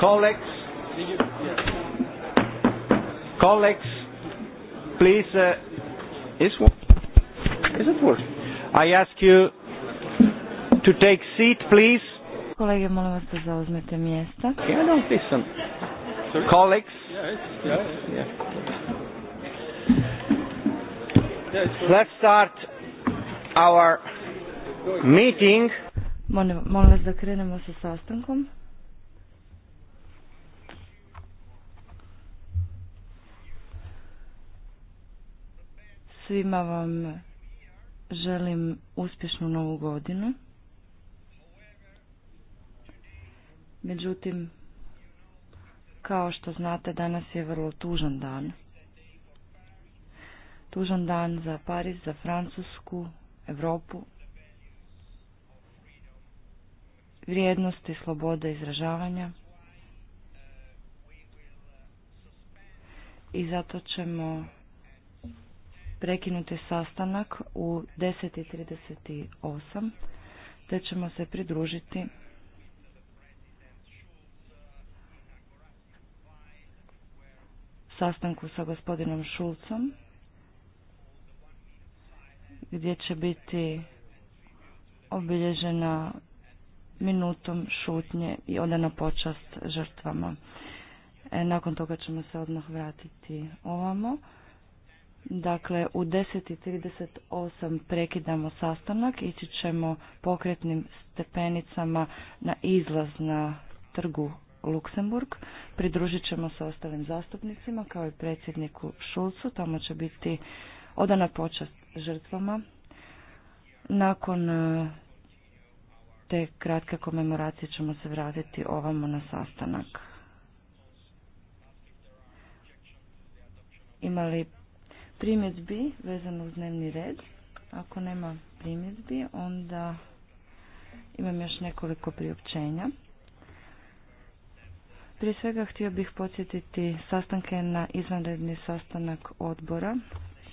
colleagues, colleagues, please, uh, is, is it work? I ask you to take seat, please. Kolege, molim vas da zauzmete mjesta. Yeah, don't listen. Sorry? Colleagues. Yeah, yeah, yeah. yeah. Let's start our meeting. Molim, molim vas da krenemo sa sastankom. Svima vam želim uspješnu novu godinu. Međutim, kao što znate, danas je vrlo tužan dan. Tužan dan za Pariz, za Francusku, Europu, vrijednosti, slobode izražavanja. I zato ćemo prekinuti sastanak u 10.38 te ćemo se pridružiti sastanku sa gospodinom Šulcom gdje će biti obilježena minutom šutnje i odana počast žrtvama. E, nakon toga ćemo se odmah vratiti ovamo. Dakle, u 10.38 prekidamo sastanak, ići ćemo pokretnim stepenicama na izlaz na trgu Luksemburg. Pridružit ćemo se ostalim zastupnicima kao i predsjedniku Šulcu. Tamo će biti odana počast žrtvama. Nakon e, te kratke komemoracije ćemo se vratiti ovamo na sastanak. Ima li primjedbi vezano uz dnevni red? Ako nema primjedbi, onda imam još nekoliko priopćenja. Prije svega htio bih podsjetiti sastanke na izvanredni sastanak odbora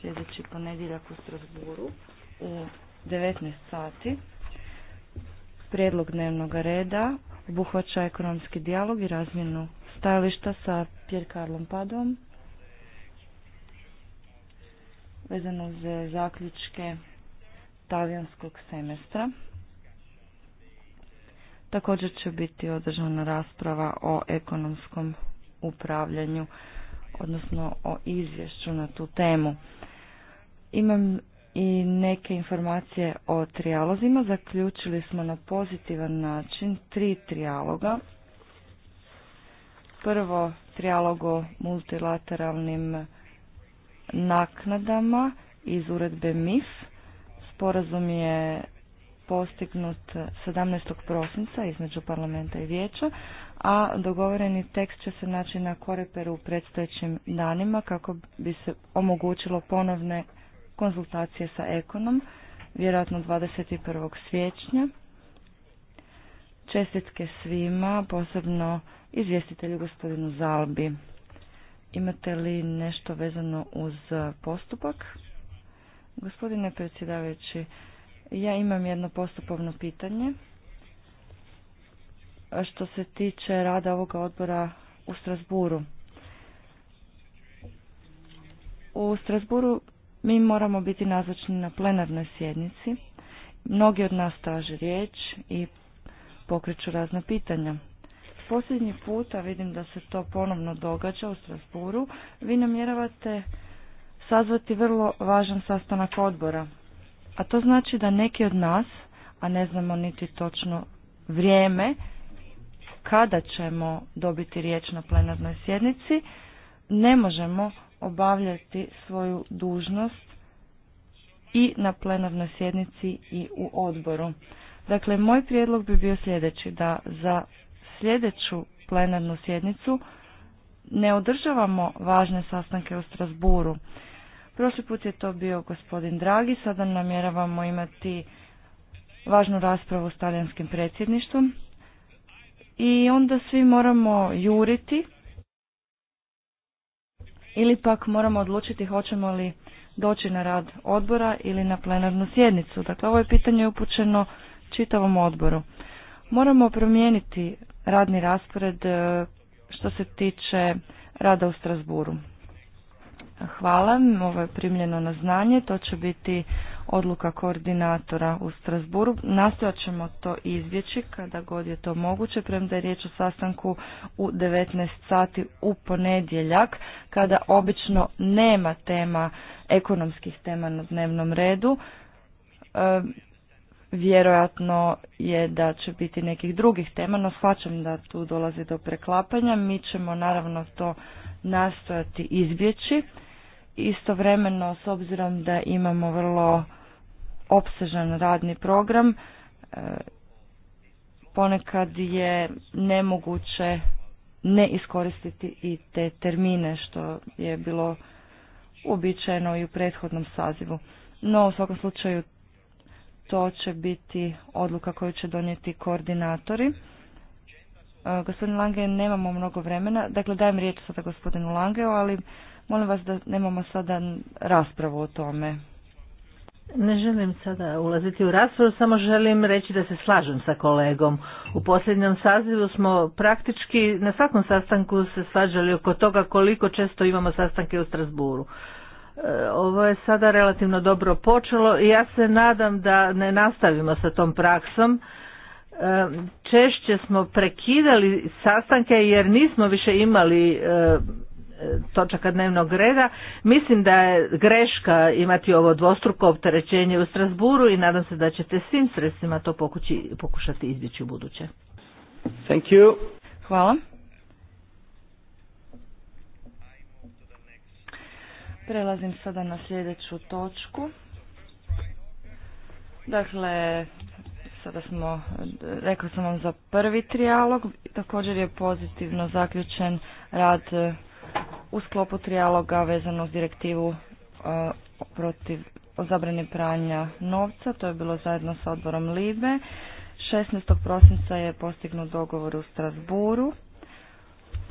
sljedeći ponedjeljak u Strasburu u 19 sati. Prijedlog dnevnog reda obuhvaća ekonomski dijalog i razmjenu stajališta sa Pjer Karlom Padom vezano za zaključke talijanskog semestra. Također će biti održana rasprava o ekonomskom upravljanju, odnosno o izvješću na tu temu. Imam i neke informacije o trijalozima. Zaključili smo na pozitivan način tri trijaloga. Prvo trijalog o multilateralnim naknadama iz uredbe MIF. Sporazum je postignut 17. prosinca između parlamenta i vijeća, a dogovoreni tekst će se naći na koreperu u predstojećim danima kako bi se omogućilo ponovne konzultacije sa Ekonom, vjerojatno 21. siječnja. Čestitke svima, posebno izvjestitelju gospodinu Zalbi. Imate li nešto vezano uz postupak? Gospodine predsjedavajući, ja imam jedno postupovno pitanje. Što se tiče rada ovoga odbora u Strasburu. U Strasburu mi moramo biti nazočni na plenarnoj sjednici. Mnogi od nas traže riječ i pokreću razna pitanja. Posljednji puta vidim da se to ponovno događa u Strasburu. Vi namjeravate sazvati vrlo važan sastanak odbora. A to znači da neki od nas, a ne znamo niti točno vrijeme, kada ćemo dobiti riječ na plenarnoj sjednici, ne možemo obavljati svoju dužnost i na plenarnoj sjednici i u odboru. Dakle, moj prijedlog bi bio sljedeći, da za sljedeću plenarnu sjednicu ne održavamo važne sastanke u Strasburu. Prošli put je to bio gospodin Dragi, sada namjeravamo imati važnu raspravu s talijanskim predsjedništvom i onda svi moramo juriti ili pak moramo odlučiti hoćemo li doći na rad odbora ili na plenarnu sjednicu. Dakle, ovo je pitanje upućeno čitavom odboru. Moramo promijeniti radni raspored e, što se tiče rada u Strasburu. Hvala, ovo je primljeno na znanje, to će biti odluka koordinatora u Strasburu. Nastojat ćemo to izbjeći kada god je to moguće, premda je riječ o sastanku u 19 sati u ponedjeljak, kada obično nema tema, ekonomskih tema na dnevnom redu. E, vjerojatno je da će biti nekih drugih tema, no shvaćam da tu dolazi do preklapanja. Mi ćemo naravno to nastojati izbjeći. Istovremeno, s obzirom da imamo vrlo opsežan radni program. E, ponekad je nemoguće ne iskoristiti i te termine što je bilo uobičajeno i u prethodnom sazivu. No u svakom slučaju to će biti odluka koju će donijeti koordinatori. E, gospodin Lange, nemamo mnogo vremena. Dakle, dajem riječ sada gospodinu Langeu, ali molim vas da nemamo sada raspravu o tome. Ne želim sada ulaziti u raspravu, samo želim reći da se slažem sa kolegom. U posljednjem sazivu smo praktički na svakom sastanku se svađali oko toga koliko često imamo sastanke u Strasburu. E, ovo je sada relativno dobro počelo i ja se nadam da ne nastavimo sa tom praksom. E, češće smo prekidali sastanke jer nismo više imali e, točaka dnevnog reda. Mislim da je greška imati ovo dvostruko opterećenje u Strasburu i nadam se da ćete svim sredstvima to pokući, pokušati izbjeći u buduće. Thank you. Hvala. Prelazim sada na sljedeću točku. Dakle, sada smo, rekao sam vam za prvi trijalog, također je pozitivno zaključen rad u sklopu trijaloga vezano s direktivu e, protiv o pranja novca. To je bilo zajedno sa odborom Libe. 16. prosinca je postignut dogovor u Strasburu.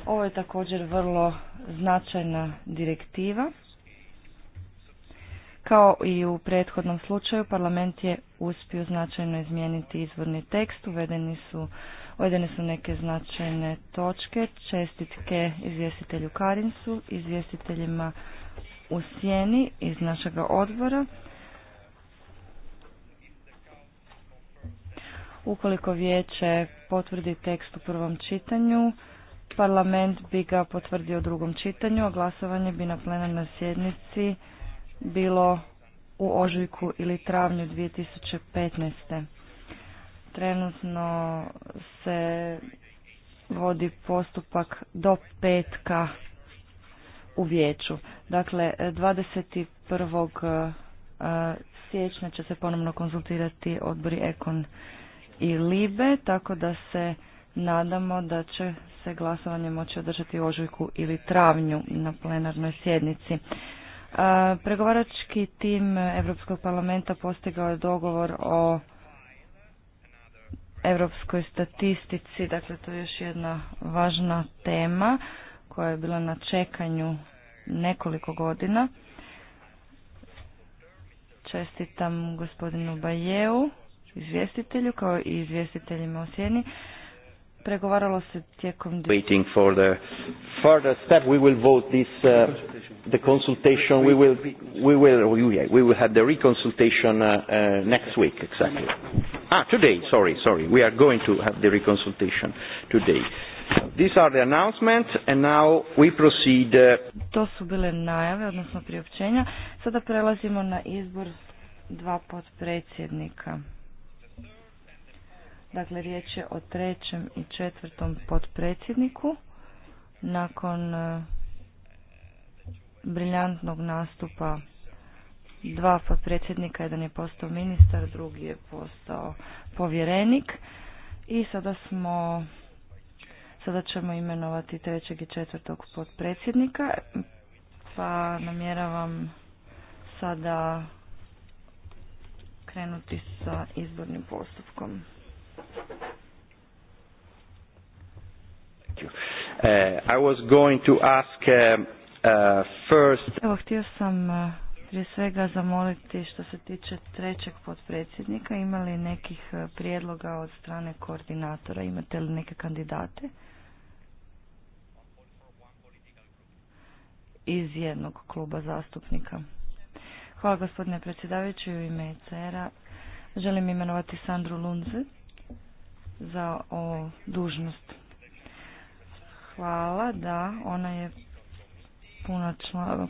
Ovo je također vrlo značajna direktiva. Kao i u prethodnom slučaju, parlament je uspio značajno izmijeniti izvorni tekst, uvedeni su Uvedene su neke značajne točke, čestitke izvjestitelju Karincu, izvjestiteljima u sjeni iz našega odbora. Ukoliko vijeće potvrdi tekst u prvom čitanju, parlament bi ga potvrdio u drugom čitanju, a glasovanje bi na plenarnoj sjednici bilo u ožujku ili travnju 2015. Trenutno se vodi postupak do petka u vijeću. Dakle, 21. E, siječnja će se ponovno konzultirati odbori Ekon i Libe, tako da se nadamo da će se glasovanje moći održati u ožujku ili travnju na plenarnoj sjednici. E, pregovarački tim Europskog parlamenta postigao je dogovor o europskoj statistici, dakle to je još jedna važna tema koja je bila na čekanju nekoliko godina. Čestitam gospodinu Bajeu, izvjestitelju, kao i izvjestiteljima u Sjeni. Pregovaralo se tijekom... Waiting for the further step, we will vote this... Uh, the consultation we will we will oh, we will have the reconsultation uh, uh, next week exactly ah today sorry sorry we are going to have the reconsultation today these are the announcements and now we proceed uh... to su bile najave odnosno priopćenja sada prelazimo na izbor dva potpredsjednika dakle riječ je o trećem i četvrtom potpredsjedniku nakon uh briljantnog nastupa dva potpredsjednika, jedan je postao ministar, drugi je postao povjerenik i sada smo sada ćemo imenovati trećeg i četvrtog potpredsjednika pa namjeravam sada krenuti sa izbornim postupkom. Uh, I was going to ask um, Uh, Evo, htio sam uh, prije svega zamoliti što se tiče trećeg podpredsjednika. Ima li nekih uh, prijedloga od strane koordinatora? Imate li neke kandidate? Iz jednog kluba zastupnika. Hvala gospodine predsjedavajući u ime ECR-a. Želim imenovati Sandru Lunze za o dužnost. Hvala, da, ona je puno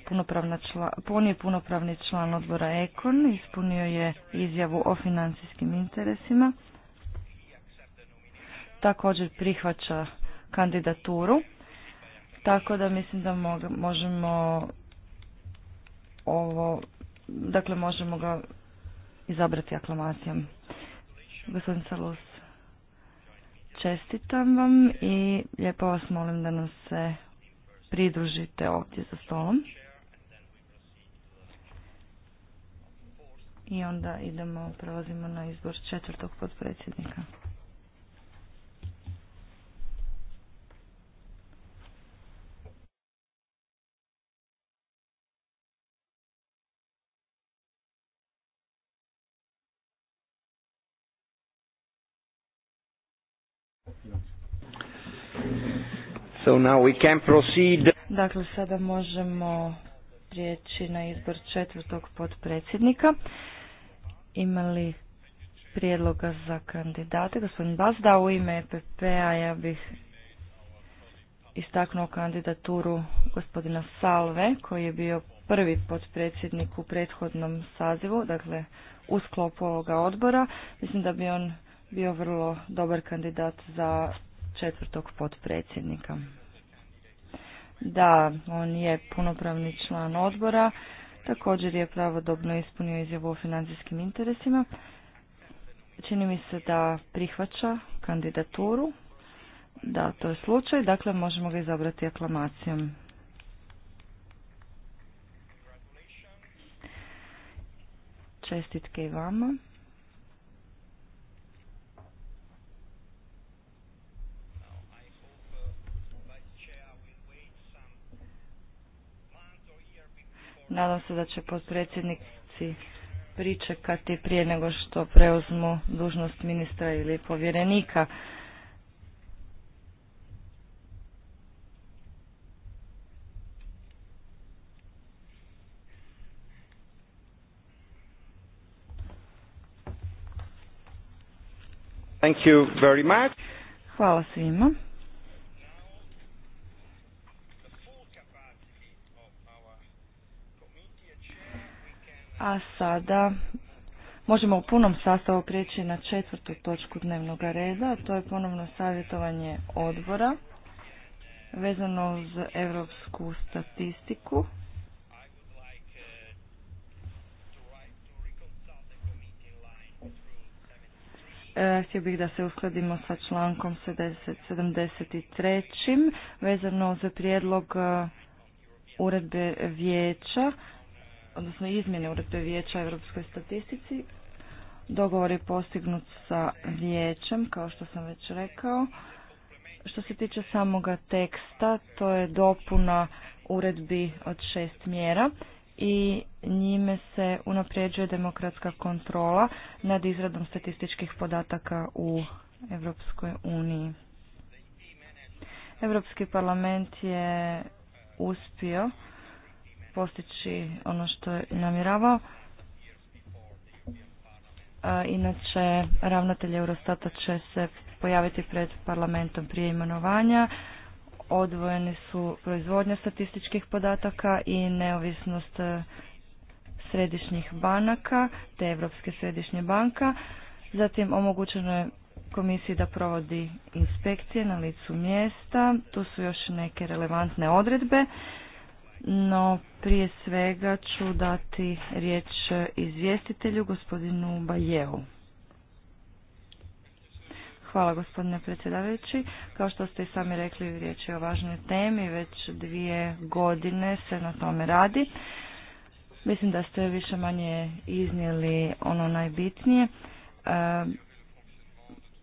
punopravna on je punopravni član odbora Ekon, ispunio je izjavu o financijskim interesima. Također prihvaća kandidaturu. Tako da mislim da možemo ovo, dakle možemo ga izabrati aklamacijom. Gospodin Salus, čestitam vam i lijepo vas molim da nam se pridružite ovdje za stolom. I onda idemo, prelazimo na izbor četvrtog podpredsjednika. So now we can proceed. Dakle, sada možemo prijeći na izbor četvrtog potpredsjednika. Imali prijedloga za kandidate. Gospodin Bazda, u ime EPP-a ja bih istaknuo kandidaturu gospodina Salve, koji je bio prvi potpredsjednik u prethodnom sazivu, dakle u sklopu ovoga odbora. Mislim da bi on bio vrlo dobar kandidat za četvrtog potpredsjednika. Da, on je punopravni član odbora, također je pravodobno ispunio izjavu o financijskim interesima. Čini mi se da prihvaća kandidaturu. Da, to je slučaj, dakle možemo ga izabrati aklamacijom. Čestitke i vama. Nadam se da će potpredsjednici pričekati prije nego što preuzmu dužnost ministra ili povjerenika. Thank you very much. Hvala svima. A sada možemo u punom sastavu prijeći na četvrtu točku dnevnog reda, to je ponovno savjetovanje odbora vezano uz europsku statistiku. E, htio bih da se uskladimo sa člankom 73. vezano za prijedlog e, uredbe vijeća odnosno izmjene uredbe Vijeća Europskoj statistici. Dogovor je postignut sa Vijećem, kao što sam već rekao. Što se tiče samoga teksta, to je dopuna uredbi od šest mjera i njime se unapređuje demokratska kontrola nad izradom statističkih podataka u Europskoj uniji. Europski parlament je uspio postići ono što je namjeravao. E, inače, ravnatelj Eurostata će se pojaviti pred parlamentom prije imenovanja. Odvojeni su proizvodnja statističkih podataka i neovisnost e, središnjih banaka te Europske središnje banka. Zatim omogućeno je komisiji da provodi inspekcije na licu mjesta. Tu su još neke relevantne odredbe no prije svega ću dati riječ izvjestitelju gospodinu Bajevu. Hvala gospodine predsjedavajući. Kao što ste i sami rekli, riječ je o važnoj temi, već dvije godine se na tome radi. Mislim da ste više manje iznijeli ono najbitnije. E,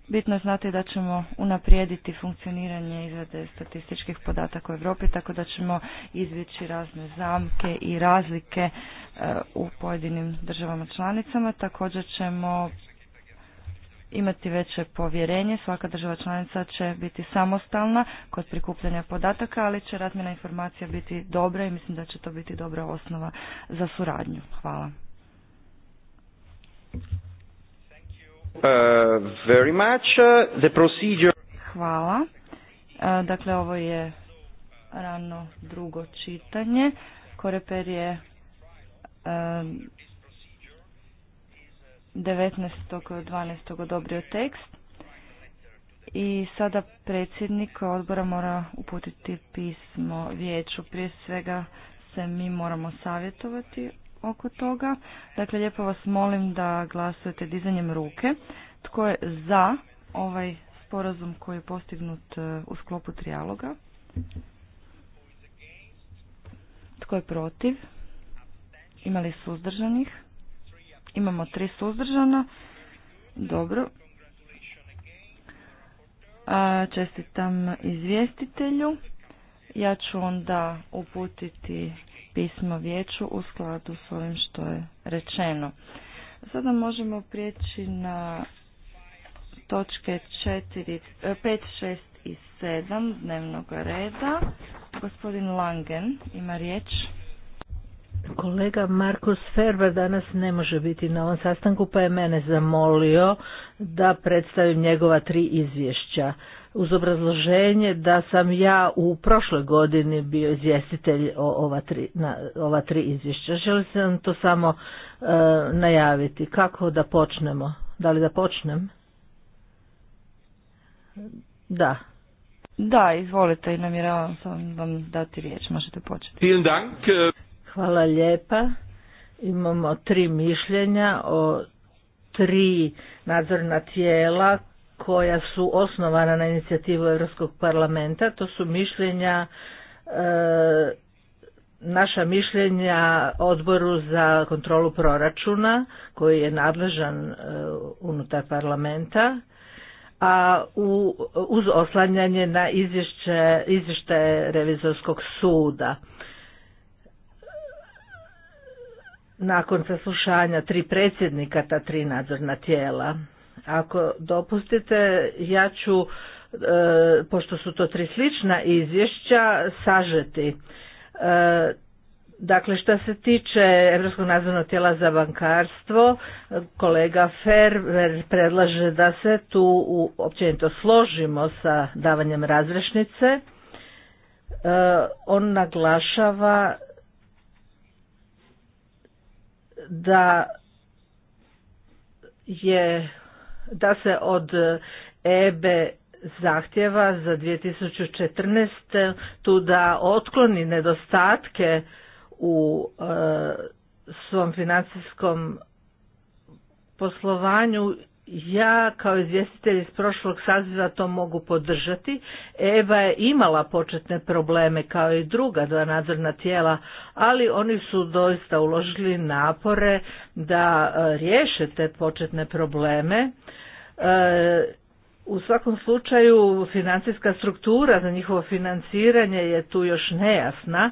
Bitno je znati da ćemo unaprijediti funkcioniranje izrade statističkih podataka u Europi, tako da ćemo izvjeći razne zamke i razlike e, u pojedinim državama članicama. Također ćemo imati veće povjerenje, svaka država članica će biti samostalna kod prikupljanja podataka, ali će razmjena informacija biti dobra i mislim da će to biti dobra osnova za suradnju. Hvala. Uh, uh, Hvala. Uh, dakle, ovo je rano drugo čitanje. Koreper je 19.12. Um, odobrio tekst i sada predsjednik odbora mora uputiti pismo vijeću. Prije svega se mi moramo savjetovati oko toga. Dakle, lijepo vas molim da glasujete dizanjem ruke. Tko je za ovaj sporazum koji je postignut e, u sklopu trijaloga? Tko je protiv? Ima li suzdržanih? Imamo tri suzdržana. Dobro. čestitam izvjestitelju. Ja ću onda uputiti pismo vijeću u skladu s ovim što je rečeno. Sada možemo prijeći na točke 4, 5, 6 i 7 dnevnog reda. Gospodin Langen ima riječ. Kolega Markus Ferber danas ne može biti na ovom sastanku pa je mene zamolio da predstavim njegova tri izvješća uz obrazloženje da sam ja u prošloj godini bio izvjestitelj o ova tri, ova tri izvješća. Želim se vam to samo e, najaviti. Kako da počnemo? Da li da počnem? Da. Da, izvolite i namjeravam sam vam dati riječ. Možete početi. E, Hvala lijepa. Imamo tri mišljenja o tri nadzorna tijela koja su osnovana na inicijativu Europskog parlamenta, to su mišljenja e, naša mišljenja odboru za kontrolu proračuna koji je nadležan e, unutar parlamenta a u, uz oslanjanje na izvješće, izvještaje revizorskog suda. Nakon saslušanja tri predsjednika ta tri nadzorna tijela ako dopustite, ja ću, e, pošto su to tri slična izvješća, sažeti. E, dakle, što se tiče Europskog nadzornog tijela za bankarstvo, kolega Ferber predlaže da se tu u, općenito složimo sa davanjem razrešnice. E, on naglašava da je da se od EBE eh, zahtjeva za 2014. tu da otkloni nedostatke u eh, svom financijskom poslovanju ja kao izvjestitelj iz prošlog saziva to mogu podržati. Eva je imala početne probleme kao i druga dva nadzorna tijela, ali oni su doista uložili napore da e, riješe te početne probleme. E, u svakom slučaju financijska struktura za njihovo financiranje je tu još nejasna,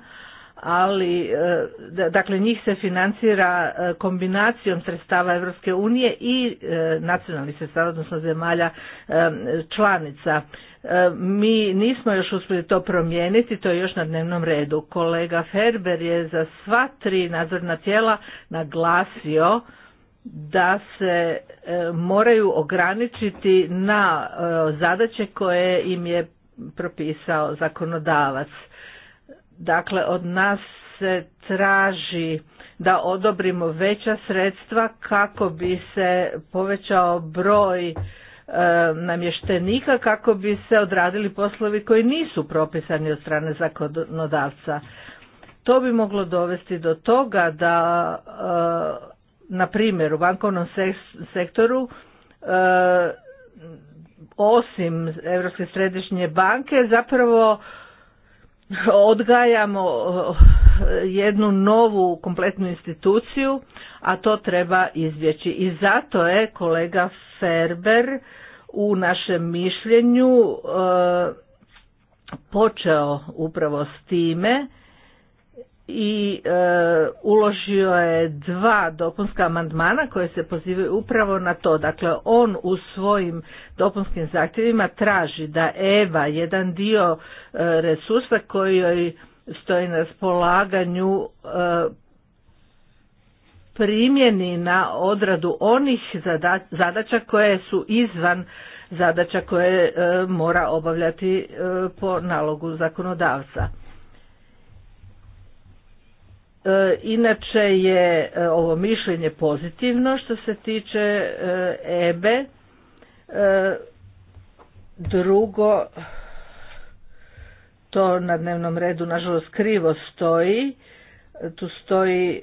ali e, dakle njih se financira e, kombinacijom sredstava Europske unije i e, nacionalnih sredstava odnosno zemalja članica. Mi nismo još uspjeli to promijeniti, to je još na dnevnom redu. Kolega Ferber je za sva tri nadzorna tijela naglasio da se moraju ograničiti na zadaće koje im je propisao zakonodavac Dakle, od nas se traži da odobrimo veća sredstva kako bi se povećao broj e, namještenika kako bi se odradili poslovi koji nisu propisani od strane zakonodavca. To bi moglo dovesti do toga da, e, na primjer, u bankovnom sektoru e, osim Europske središnje banke zapravo odgajamo eh, jednu novu kompletnu instituciju, a to treba izbjeći. I zato je kolega Ferber u našem mišljenju eh, počeo upravo s time i e, uložio je dva dopunska amandmana koje se pozivaju upravo na to. Dakle, on u svojim dopunskim zahtjevima traži da Eva jedan dio e, resursa koji joj stoji na raspolaganju e, primjeni na odradu onih zadaća koje su izvan zadaća koje e, mora obavljati po nalogu zakonodavca. E, inače je e, ovo mišljenje pozitivno što se tiče e, EBE. Drugo, to na dnevnom redu nažalost krivo stoji. Tu stoji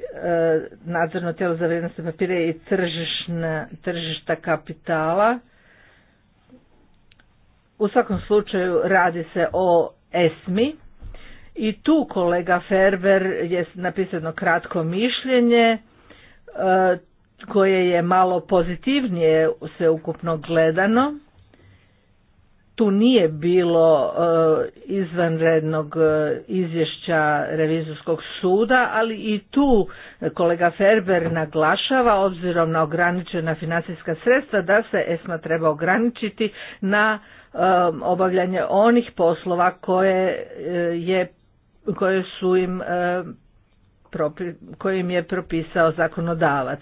nadzorno tijelo za vrijednosne papire i tržišna, tržišta kapitala. U svakom slučaju radi se o ESMI i tu kolega Ferber je napisano kratko mišljenje e, koje je malo pozitivnije ukupno gledano. Tu nije bilo e, izvanrednog e, izvješća revizorskog suda, ali i tu kolega Ferber naglašava obzirom na ograničena financijska sredstva da se ESMA treba ograničiti na obavljanje onih poslova koje je koje su im e, kojim je propisao zakonodavac.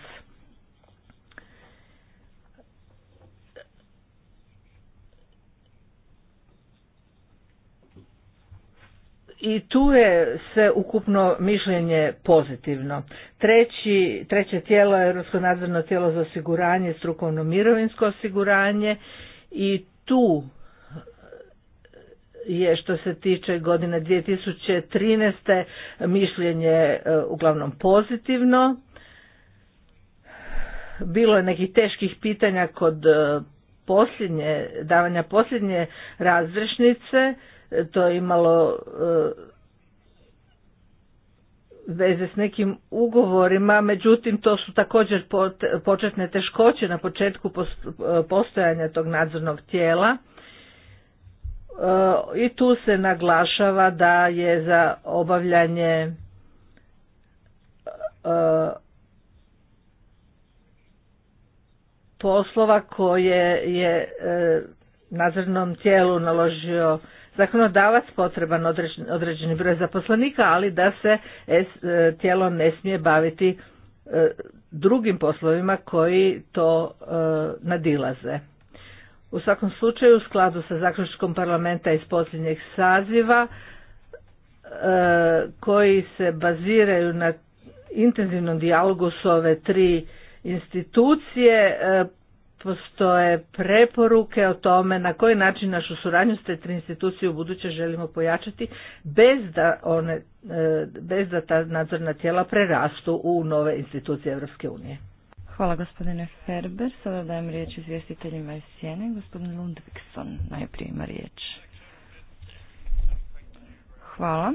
I tu je se ukupno mišljenje pozitivno. Treći, treće tijelo je Europsko nadzorno tijelo za osiguranje, strukovno mirovinsko osiguranje i tu je što se tiče godine 2013. mišljenje e, uglavnom pozitivno. Bilo je nekih teških pitanja kod e, posljednje, davanja posljednje razrešnice, e, to je imalo veze s nekim ugovorima, međutim to su također početne teškoće na početku postojanja tog nadzornog tijela. E, i tu se naglašava da je za obavljanje e, poslova koje je e, nadzornom tijelu naložio zakonodavac potreban određeni broj zaposlenika, ali da se tijelo ne smije baviti drugim poslovima koji to nadilaze. U svakom slučaju, u skladu sa zaključkom parlamenta iz posljednjeg saziva, e, koji se baziraju na intenzivnom dijalogu s ove tri institucije, e, postoje preporuke o tome na koji način našu suradnju s te tri institucije u buduće želimo pojačati bez da, one, e, bez da ta nadzorna tijela prerastu u nove institucije Europske unije. Hvala gospodine Ferber. Sada dajem riječ izvjestiteljima iz Sjene. Gospodin Lundvikson najprije ima riječ. Hvala.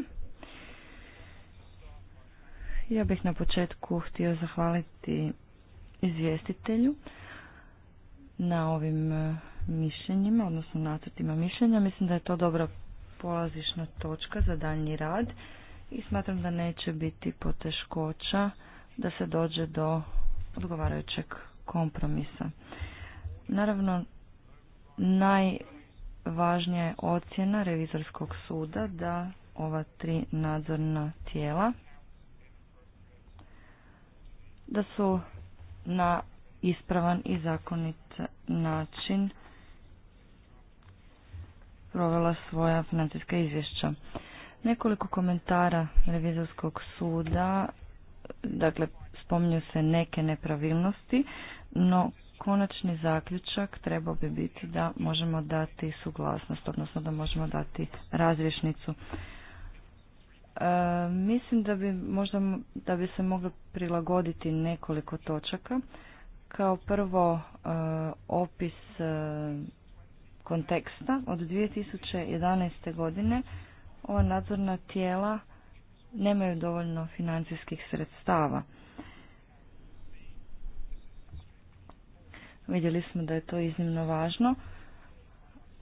Ja bih na početku htio zahvaliti izvjestitelju na ovim e, mišljenjima, odnosno nacrtima mišljenja. Mislim da je to dobra polazišna točka za daljnji rad i smatram da neće biti poteškoća da se dođe do odgovarajućeg kompromisa. Naravno, najvažnija je ocjena revizorskog suda da ova tri nadzorna tijela da su na ispravan i zakonit način provela svoja financijska izvješća. Nekoliko komentara revizorskog suda, dakle spominju se neke nepravilnosti, no konačni zaključak trebao bi biti da možemo dati suglasnost, odnosno da možemo dati razvješnicu. E, mislim da bi možda da bi se moglo prilagoditi nekoliko točaka. Kao prvo e, opis e, konteksta od 2011. godine ova nadzorna tijela nemaju dovoljno financijskih sredstava. Vidjeli smo da je to iznimno važno.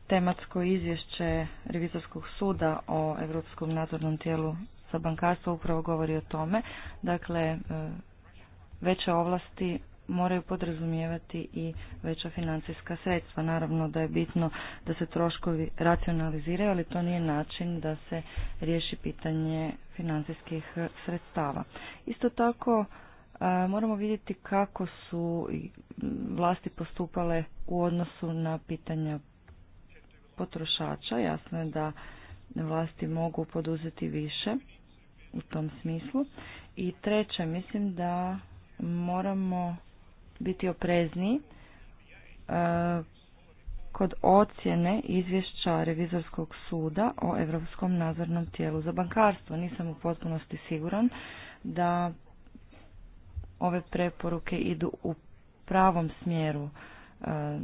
Tematsko izvješće Revizorskog suda o Europskom nadzornom tijelu za bankarstvo upravo govori o tome. Dakle, e, veće ovlasti moraju podrazumijevati i veća financijska sredstva. Naravno da je bitno da se troškovi racionaliziraju, ali to nije način da se riješi pitanje financijskih sredstava. Isto tako Moramo vidjeti kako su vlasti postupale u odnosu na pitanja potrošača. Jasno je da vlasti mogu poduzeti više u tom smislu. I treće, mislim da moramo biti oprezniji kod ocjene izvješća Revizorskog suda o Europskom nadzornom tijelu za bankarstvo. Nisam u potpunosti siguran da ove preporuke idu u pravom smjeru. E,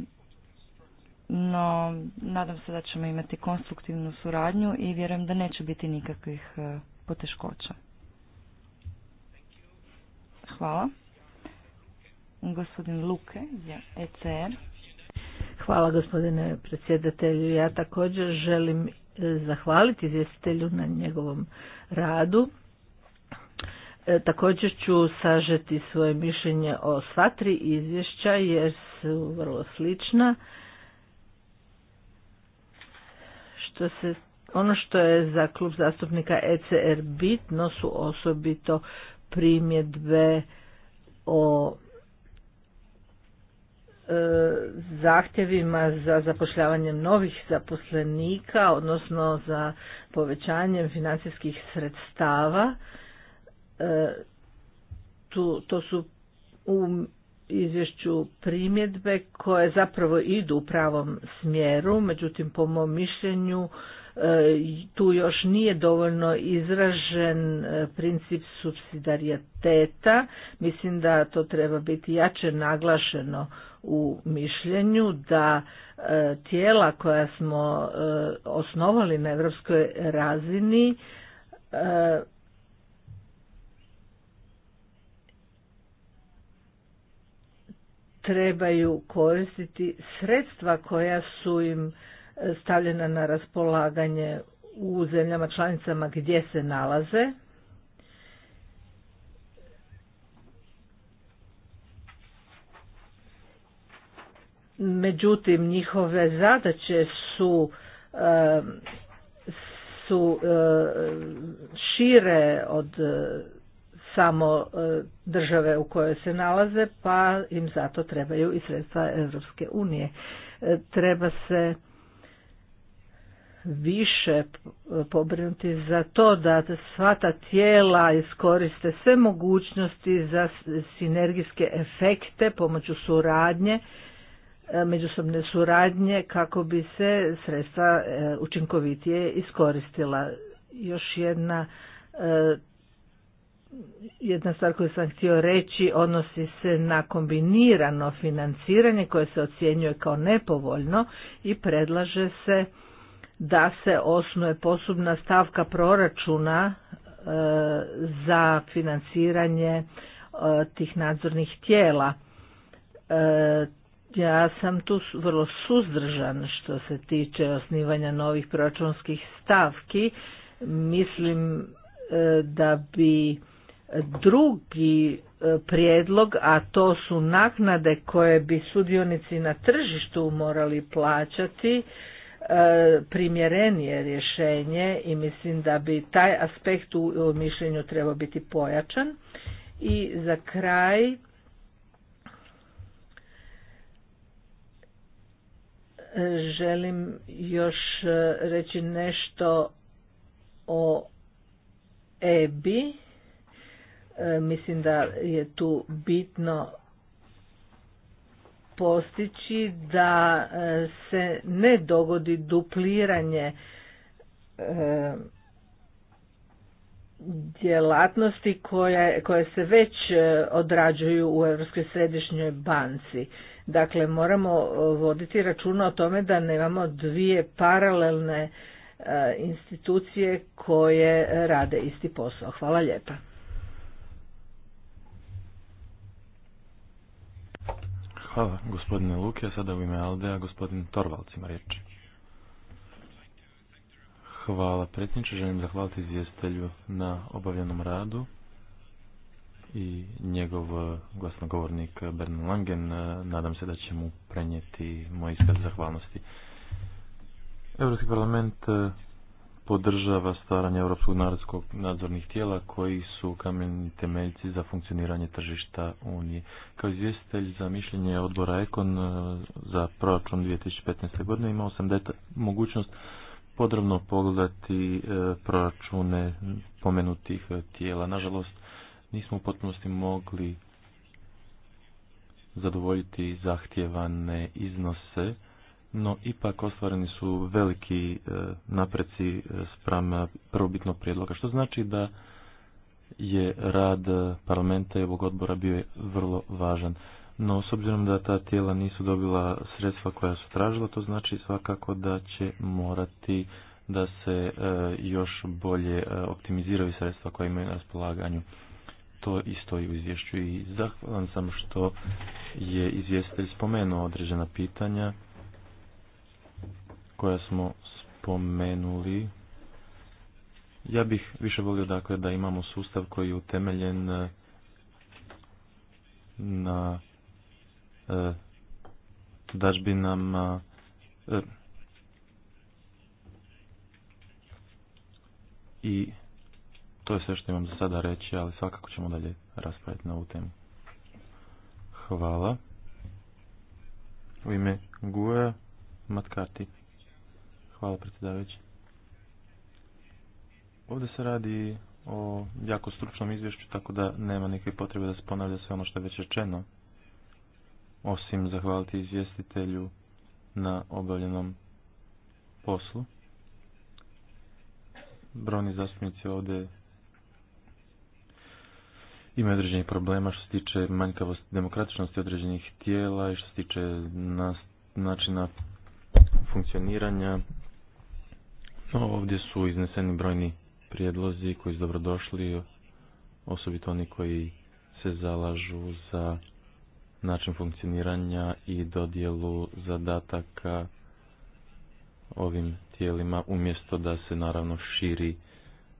no, nadam se da ćemo imati konstruktivnu suradnju i vjerujem da neće biti nikakvih e, poteškoća. Hvala. Gospodin Luke ECR. E Hvala gospodine predsjedatelju. Ja također želim zahvaliti izvjestitelju na njegovom radu. E, također ću sažeti svoje mišljenje o sva tri izvješća jer su vrlo slična. Što se, ono što je za klub zastupnika ECR bitno su osobito primjedbe o e, zahtjevima za zapošljavanjem novih zaposlenika, odnosno za povećanjem financijskih sredstava. E, tu, to su u izvješću primjedbe koje zapravo idu u pravom smjeru, međutim po mom mišljenju e, tu još nije dovoljno izražen e, princip subsidarijateta. Mislim da to treba biti jače naglašeno u mišljenju da tijela koja smo osnovali na europskoj razini trebaju koristiti sredstva koja su im e, stavljena na raspolaganje u zemljama članicama gdje se nalaze. Međutim, njihove zadaće su e, su e, šire od samo e, države u kojoj se nalaze, pa im zato trebaju i sredstva Europske unije. E, treba se više pobrinuti za to da sva ta tijela iskoriste sve mogućnosti za sinergijske efekte pomoću suradnje, e, međusobne suradnje kako bi se sredstva učinkovitije iskoristila. Još jedna jedna stvar koju sam htio reći odnosi se na kombinirano financiranje koje se ocjenjuje kao nepovoljno i predlaže se da se osnuje posebna stavka proračuna e, za financiranje e, tih nadzornih tijela. E, ja sam tu vrlo suzdržan što se tiče osnivanja novih proračunskih stavki. Mislim da bi drugi e, prijedlog, a to su naknade koje bi sudionici na tržištu morali plaćati, e, primjerenije rješenje i mislim da bi taj aspekt u mišljenju trebao biti pojačan. I za kraj e, želim još reći nešto o EBI. E, mislim da je tu bitno postići da e, se ne dogodi dupliranje e, djelatnosti koje, koje se već odrađuju u Europskoj središnjoj banci. Dakle, moramo voditi računa o tome da nemamo dvije paralelne institucije koje rade isti posao. Hvala lijepa. Hvala, gospodine Luke. Sada u ime Aldea, gospodin Torvalc ima riječ. Hvala, predsjedniče. Želim zahvaliti izvjestitelju na obavljenom radu i njegov glasnogovornik Bernan Langen. Nadam se da će mu prenijeti moj iskaz zahvalnosti. Europski parlament podržava stvaranje Europskog narodskog nadzornih tijela koji su kameni temeljci za funkcioniranje tržišta Unije. Kao izvjestitelj za mišljenje odbora Ekon e, za proračun 2015. godine imao sam mogućnost podrobno pogledati e, proračune pomenutih e, tijela. Nažalost, nismo u potpunosti mogli zadovoljiti zahtjevane iznose no ipak ostvareni su veliki e, napreci e, spram e, prvobitnog prijedloga, što znači da je rad parlamenta i ovog odbora bio vrlo važan. No, s obzirom da ta tijela nisu dobila sredstva koja su tražila, to znači svakako da će morati da se još bolje optimiziraju sredstva koja imaju na raspolaganju. To i u izvješću i zahvalan sam što je izvjestitelj spomenuo određena pitanja koja smo spomenuli. Ja bih više volio dakle da imamo sustav koji je utemeljen e, na e, dažbinama e, i to je sve što imam za sada reći, ali svakako ćemo dalje raspraviti na ovu temu. Hvala. U ime Guja Matkati. Hvala predsjedavajući. Ovdje se radi o jako stručnom izvješću, tako da nema nikakve potrebe da se ponavlja sve ono što je već rečeno, osim zahvaliti izvjestitelju na obavljenom poslu. Brojni zastupnici ovdje imaju određenih problema što se tiče manjkavosti demokratičnosti određenih tijela i što se tiče načina funkcioniranja Ovdje su izneseni brojni prijedlozi koji su dobrodošli, osobito oni koji se zalažu za način funkcioniranja i dodjelu zadataka ovim tijelima, umjesto da se naravno širi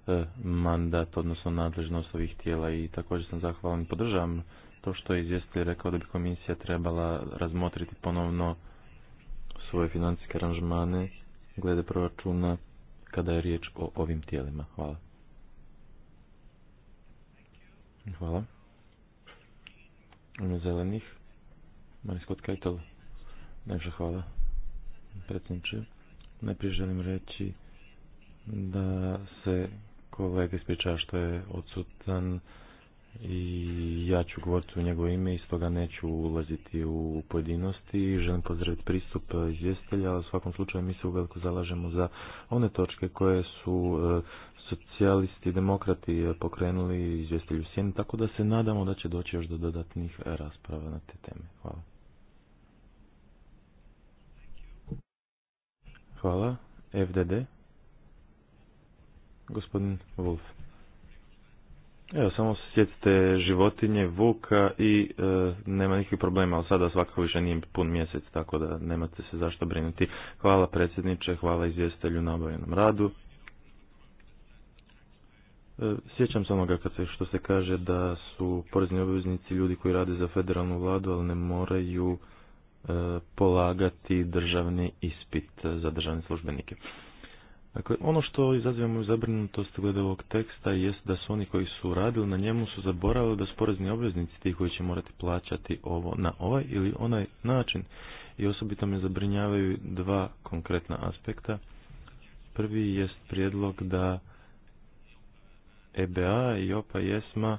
e, mandat, odnosno nadležnost ovih tijela i također sam zahvalan i podržavam to što je izvjestitelj rekao da bi komisija trebala razmotriti ponovno svoje financijske aranžmane glede proračuna kada je riječ o ovim tijelima. Hvala. Hvala. Ono zelenih. Mariskot Keitel. Najviše hvala. Predsjedniče. Najprije želim reći da se kolega ispriča što je odsutan i ja ću govoriti u njegovo ime i stoga neću ulaziti u pojedinosti. Želim pozdraviti pristup izvjestelja, ali u svakom slučaju mi se uveliko zalažemo za one točke koje su e, socijalisti i demokrati pokrenuli izvjestelju sjeni, tako da se nadamo da će doći još do dodatnih rasprava na te teme. Hvala. Hvala. FDD. Gospodin Wolf. Evo, samo sjetite životinje, vuka i e, nema nikakvih problema, ali sada svakako više nije pun mjesec, tako da nemate se zašto brinuti. Hvala predsjedniče, hvala izvjestelju na obavljenom radu. E, sjećam se onoga kad se, što se kaže da su porezni obveznici ljudi koji rade za federalnu vladu, ali ne moraju e, polagati državni ispit za državne službenike. Dakle, ono što izazivamo u zabrinutost glede ovog teksta jest da su oni koji su radili na njemu su zaboravili da su porezni obveznici ti koji će morati plaćati ovo na ovaj ili onaj način. I osobito me zabrinjavaju dva konkretna aspekta. Prvi jest prijedlog da EBA i OPA Jesma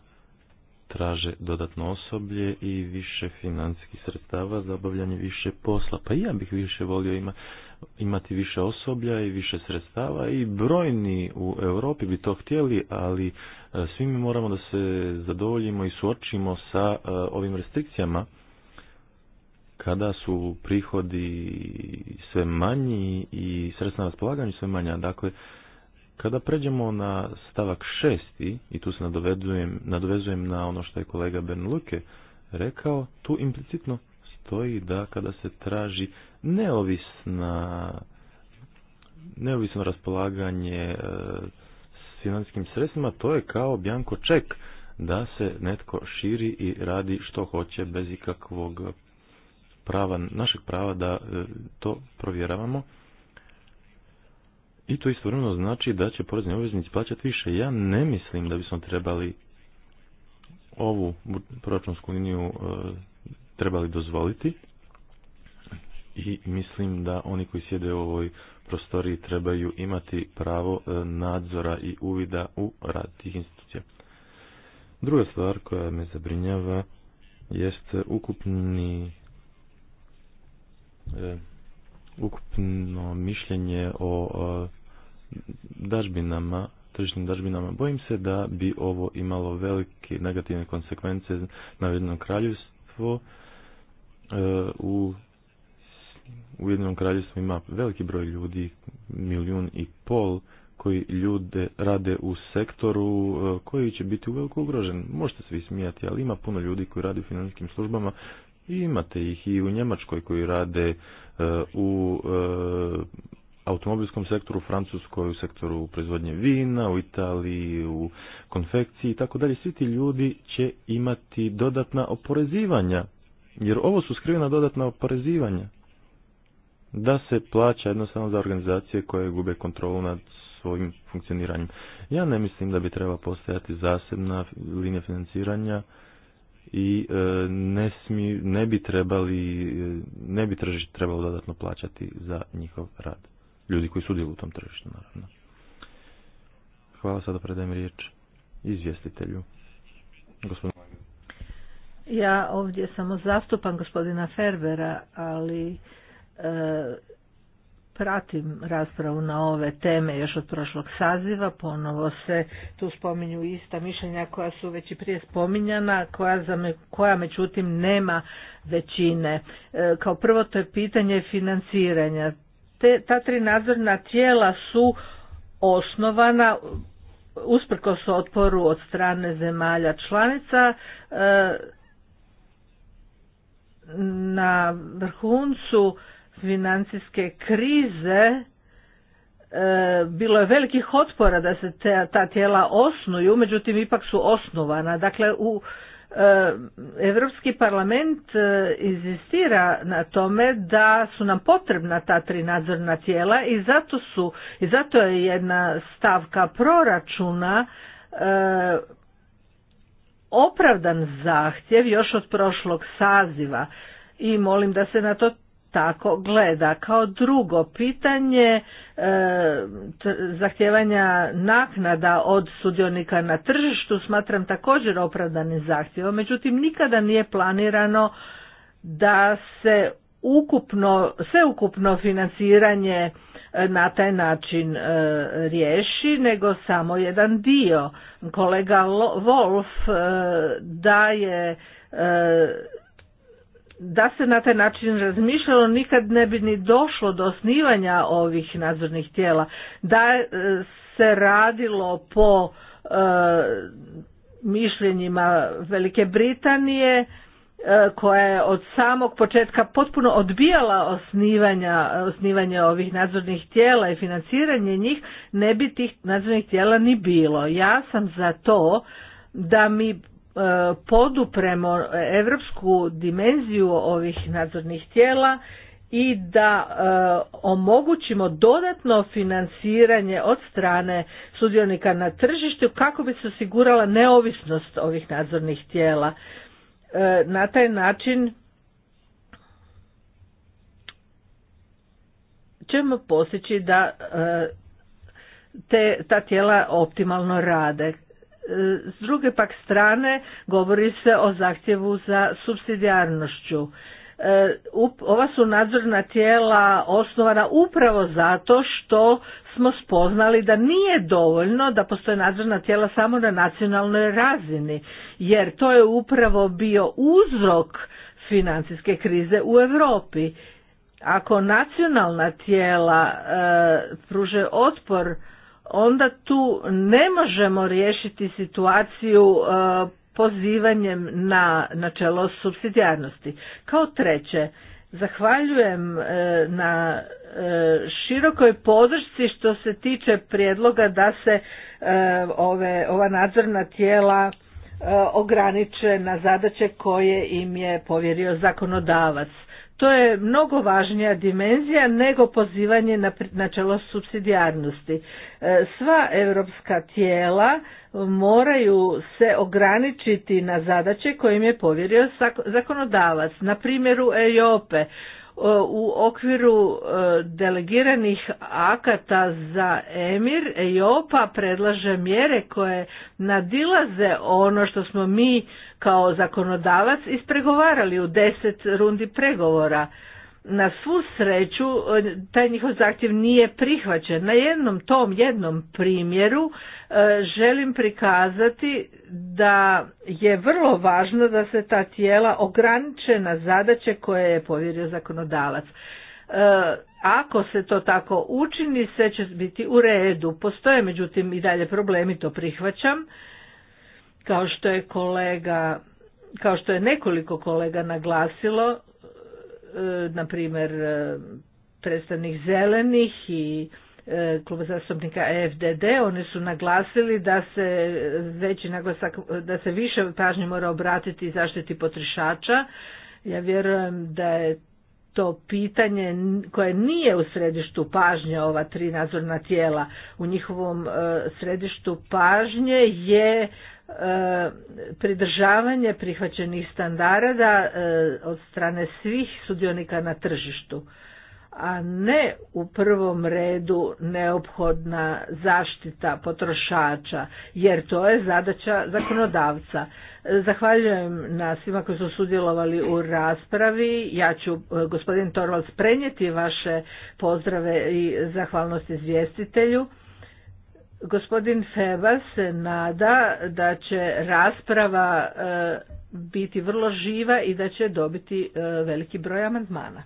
traže dodatno osoblje i više financijskih sredstava za obavljanje više posla. Pa ja bih više volio imati imati više osoblja i više sredstava i brojni u Europi bi to htjeli, ali e, svi mi moramo da se zadovoljimo i suočimo sa e, ovim restrikcijama kada su prihodi sve manji i sredstva na raspolaganju sve manja. Dakle, kada pređemo na stavak šesti, i tu se nadovezujem, nadovezujem na ono što je kolega Ben rekao, tu implicitno stoji da kada se traži neovisna neovisno raspolaganje e, s financijskim sredstvima, to je kao bjanko ček da se netko širi i radi što hoće bez ikakvog prava, našeg prava da e, to provjeravamo. I to istovremeno znači da će porezni obveznici plaćati više. Ja ne mislim da bismo trebali ovu proračunsku liniju e, trebali dozvoliti i mislim da oni koji sjede u ovoj prostoriji trebaju imati pravo e, nadzora i uvida u rad tih institucija. Druga stvar koja me zabrinjava jest ukupni e, ukupno mišljenje o e, dažbinama, tržišnim dažbinama. Bojim se da bi ovo imalo velike negativne konsekvence na kraljevstvo u Ujedinjenom kraljestvu ima veliki broj ljudi, milijun i pol, koji ljude rade u sektoru e, koji će biti uveliko ugrožen. Možete se smijati, ali ima puno ljudi koji rade u financijskim službama i imate ih i u Njemačkoj koji rade e, u e, automobilskom sektoru, u Francuskoj, u sektoru proizvodnje vina, u Italiji, u konfekciji i tako dalje. Svi ti ljudi će imati dodatna oporezivanja, jer ovo su skrivena dodatna oporezivanja da se plaća jednostavno za organizacije koje gube kontrolu nad svojim funkcioniranjem. Ja ne mislim da bi treba postojati zasebna linija financiranja i e, ne, smi ne bi trebali, e, ne bi tržište trebalo dodatno plaćati za njihov rad. Ljudi koji sudjeluju u tom tržištu, naravno. Hvala, sada predajem riječ izvjestitelju. Gospodin. Ja ovdje samo zastupam gospodina Ferbera, ali pratim raspravu na ove teme još od prošlog saziva, ponovo se tu spominju ista mišljenja koja su već i prije spominjana, koja, za me, koja međutim nema većine. E, kao prvo to je pitanje financiranja. Te, ta tri nadzorna tijela su osnovana usprkos otporu od strane zemalja članica e, na vrhuncu financijske krize e, bilo je velikih otpora da se ta tijela osnuju, međutim ipak su osnovana. Dakle, u Europski parlament e, inzistira na tome da su nam potrebna ta tri nadzorna tijela i zato su i zato je jedna stavka proračuna e, opravdan zahtjev još od prošlog saziva i molim da se na to tako gleda. Kao drugo pitanje e, zahtjevanja naknada od sudionika na tržištu smatram također opravdanim zahtjevom, međutim nikada nije planirano da se ukupno, sve ukupno financiranje e, na taj način e, riješi, nego samo jedan dio. Kolega Wolf e, daje e, da se na taj način razmišljalo nikad ne bi ni došlo do osnivanja ovih nadzornih tijela da e, se radilo po e, mišljenjima Velike Britanije e, koja je od samog početka potpuno odbijala osnivanja, osnivanje ovih nadzornih tijela i financiranje njih, ne bi tih nadzornih tijela ni bilo. Ja sam za to da mi E, podupremo europsku dimenziju ovih nadzornih tijela i da e, omogućimo dodatno financiranje od strane sudionika na tržištu kako bi se osigurala neovisnost ovih nadzornih tijela. E, na taj način ćemo postići da te ta tijela optimalno rade. S druge pak strane govori se o zahtjevu za subsidijarnošću. E, ova su nadzorna tijela osnovana upravo zato što smo spoznali da nije dovoljno da postoje nadzorna tijela samo na nacionalnoj razini, jer to je upravo bio uzrok financijske krize u Europi. Ako nacionalna tijela e, pruže otpor onda tu ne možemo riješiti situaciju e, pozivanjem na načelo subsidijarnosti. Kao treće, zahvaljujem e, na e, širokoj podršci što se tiče prijedloga da se ove, ova nadzorna tijela ograniče na zadaće koje im je povjerio zakonodavac. To je mnogo važnija dimenzija nego pozivanje na načelo subsidijarnosti. E, sva europska tijela moraju se ograničiti na zadaće kojim je povjerio zakonodavac. Na primjeru Europe. E, u okviru e, delegiranih akata za Emir EIOPA predlaže mjere koje nadilaze ono što smo mi kao zakonodavac ispregovarali u deset rundi pregovora na svu sreću e, taj njihov zahtjev nije prihvaćen. Na jednom tom jednom primjeru e, želim prikazati da je vrlo važno da se ta tijela ograniče na zadaće koje je povjerio zakonodavac. E, ako se to tako učini, sve će biti u redu. Postoje međutim i dalje problemi, to prihvaćam. Kao što je kolega, kao što je nekoliko kolega naglasilo, E, na primjer e, predstavnik zelenih i e, kluba zastupnika FDD, oni su naglasili da se veći naglasak, da se više pažnje mora obratiti zaštiti potrošača. Ja vjerujem da je to pitanje koje nije u središtu pažnje ova tri nadzorna tijela. U njihovom središtu pažnje je E, pridržavanje prihvaćenih standarda e, od strane svih sudionika na tržištu a ne u prvom redu neophodna zaštita potrošača, jer to je zadaća zakonodavca. E, zahvaljujem na svima koji su sudjelovali u raspravi. Ja ću, gospodin Torvalds, prenijeti vaše pozdrave i zahvalnost izvjestitelju. Gospodin Feba se nada da će rasprava e, biti vrlo živa i da će dobiti e, veliki broj amandmana.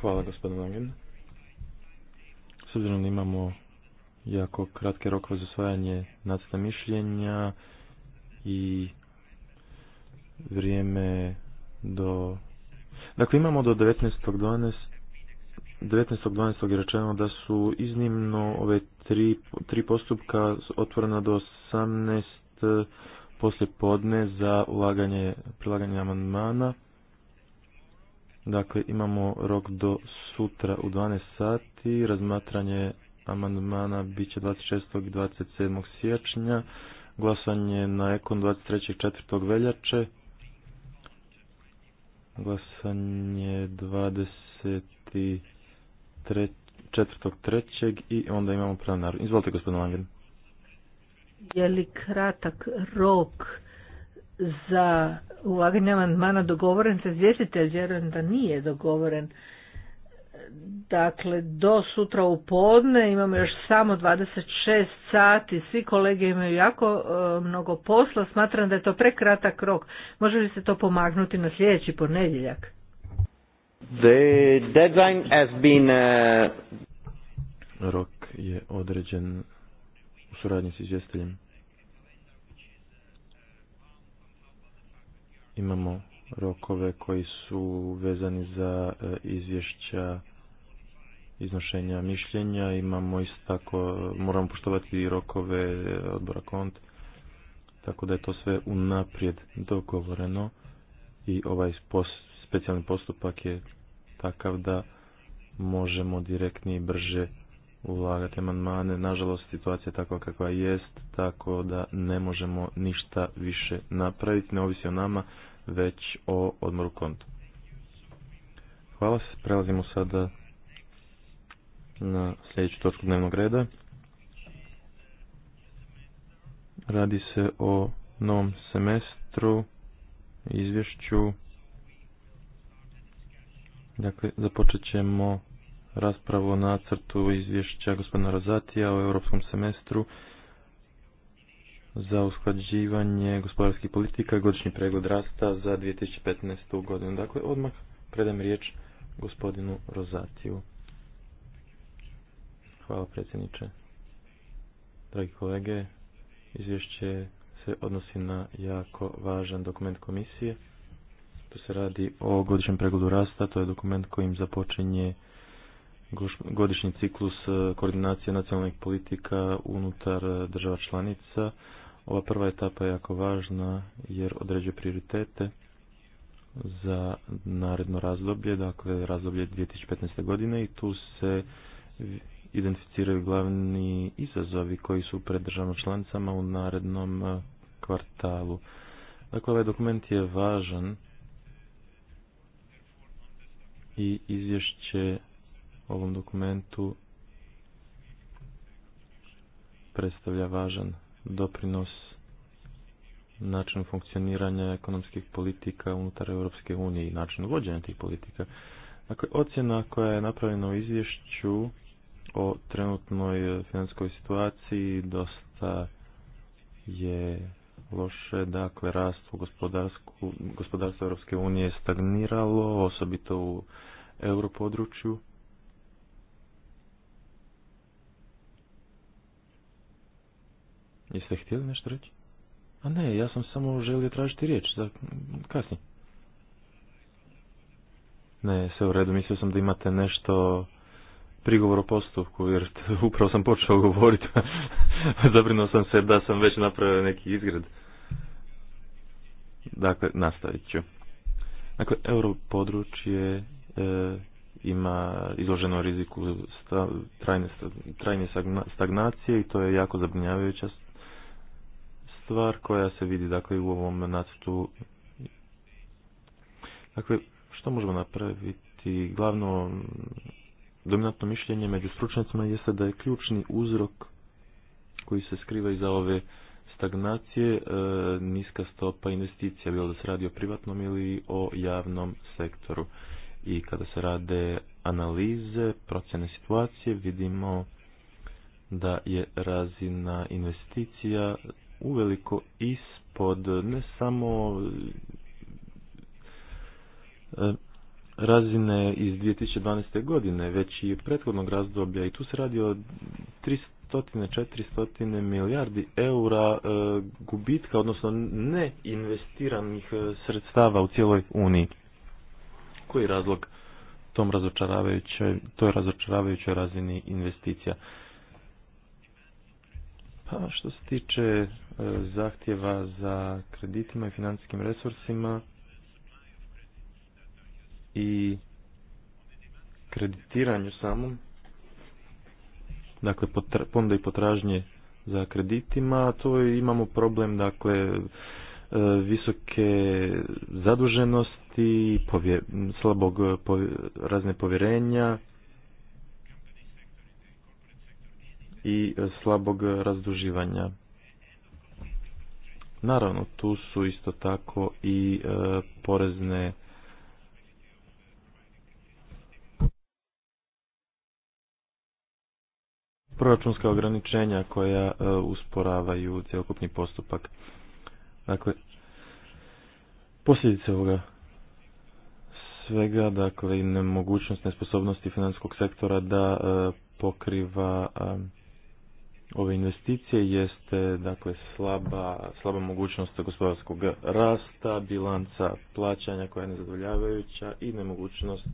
Hvala gospodin Langen. S obzirom da imamo jako kratke rokove za osvajanje nacrta mišljenja i vrijeme do... Dakle, imamo do 19.12. 19.12. je rečeno da su iznimno ove tri, tri postupka otvorena do 18 poslje podne za ulaganje, prilaganje amandmana. Dakle, imamo rok do sutra u 12 sati. Razmatranje amandmana bit će 26. i 27. siječnja. Glasanje na Ekon 23. i veljače. Glasanje 20 trećeg i onda imamo pranar Izvolite gospodin Langer. Je li kratak rok za ulaganje amandmana dogovoren sa izvjestitelj? Vjerujem da nije dogovoren. Dakle, do sutra u podne imamo još samo 26 sati, svi kolege imaju jako e, mnogo posla, smatram da je to prekratak rok. Može li se to pomaknuti na sljedeći ponedjeljak? The deadline has been... Uh, Rok je određen u suradnji s izvjestiteljem. Imamo rokove koji su vezani za e, izvješća iznošenja mišljenja, imamo isto tako, moramo poštovati rokove e, odbora kont, tako da je to sve unaprijed dogovoreno i ovaj specijalni postupak je takav da možemo direktnije i brže ulagati amandmane. Nažalost, situacija je takva kakva jest, tako da ne možemo ništa više napraviti, ne ovisi o nama, već o odmoru kontu. Hvala se, prelazimo sada na sljedeću točku dnevnog reda. Radi se o novom semestru, izvješću Dakle, započet ćemo raspravu o nacrtu izvješća gospodina Rozatija o europskom semestru za usklađivanje gospodarskih politika i godišnji pregled rasta za 2015. godinu. Dakle, odmah predam riječ gospodinu Rozatiju. Hvala predsjedniče. Dragi kolege, izvješće se odnosi na jako važan dokument komisije se radi o godišnjem pregledu rasta, to je dokument kojim započinje godišnji ciklus e, koordinacije nacionalnih politika unutar e, država članica. Ova prva etapa je jako važna jer određuje prioritete za naredno razdoblje, dakle razdoblje 2015. godine i tu se identificiraju glavni izazovi koji su pred državama članicama u narednom e, kvartalu. Dakle, ovaj dokument je važan i izvješće ovom dokumentu predstavlja važan doprinos načinu funkcioniranja ekonomskih politika unutar Europske unije i načinu vođenja tih politika. Dakle, ocjena koja je napravljena u izvješću o trenutnoj financijskoj situaciji dosta je loše, dakle u gospodarstva Europske unije stagniralo, osobito u europodručju. Jeste htjeli nešto reći? A ne, ja sam samo želio tražiti riječ, za kasnije. Ne, sve u redu, mislio sam da imate nešto prigovor o postupku, jer upravo sam počeo govoriti. Zabrinuo sam se da sam već napravio neki izgled. Dakle, nastavit ću. Dakle, europodručje e, ima izloženo riziku trajne, trajne stagnacije i to je jako zabrinjavajuća stvar koja se vidi dakle u ovom nacrtu. Dakle, što možemo napraviti? Glavno dominantno mišljenje među stručnjacima jeste da je ključni uzrok koji se skriva iza ove stagnacije e, niska stopa investicija, bilo da se radi o privatnom ili o javnom sektoru. I kada se rade analize, procjene situacije, vidimo da je razina investicija uveliko ispod ne samo e, razine iz 2012. godine, već i prethodnog razdoblja i tu se radi o 300-400 milijardi eura e, gubitka, odnosno neinvestiranih e, sredstava u cijeloj Uniji. Koji je razlog tom razočaravajućoj, toj razočaravajućoj razini investicija? Pa što se tiče e, zahtjeva za kreditima i financijskim resursima, i kreditiranju samom, dakle ponuda i potražnje za kreditima, to imamo problem dakle e, visoke zaduženosti, povje, slabog razne povjerenja i slabog razduživanja. Naravno, tu su isto tako i e, porezne proračunska ograničenja koja e, usporavaju cjelokupni postupak. Dakle, posljedice ovoga svega, dakle, nemogućnost, nesposobnosti financijskog sektora da e, pokriva e, ove investicije jeste dakle slaba, slaba mogućnost gospodarskog rasta, bilanca plaćanja koja je nezadovoljavajuća i nemogućnost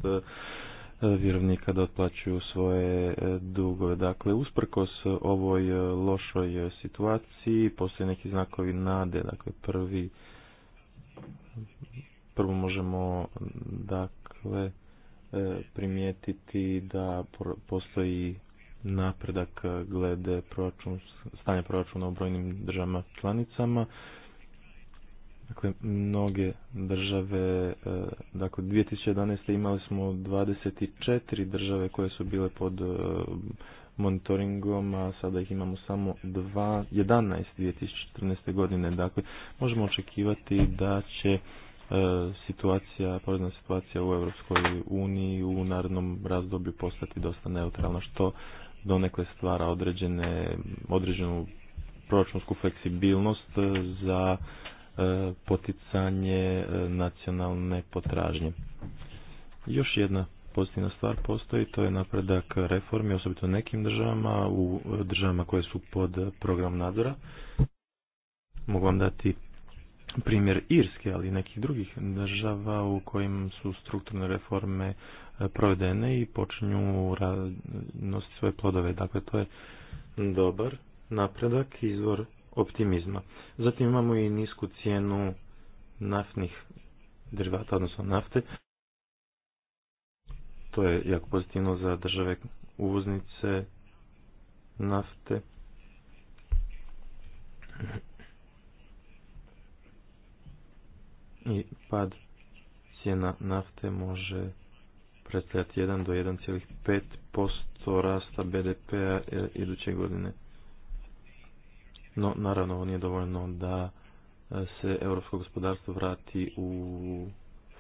vjerovnika da otplaćuju svoje e, dugove. Dakle, usprkos ovoj e, lošoj e, situaciji postoje neki znakovi nade. Dakle, prvi prvo možemo dakle primijetiti da postoji napredak glede proračun, stanja proračuna u brojnim državama članicama Dakle, mnoge države, e, dakle, 2011. imali smo 24 države koje su bile pod e, monitoringom, a sada ih imamo samo 11 2014. godine. Dakle, možemo očekivati da će e, situacija, porezna situacija u Europskoj uniji u narodnom razdoblju postati dosta neutralna, što donekle stvara određene, određenu proračunsku fleksibilnost za E, poticanje e, nacionalne potražnje. Još jedna pozitivna stvar postoji, to je napredak reformi, osobito u nekim državama, u državama koje su pod program nadzora. Mogu vam dati primjer Irske, ali i nekih drugih država u kojim su strukturne reforme e, provedene i počinju nositi svoje plodove. Dakle, to je dobar napredak, izvor optimizma. Zatim imamo i nisku cijenu naftnih derivata, odnosno nafte. To je jako pozitivno za države uvoznice nafte. I pad cijena nafte može predstavljati 1 do 1,5% rasta BDP-a e, iduće godine. No, naravno, ovo nije dovoljno da e, se europsko gospodarstvo vrati u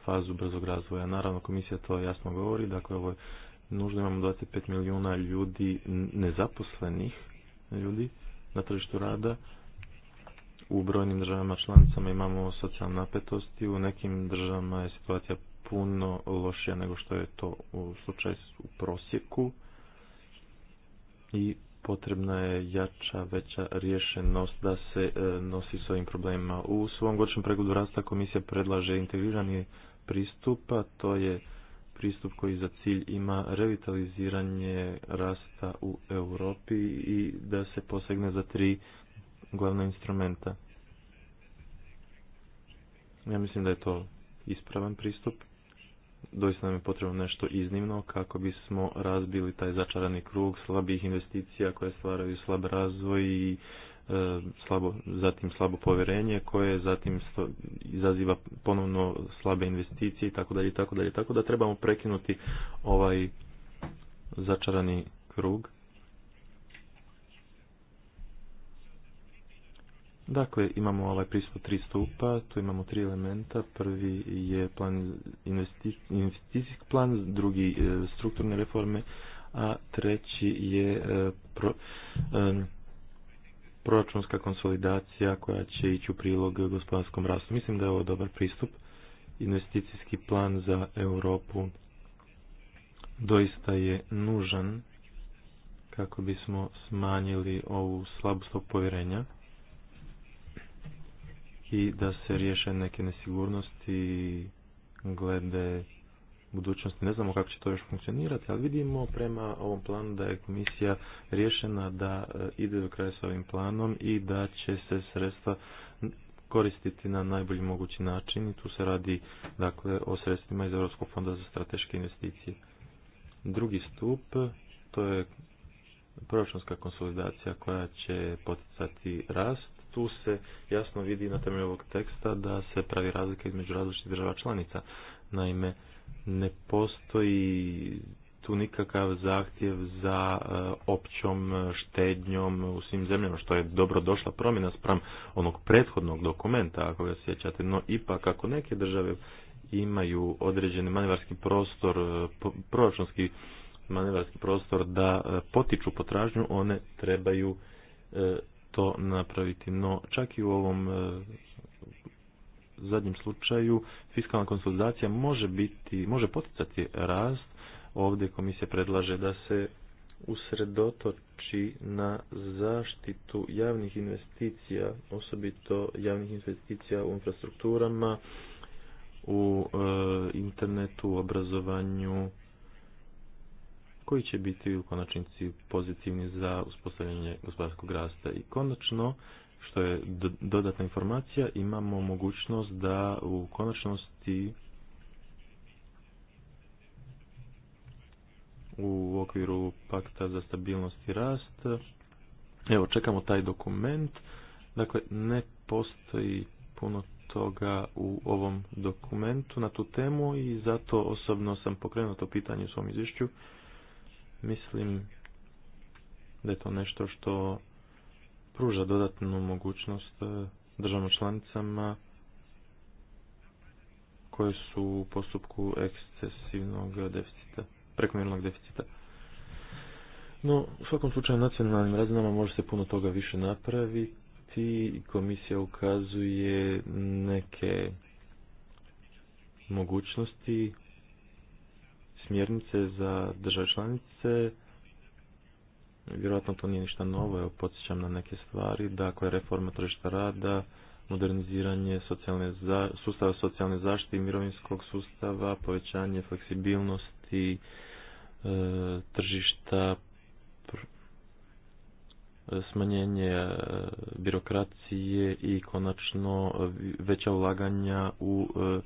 fazu brzog razvoja. Naravno, komisija to jasno govori, dakle, ovo je nužno, imamo 25 milijuna ljudi, nezaposlenih ljudi na tržištu rada, u brojnim državama članicama imamo socijalne napetosti, u nekim državama je situacija puno lošija nego što je to u slučaju u prosjeku i potrebna je jača, veća rješenost da se e, nosi s ovim problemima. U svom godišnjem pregledu rasta komisija predlaže integrirani pristup, a to je pristup koji za cilj ima revitaliziranje rasta u Europi i da se posegne za tri glavna instrumenta. Ja mislim da je to ispravan pristup doista nam je potrebno nešto iznimno kako bismo razbili taj začarani krug slabih investicija koje stvaraju slab razvoj i e, slabo, zatim slabo povjerenje koje zatim izaziva ponovno slabe investicije i tako dalje i tako dalje. Tako da trebamo prekinuti ovaj začarani krug Dakle, imamo ovaj pristup tri stupa, tu imamo tri elementa. Prvi je plan investicijski plan, drugi e, strukturne reforme, a treći je e, pro, e, proračunska konsolidacija koja će ići u prilog gospodarskom rastu. Mislim da je ovo dobar pristup. Investicijski plan za Europu doista je nužan kako bismo smanjili ovu slabost povjerenja i da se riješe neke nesigurnosti glede budućnosti. Ne znamo kako će to još funkcionirati, ali vidimo prema ovom planu da je komisija rješena da e, ide do kraja s ovim planom i da će se sredstva koristiti na najbolji mogući način i tu se radi dakle o sredstvima iz Europskog fonda za strateške investicije. Drugi stup to je proračunska konsolidacija koja će poticati rast tu se jasno vidi na temelju ovog teksta da se pravi razlika između različitih država članica. Naime, ne postoji tu nikakav zahtjev za e, općom štednjom u svim zemljama, što je dobro došla promjena spram onog prethodnog dokumenta, ako ga sjećate, no ipak ako neke države imaju određeni manevarski prostor, e, proračunski manevarski prostor da e, potiču potražnju, one trebaju to napraviti. No, čak i u ovom e, zadnjem slučaju fiskalna konsolidacija može biti, može poticati rast. Ovdje komisija predlaže da se usredotoči na zaštitu javnih investicija, osobito javnih investicija u infrastrukturama, u e, internetu, u obrazovanju, koji će biti u konačnici pozitivni za uspostavljanje gospodarskog rasta. I konačno, što je dodatna informacija, imamo mogućnost da u konačnosti u okviru pakta za stabilnost i rast. Evo, čekamo taj dokument. Dakle, ne postoji puno toga u ovom dokumentu na tu temu i zato osobno sam pokrenuo to pitanje u svom izvješću Mislim da je to nešto što pruža dodatnu mogućnost e, državama članicama koje su u postupku ekscesivnog deficita, prekomjernog deficita. No, u svakom slučaju nacionalnim razinama može se puno toga više napraviti i komisija ukazuje neke mogućnosti smjernice za države članice. Vjerojatno to nije ništa novo, evo podsjećam na neke stvari, dakle reforma tržišta rada, moderniziranje socijalne sustava socijalne zaštite i mirovinskog sustava, povećanje fleksibilnosti e, tržišta, e, smanjenje e, birokracije i konačno veća ulaganja u e,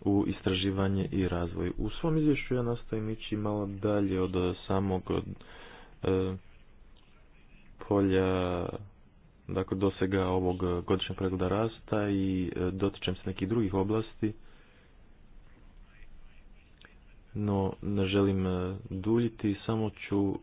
u istraživanje i razvoj. U svom izvješću ja nastavim ići malo dalje od samog e, polja dakle, dosega ovog godišnjeg pregleda rasta i e, dotičem se nekih drugih oblasti. No, ne želim e, duljiti, samo ću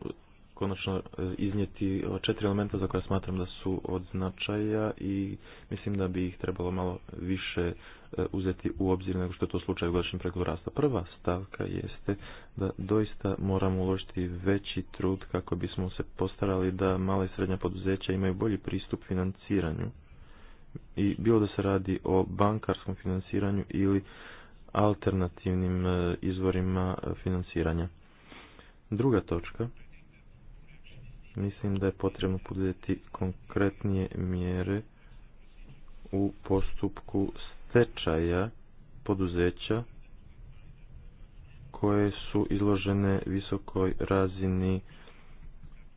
konačno iznijeti četiri elementa za koje smatram da su od značaja i mislim da bi ih trebalo malo više E, uzeti u obzir nego što je to slučaj u godišnjem rasta. Prva stavka jeste da doista moramo uložiti veći trud kako bismo se postarali da mala i srednja poduzeća imaju bolji pristup financiranju. I bilo da se radi o bankarskom financiranju ili alternativnim e, izvorima e, financiranja. Druga točka. Mislim da je potrebno poduzeti konkretnije mjere u postupku stečaja poduzeća koje su izložene visokoj razini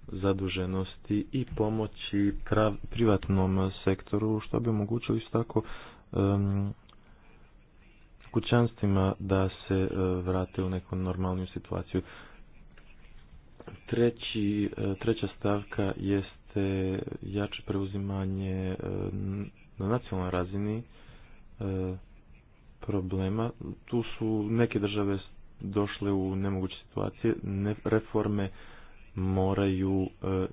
zaduženosti i pomoći privatnom sektoru što bi omogućilo isto tako kućanstvima da se e, vrate u neku normalniju situaciju. Treći, e, treća stavka jeste jače preuzimanje e, na nacionalnoj razini E, problema. Tu su neke države došle u nemoguće situacije. Reforme moraju e,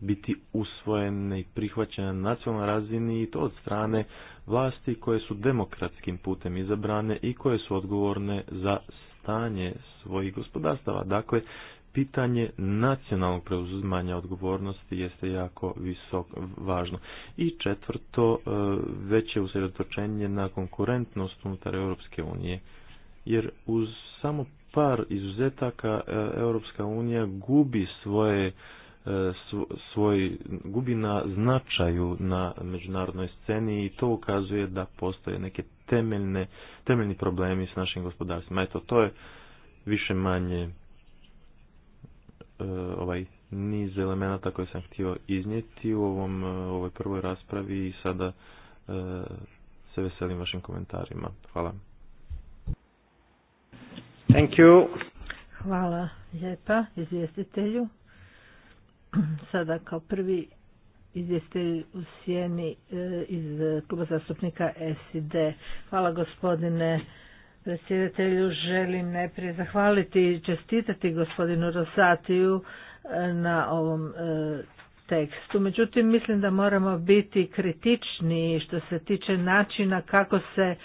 biti usvojene i prihvaćene na nacionalnoj razini i to od strane vlasti koje su demokratskim putem izabrane i koje su odgovorne za stanje svojih gospodarstava. Dakle, pitanje nacionalnog preuzimanja odgovornosti jeste jako visok, važno. I četvrto, e, veće usredotočenje na konkurentnost unutar Europske unije. Jer uz samo par izuzetaka e, Europska unija gubi svoje e, svoj gubi na značaju na međunarodnoj sceni i to ukazuje da postoje neke temeljne, temeljni problemi s našim gospodarstvima. Eto, to je više manje E, ovaj niz elemenata koje sam htio iznijeti u ovom, e, ovoj prvoj raspravi i sada e, se veselim vašim komentarima. Hvala. Thank you. Hvala lijepa izvjestitelju. Sada kao prvi izvjestitelj u sjeni iz kluba zastupnika SID. Hvala gospodine Predsjedatelju želim najprije zahvaliti i čestitati gospodinu Rosatiju e, na ovom e, tekstu. Međutim, mislim da moramo biti kritični što se tiče načina kako se e,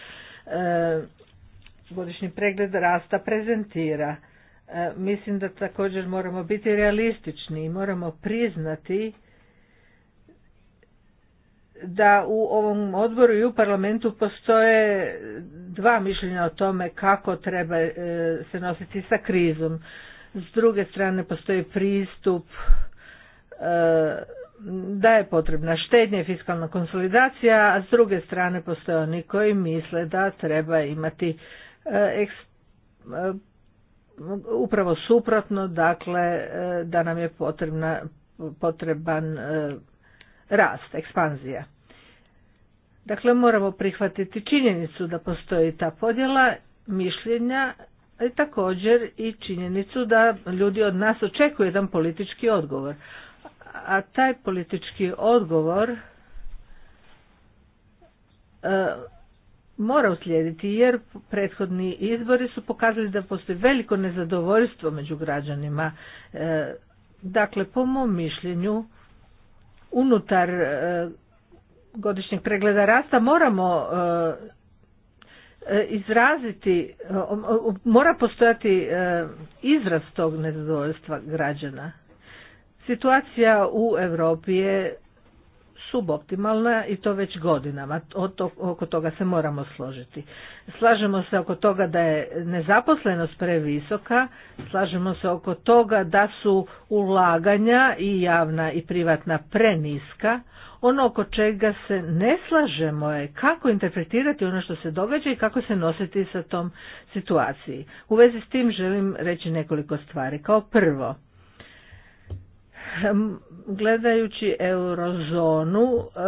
godišnji pregled rasta prezentira. Mislim da također moramo biti realistični i moramo priznati da u ovom odboru i u parlamentu postoje dva mišljenja o tome kako treba e, se nositi sa krizom. S druge strane postoji pristup e, da je potrebna štednja i fiskalna konsolidacija, a s druge strane postoje oni koji misle da treba imati e, upravo suprotno, dakle da nam je potrebna, potreban rast, ekspanzija. Dakle, moramo prihvatiti činjenicu da postoji ta podjela mišljenja ali također i činjenicu da ljudi od nas očekuju jedan politički odgovor. A taj politički odgovor e, mora uslijediti jer prethodni izbori su pokazali da postoji veliko nezadovoljstvo među građanima. E, dakle, po mom mišljenju unutar e, godišnjeg pregleda rasta moramo e, e, izraziti, mora postojati izraz tog nezadovoljstva građana. Situacija u Europi je suboptimalna i to već godinama. Oko toga se moramo složiti. Slažemo se oko toga da je nezaposlenost previsoka, slažemo se oko toga da su ulaganja i javna i privatna preniska. Ono oko čega se ne slažemo je kako interpretirati ono što se događa i kako se nositi sa tom situaciji. U vezi s tim želim reći nekoliko stvari. Kao prvo, Gledajući eurozonu, e,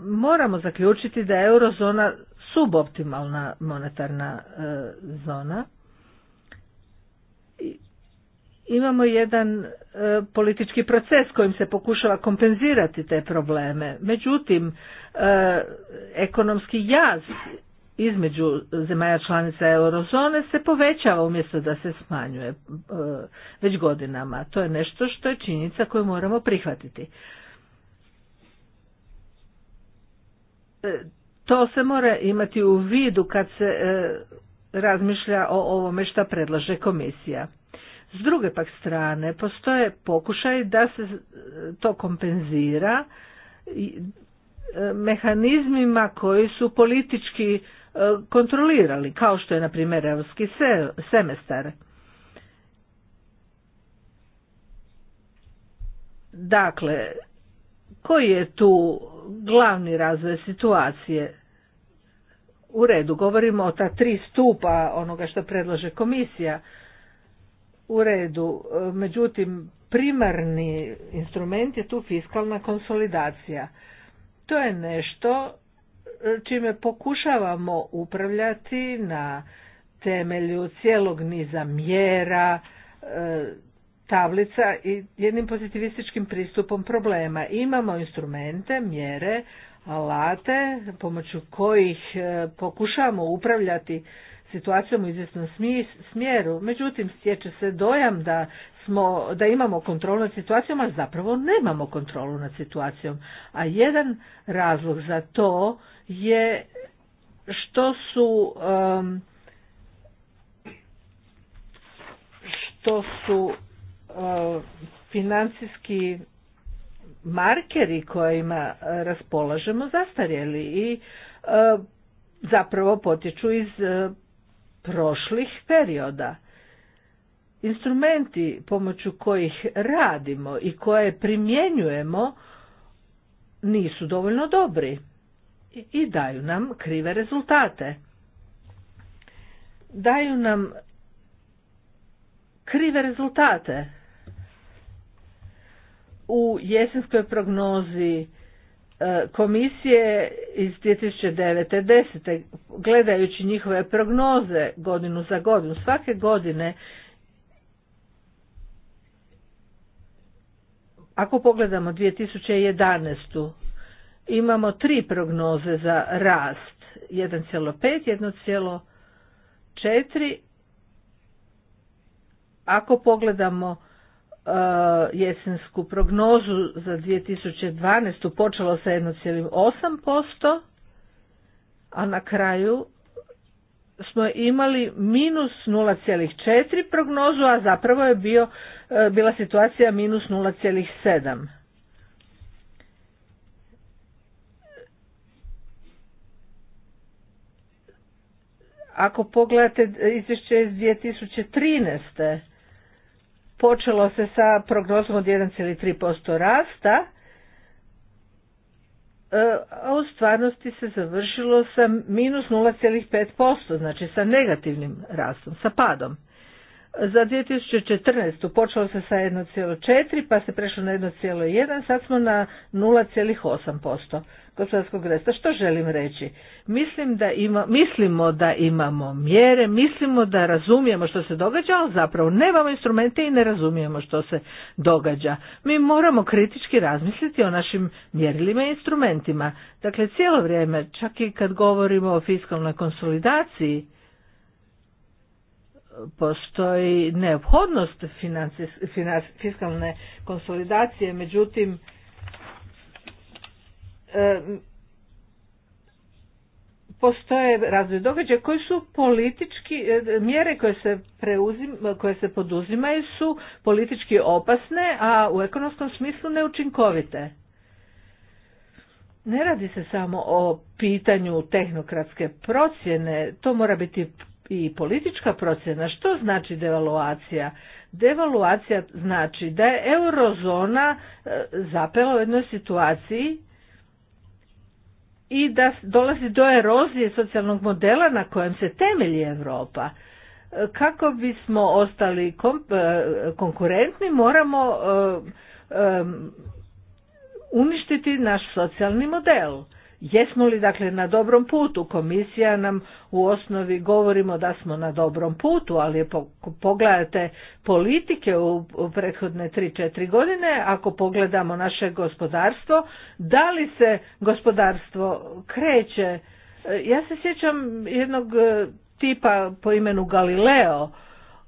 moramo zaključiti da je eurozona suboptimalna monetarna e, zona. Imamo jedan e, politički proces kojim se pokušava kompenzirati te probleme. Međutim, ekonomski jaz između zemalja članica eurozone se povećava umjesto da se smanjuje e, već godinama. To je nešto što je činjenica koju moramo prihvatiti. E, to se mora imati u vidu kad se e, razmišlja o ovome što predlaže komisija. S druge pak strane, postoje pokušaj da se to kompenzira mehanizmima koji su politički kontrolirali, kao što je, na primjer, evropski semestar. Dakle, koji je tu glavni razvoj situacije? U redu, govorimo o ta tri stupa onoga što predlaže komisija. U redu, međutim, primarni instrument je tu fiskalna konsolidacija. To je nešto čime pokušavamo upravljati na temelju cijelog niza mjera, e, tablica i jednim pozitivističkim pristupom problema. Imamo instrumente, mjere, alate pomoću kojih e, pokušavamo upravljati situacijom u izvjesnom smjeru. Međutim, stječe se dojam da smo, da imamo kontrolu nad situacijom, a zapravo nemamo kontrolu nad situacijom. A jedan razlog za to je što su što su financijski markeri kojima raspolažemo zastarjeli i zapravo potječu iz prošlih perioda. Instrumenti pomoću kojih radimo i koje primjenjujemo nisu dovoljno dobri i daju nam krive rezultate. Daju nam krive rezultate. U jesenskoj prognozi e, komisije iz 2009. 10. gledajući njihove prognoze godinu za godinu, svake godine ako pogledamo 2011 imamo tri prognoze za rast. 1,5, 1,4. Ako pogledamo e, jesensku prognozu za 2012. počelo sa 1,8%, a na kraju smo imali minus 0,4 prognozu, a zapravo je bio, e, bila situacija minus 0,7. Ako pogledate izvješće iz 2013. počelo se sa prognozom od 1,3% rasta, e, a u stvarnosti se završilo sa minus 0,5%, znači sa negativnim rastom, sa padom. Za 2014. počelo se sa 1,4 pa se prešlo na 1,1, sad smo na 0,8% gospodarskog resta. Što želim reći? Mislim da ima, mislimo da imamo mjere, mislimo da razumijemo što se događa, ali zapravo nemamo instrumente i ne razumijemo što se događa. Mi moramo kritički razmisliti o našim mjerilima i instrumentima. Dakle, cijelo vrijeme, čak i kad govorimo o fiskalnoj konsolidaciji, postoji neophodnost fiskalne konsolidacije, međutim postoje razvoj događaja koji su politički e, mjere koje se preuzim, koje se poduzimaju su politički opasne, a u ekonomskom smislu neučinkovite. Ne radi se samo o pitanju tehnokratske procjene, to mora biti i politička procjena. Što znači devaluacija? Devaluacija znači da je eurozona e, zapela u jednoj situaciji i da dolazi do erozije socijalnog modela na kojem se temelji Europa. E, kako bismo ostali e, konkurentni moramo uništiti naš socijalni model Jesmo li dakle na dobrom putu? Komisija nam u osnovi govorimo da smo na dobrom putu, ali pogledate politike u prethodne 3-4 godine, ako pogledamo naše gospodarstvo, da li se gospodarstvo kreće? E, ja se sjećam jednog e, tipa po imenu Galileo,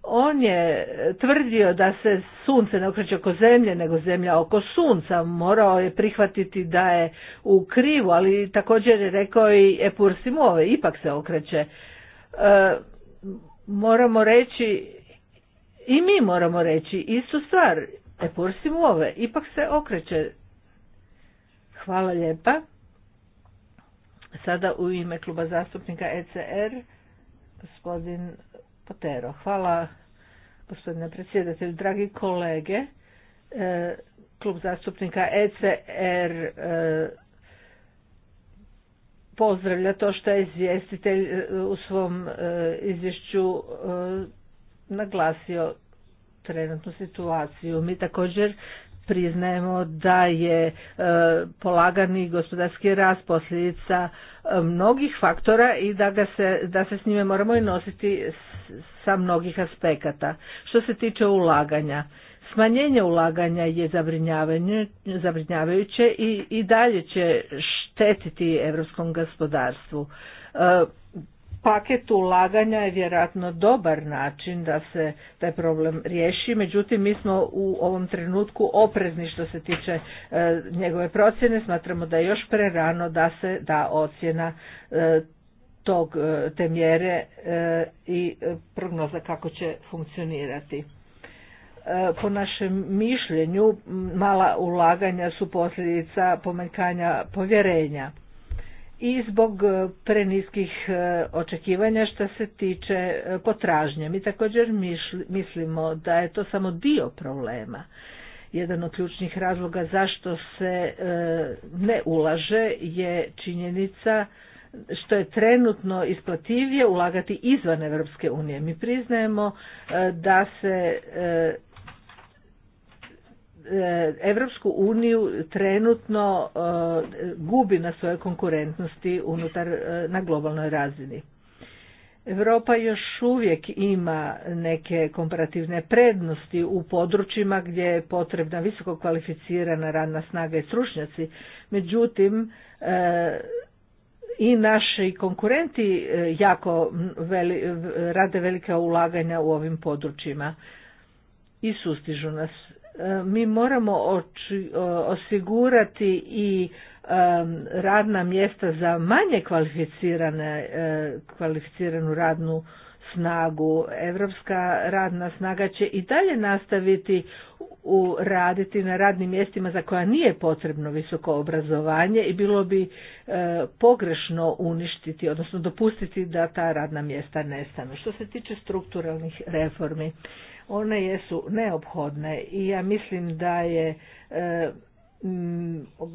on je tvrdio da se sunce ne okreće oko zemlje, nego zemlja oko sunca. Morao je prihvatiti da je u krivu, ali također je rekao i Epur Simove, ipak se okreće. E, moramo reći, i mi moramo reći istu stvar, Epur Simove, ipak se okreće. Hvala lijepa. Sada u ime kluba zastupnika ECR, gospodin Potero. Hvala gospodine predsjedatelju, dragi kolege. E, Klub zastupnika ECR e, pozdravlja to što je izvjestitelj e, u svom izvješću naglasio trenutnu situaciju. Mi također priznajemo da je e, polagani gospodarski rast posljedica e, mnogih faktora i da, ga se, da se s njime moramo i nositi sa mnogih aspekata. Što se tiče ulaganja, Smanjenje ulaganja je zabrinjavajuće i, i dalje će štetiti europskom gospodarstvu. E, paket ulaganja je vjerojatno dobar način da se taj problem riješi, međutim mi smo u ovom trenutku oprezni što se tiče e, njegove procjene, smatramo da je još prerano da se da ocjena e, tog e, te mjere i prognoza kako će funkcionirati. Po našem mišljenju mala ulaganja su posljedica pomanjkanja povjerenja i zbog e, preniskih e, očekivanja što se tiče e, potražnje. Mi također mislimo da je to samo dio problema. Jedan od ključnih razloga zašto se ne ulaže je činjenica što je trenutno isplativije ulagati izvan Europske unije. Mi priznajemo da se E, Evropsku uniju trenutno e, gubi na svojoj konkurentnosti unutar e, na globalnoj razini. Europa još uvijek ima neke komparativne prednosti u područjima gdje je potrebna visoko kvalificirana radna snaga i stručnjaci. Međutim, i naši konkurenti jako rade velika ulaganja u ovim područjima i sustižu nas mi moramo osigurati i radna mjesta za manje kvalificirane, e, kvalificiranu radnu snagu. Evropska radna snaga će i dalje nastaviti u raditi na radnim mjestima za koja nije potrebno visoko obrazovanje i bilo bi e, pogrešno uništiti, odnosno dopustiti da ta radna mjesta nestanu. Što se tiče strukturalnih reformi, one jesu neophodne i ja mislim da je e,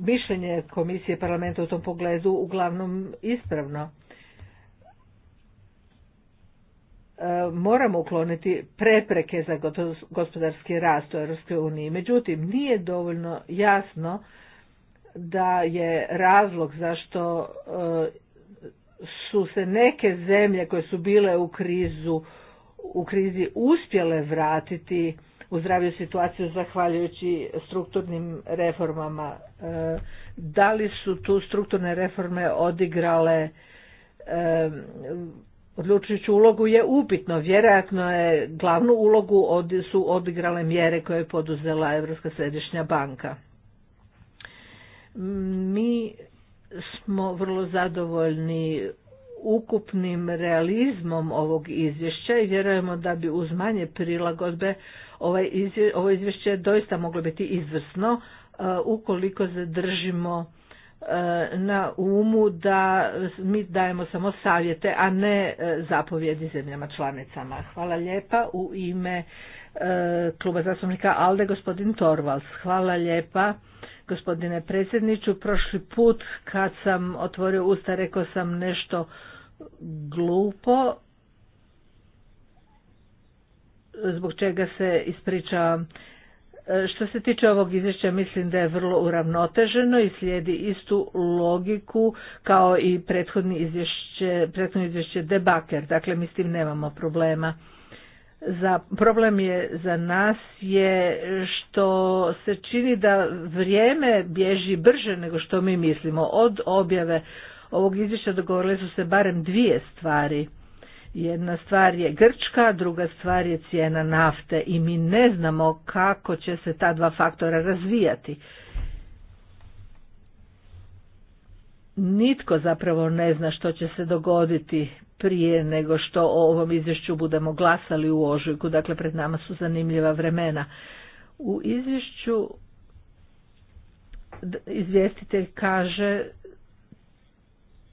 mišljenje komisije parlamenta u tom pogledu uglavnom ispravno. E, moramo ukloniti prepreke za gospodarski rast u EU. Međutim, nije dovoljno jasno da je razlog zašto e, su se neke zemlje koje su bile u krizu u krizi uspjele vratiti u zdraviju situaciju zahvaljujući strukturnim reformama. E, da li su tu strukturne reforme odigrale e, odlučujuću ulogu je upitno. Vjerojatno je glavnu ulogu su odigrale mjere koje je poduzela Europska središnja banka. Mi smo vrlo zadovoljni ukupnim realizmom ovog izvješća i vjerujemo da bi uz manje prilagodbe ovaj ovo izvješće doista moglo biti izvrsno e, ukoliko zadržimo e, na umu da mi dajemo samo savjete, a ne e, zapovjedi zemljama članicama. Hvala lijepa u ime kluba zastupnika ALDE gospodin Torvalds. Hvala lijepa gospodine predsjedniču. Prošli put kad sam otvorio usta rekao sam nešto glupo zbog čega se ispričavam. E, što se tiče ovog izvješća mislim da je vrlo uravnoteženo i slijedi istu logiku kao i prethodni izvješće, prethodno izvješće debaker, dakle mi s tim nemamo problema. Za, problem je za nas je što se čini da vrijeme bježi brže nego što mi mislimo od objave ovog izvješća dogovorile su se barem dvije stvari. Jedna stvar je Grčka, druga stvar je cijena nafte i mi ne znamo kako će se ta dva faktora razvijati. Nitko zapravo ne zna što će se dogoditi prije nego što o ovom izvješću budemo glasali u ožujku, dakle pred nama su zanimljiva vremena. U izvješću izvjestitelj kaže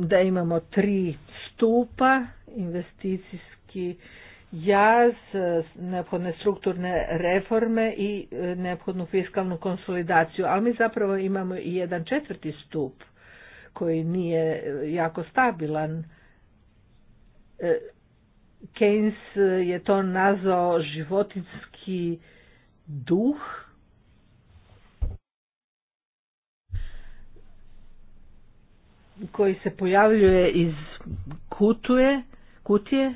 da imamo tri stupa, investicijski jaz, neophodne strukturne reforme i e, neophodnu fiskalnu konsolidaciju, ali mi zapravo imamo i jedan četvrti stup koji nije e, jako stabilan. E, Keynes je to nazvao životinski duh, koji se pojavljuje iz kutuje, kutije e,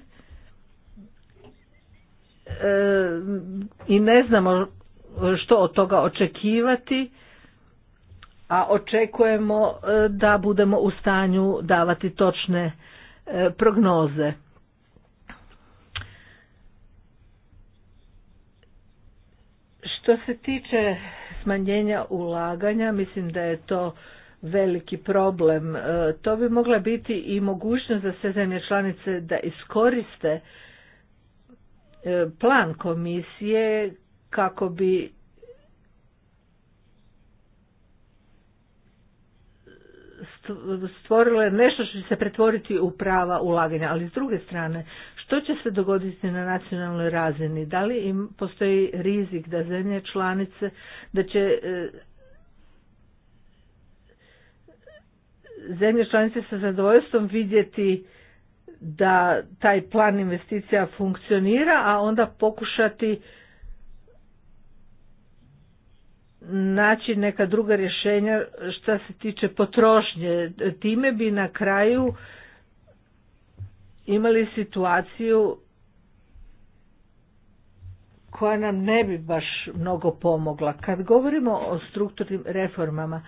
i ne znamo što od toga očekivati, a očekujemo e, da budemo u stanju davati točne e, prognoze. Što se tiče smanjenja ulaganja, mislim da je to veliki problem. E, to bi mogla biti i mogućnost za sve zemlje članice da iskoriste e, plan komisije kako bi stvorile nešto što će se pretvoriti u prava ulaganja, ali s druge strane, što će se dogoditi na nacionalnoj razini? Da li im postoji rizik da zemlje članice, da će e, zemlje članice sa zadovoljstvom vidjeti da taj plan investicija funkcionira, a onda pokušati naći neka druga rješenja što se tiče potrošnje. Time bi na kraju imali situaciju koja nam ne bi baš mnogo pomogla. Kad govorimo o strukturnim reformama,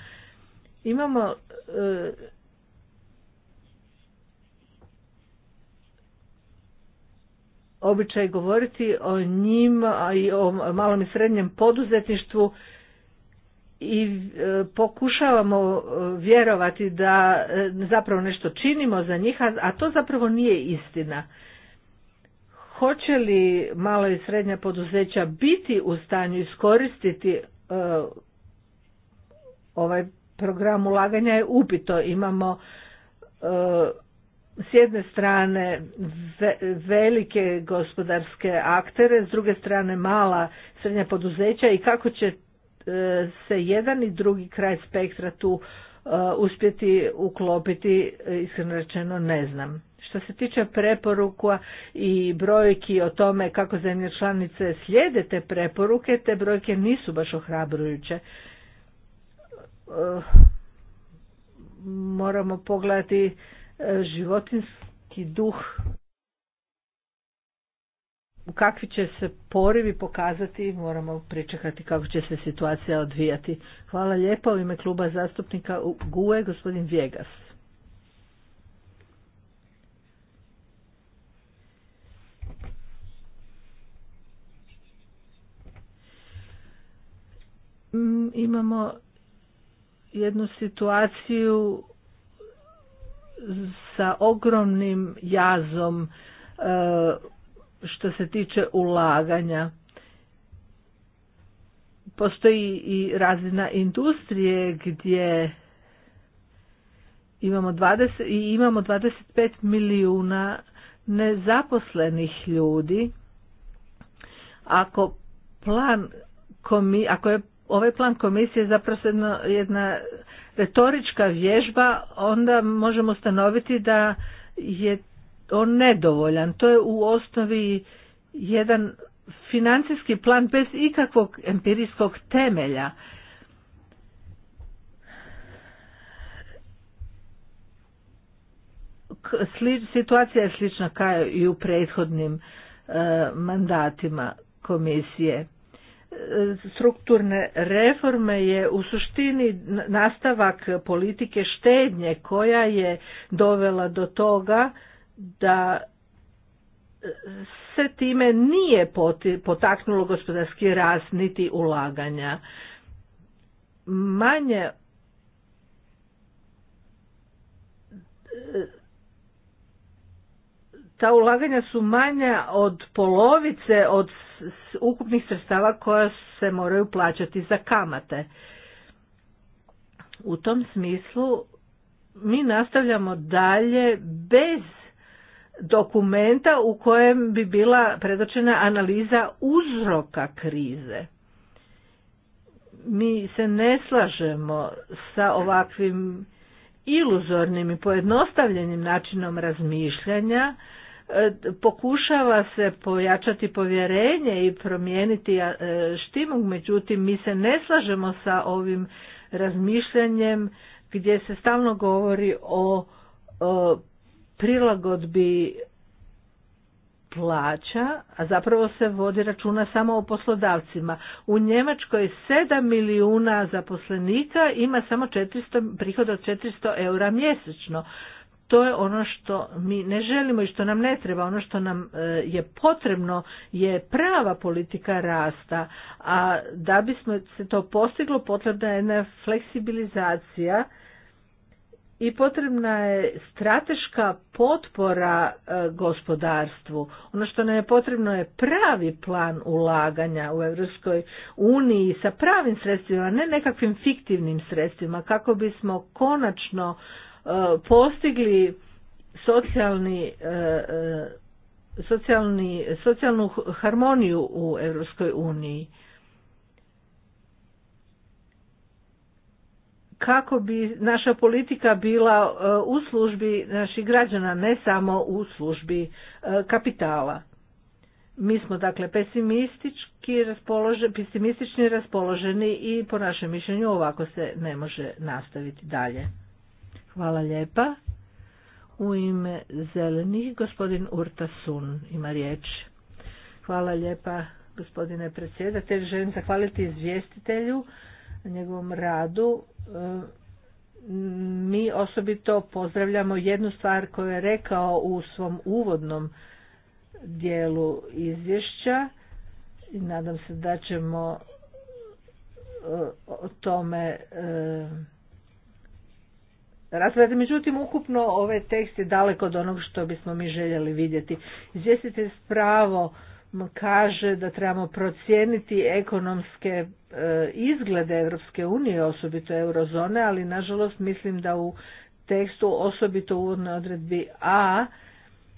Imamo e, običaj govoriti o njima i o malom i srednjem poduzetništvu i e, pokušavamo e, vjerovati da zapravo nešto činimo za njih, a to zapravo nije istina. Hoće li malo i srednja poduzeća biti u stanju iskoristiti ovaj program ulaganja je upito. Imamo e, s jedne strane velike gospodarske aktere, s druge strane mala srednja poduzeća i kako će e, se jedan i drugi kraj spektra tu e, uspjeti uklopiti, iskreno rečeno ne znam. Što se tiče preporuka i brojki o tome kako zemlje članice slijede te preporuke, te brojke nisu baš ohrabrujuće. Eh, moramo pogledati eh, životinski duh u kakvi će se porivi pokazati, moramo pričekati kako će se situacija odvijati. Hvala lijepo u ime kluba zastupnika u GUE, gospodin Vjegas. Mm, imamo jednu situaciju sa ogromnim jazom e, što se tiče ulaganja. Postoji i razina industrije gdje imamo 20 i imamo 25 milijuna nezaposlenih ljudi. Ako plan ako je ovaj plan komisije je zapravo jedna retorička vježba, onda možemo ustanoviti da je on nedovoljan. To je u osnovi jedan financijski plan bez ikakvog empirijskog temelja. Situacija je slična kao i u prethodnim eh, mandatima komisije strukturne reforme je u suštini nastavak politike štednje koja je dovela do toga da se time nije potaknulo gospodarski rast niti ulaganja. Manje ta ulaganja su manja od polovice od ukupnih sredstava koja se moraju plaćati za kamate. U tom smislu mi nastavljamo dalje bez dokumenta u kojem bi bila predočena analiza uzroka krize. Mi se ne slažemo sa ovakvim iluzornim i pojednostavljenim načinom razmišljanja E, pokušava se pojačati povjerenje i promijeniti e, štimog, međutim mi se ne slažemo sa ovim razmišljanjem gdje se stalno govori o, o prilagodbi plaća, a zapravo se vodi računa samo o poslodavcima. U Njemačkoj 7 milijuna zaposlenika ima samo 400, prihod od 400 eura mjesečno to je ono što mi ne želimo i što nam ne treba. Ono što nam e, je potrebno je prava politika rasta, a da bismo se to postiglo potrebna je jedna fleksibilizacija i potrebna je strateška potpora e, gospodarstvu. Ono što nam je potrebno je pravi plan ulaganja u Europskoj uniji sa pravim sredstvima, ne nekakvim fiktivnim sredstvima, kako bismo konačno postigli socijalni e, e, socijalni socijalnu harmoniju u Europskoj uniji kako bi naša politika bila e, u službi naših građana ne samo u službi kapitala mi smo dakle pesimistički raspoloženi, pesimistični raspoloženi i po našem mišljenju ovako se ne može nastaviti dalje. Hvala lijepa. U ime zelenih gospodin Urta Sun ima riječ. Hvala lijepa gospodine predsjedatelj. Želim zahvaliti izvjestitelju na njegovom radu. E, mi osobito pozdravljamo jednu stvar koju je rekao u svom uvodnom dijelu izvješća i nadam se da ćemo e, o tome e, rasprave. Međutim, ukupno ovaj tekst je daleko od onog što bismo mi željeli vidjeti. Izvjestitelj pravo kaže da trebamo procijeniti ekonomske e, izglede Europske unije, osobito eurozone, ali nažalost mislim da u tekstu, osobito u uvodnoj odredbi A,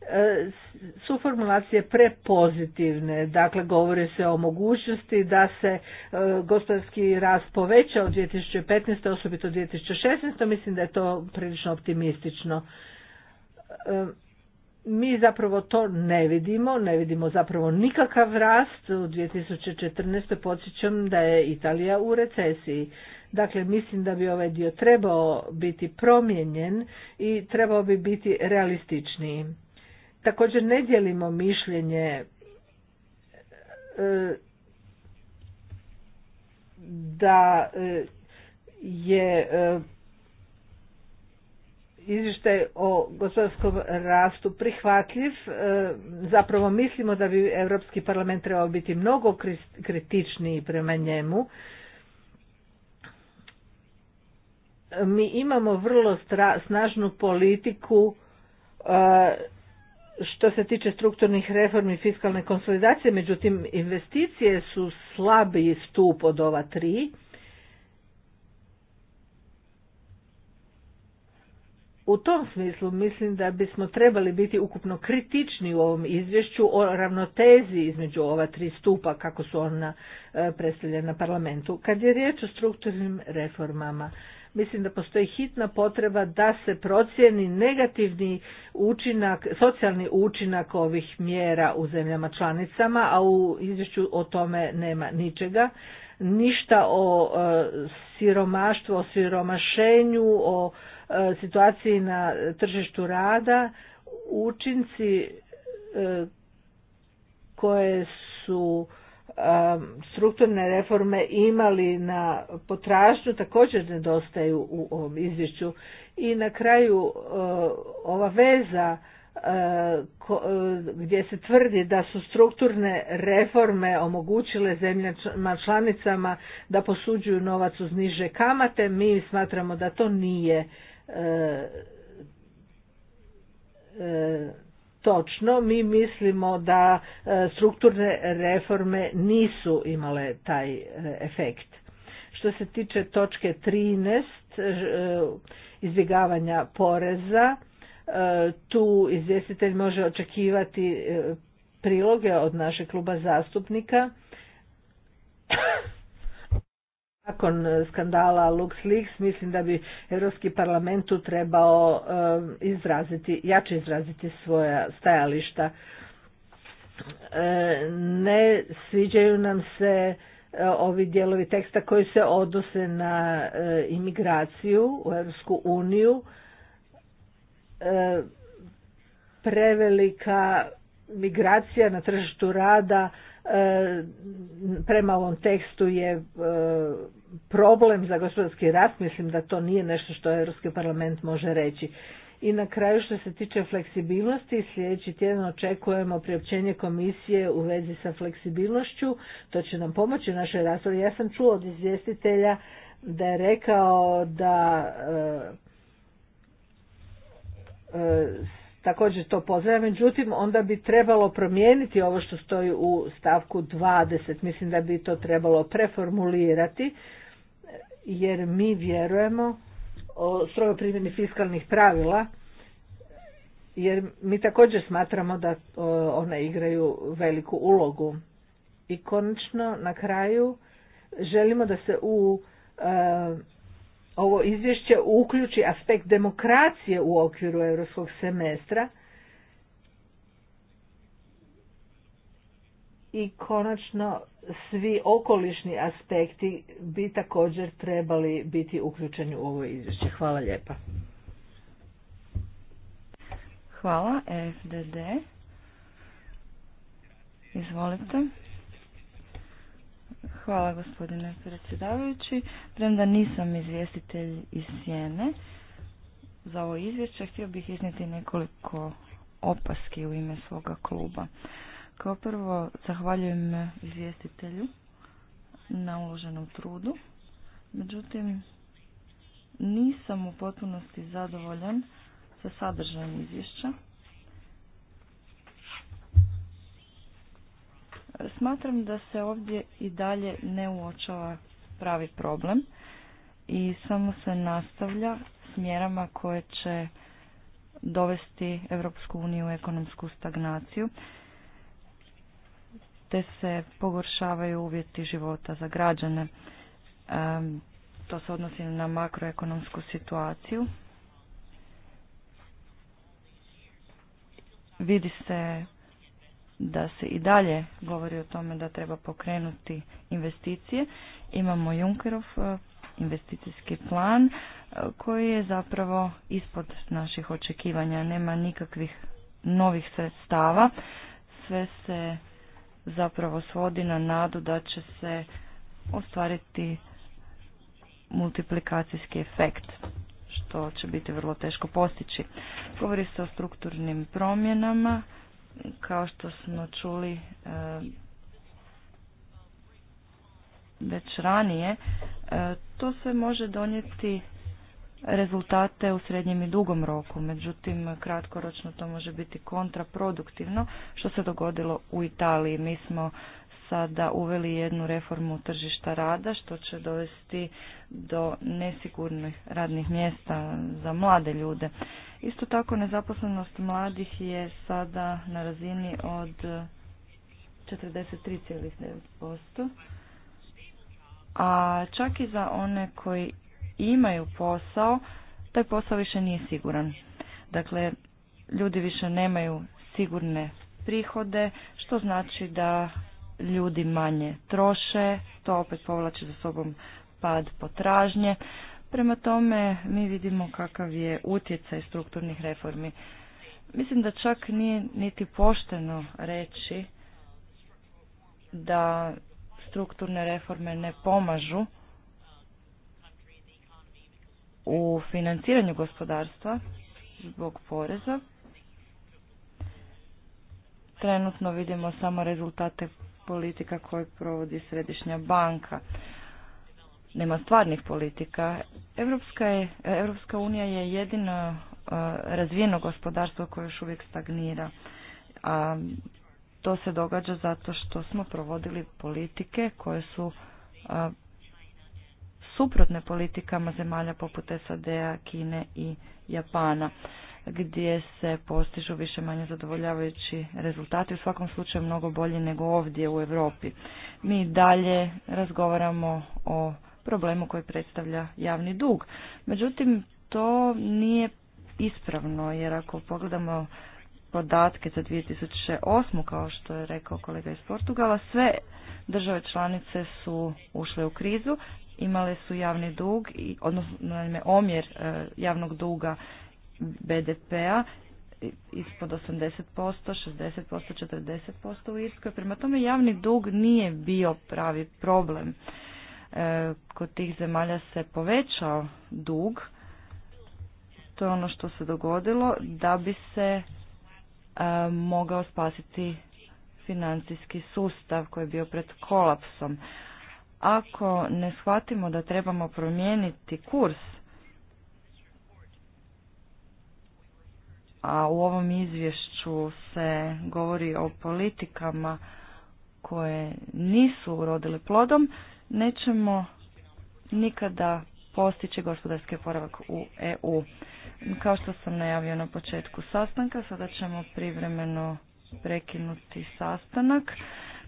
E, su formulacije prepozitivne, dakle govori se o mogućnosti da se e, gospodarski rast poveća od 2015. osobito 2016. Mislim da je to prilično optimistično. E, mi zapravo to ne vidimo, ne vidimo zapravo nikakav rast. U 2014. podsjećam da je Italija u recesiji. Dakle, mislim da bi ovaj dio trebao biti promijenjen i trebao bi biti realističniji. Također ne dijelimo mišljenje e, da e, je e, izvještaj o gospodarskom rastu prihvatljiv. Zapravo mislimo da bi Europski parlament trebao biti mnogo kritičniji prema njemu. Mi imamo vrlo snažnu politiku što se tiče strukturnih reformi i fiskalne konsolidacije, međutim investicije su slabiji stup od ova tri. U tom smislu mislim da bismo trebali biti ukupno kritični u ovom izvješću o ravnotezi između ova tri stupa kako su ona e, predstavljena parlamentu. Kad je riječ o strukturnim reformama, mislim da postoji hitna potreba da se procjeni negativni učinak, socijalni učinak ovih mjera u zemljama članicama, a u izvješću o tome nema ničega. Ništa o e, siromaštvu, o siromašenju, o e, situaciji na tržištu rada, učinci e, koje su strukturne reforme imali na potražnju također nedostaju u ovom izvješću. I na kraju e, ova veza e, e, gdje se tvrdi da su strukturne reforme omogućile zemljama članicama da posuđuju novac uz niže kamate, mi smatramo da to nije točno, mi mislimo da e, strukturne reforme nisu imale taj e, efekt. Što se tiče točke 13, e, izbjegavanja poreza, tu izvjestitelj može očekivati priloge od našeg kluba zastupnika. Nakon e, skandala LuxLeaks mislim da bi Europski parlament tu trebao e, izraziti, jače izraziti svoja stajališta. E, ne sviđaju nam se ovi dijelovi teksta koji se odnose na imigraciju u Europsku uniju. Prevelika migracija na tržištu rada prema ovom tekstu je problem za gospodarski rast, mislim da to nije nešto što Europski parlament može reći. I na kraju što se tiče fleksibilnosti, sljedeći tjedan očekujemo priopćenje komisije u vezi sa fleksibilnošću, to će nam pomoći u našoj raspravi. Ja sam čuo od izvjestitelja da je rekao da e, e, također to pozdravljam, međutim onda bi trebalo promijeniti ovo što stoji u stavku 20, mislim da bi to trebalo preformulirati jer mi vjerujemo o strogoj primjeni fiskalnih pravila jer mi također smatramo da one igraju veliku ulogu. I konačno na kraju želimo da se u e, ovo izvješće uključi aspekt demokracije u okviru europskog semestra i konačno svi okolišni aspekti bi također trebali biti uključeni u ovo izvješće. Hvala lijepa. Hvala, FDD. Izvolite. Hvala gospodine predsjedavajući. Premda nisam izvjestitelj iz Sjene za ovo izvješće, htio bih iznijeti nekoliko opaski u ime svoga kluba. Kao prvo, zahvaljujem izvjestitelju na uloženom trudu. Međutim, nisam u potpunosti zadovoljan sa sadržajem izvješća. Smatram da se ovdje i dalje ne uočava pravi problem i samo se nastavlja s mjerama koje će dovesti Europsku uniju u ekonomsku stagnaciju te se pogoršavaju uvjeti života za građane. To se odnosi na makroekonomsku situaciju. Vidi se da se i dalje govori o tome da treba pokrenuti investicije. Imamo Junkerov e, investicijski plan e, koji je zapravo ispod naših očekivanja. Nema nikakvih novih sredstava. Sve se zapravo svodi na nadu da će se ostvariti multiplikacijski efekt, što će biti vrlo teško postići. Govori se o strukturnim promjenama, kao što smo čuli e, već ranije, e, to sve može donijeti rezultate u srednjem i dugom roku. Međutim, kratkoročno to može biti kontraproduktivno, što se dogodilo u Italiji. Mi smo sada uveli jednu reformu tržišta rada, što će dovesti do nesigurnih radnih mjesta za mlade ljude. Isto tako, nezaposlenost mladih je sada na razini od 43,9%, a čak i za one koji imaju posao, taj posao više nije siguran. Dakle, ljudi više nemaju sigurne prihode, što znači da ljudi manje troše, to opet povlači za sobom pad potražnje. Prema tome mi vidimo kakav je utjecaj strukturnih reformi. Mislim da čak nije niti pošteno reći da strukturne reforme ne pomažu u financiranju gospodarstva zbog poreza. Trenutno vidimo samo rezultate politika koje provodi središnja banka. Nema stvarnih politika. Europska, je, unija je jedino e, razvijeno gospodarstvo koje još uvijek stagnira. A to se događa zato što smo provodili politike koje su e, suprotne politikama zemalja poput SAD-a, Kine i Japana gdje se postižu više manje zadovoljavajući rezultati, u svakom slučaju mnogo bolji nego ovdje u Europi. Mi dalje razgovaramo o problemu koji predstavlja javni dug. Međutim, to nije ispravno, jer ako pogledamo podatke za 2008. kao što je rekao kolega iz Portugala, sve države članice su ušle u krizu, imale su javni dug, odnosno naime, omjer e, javnog duga BDP-a ispod 80%, 60%, 40% u Irskoj. Prema tome javni dug nije bio pravi problem. E, kod tih zemalja se povećao dug, to je ono što se dogodilo, da bi se e, mogao spasiti financijski sustav koji je bio pred kolapsom. Ako ne shvatimo da trebamo promijeniti kurs, a u ovom izvješću se govori o politikama koje nisu urodile plodom, nećemo nikada postići gospodarski oporavak u EU. Kao što sam najavio na početku sastanka, sada ćemo privremeno prekinuti sastanak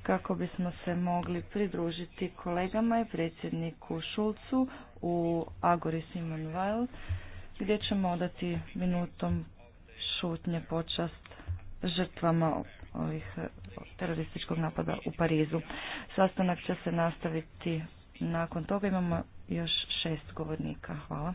kako bismo se mogli pridružiti kolegama i predsjedniku Šulcu u Agori Simon Weil, gdje ćemo odati minutom šutnje počast žrtvama ovih terorističkog napada u Parizu. Sastanak će se nastaviti nakon toga. Imamo još šest govornika. Hvala.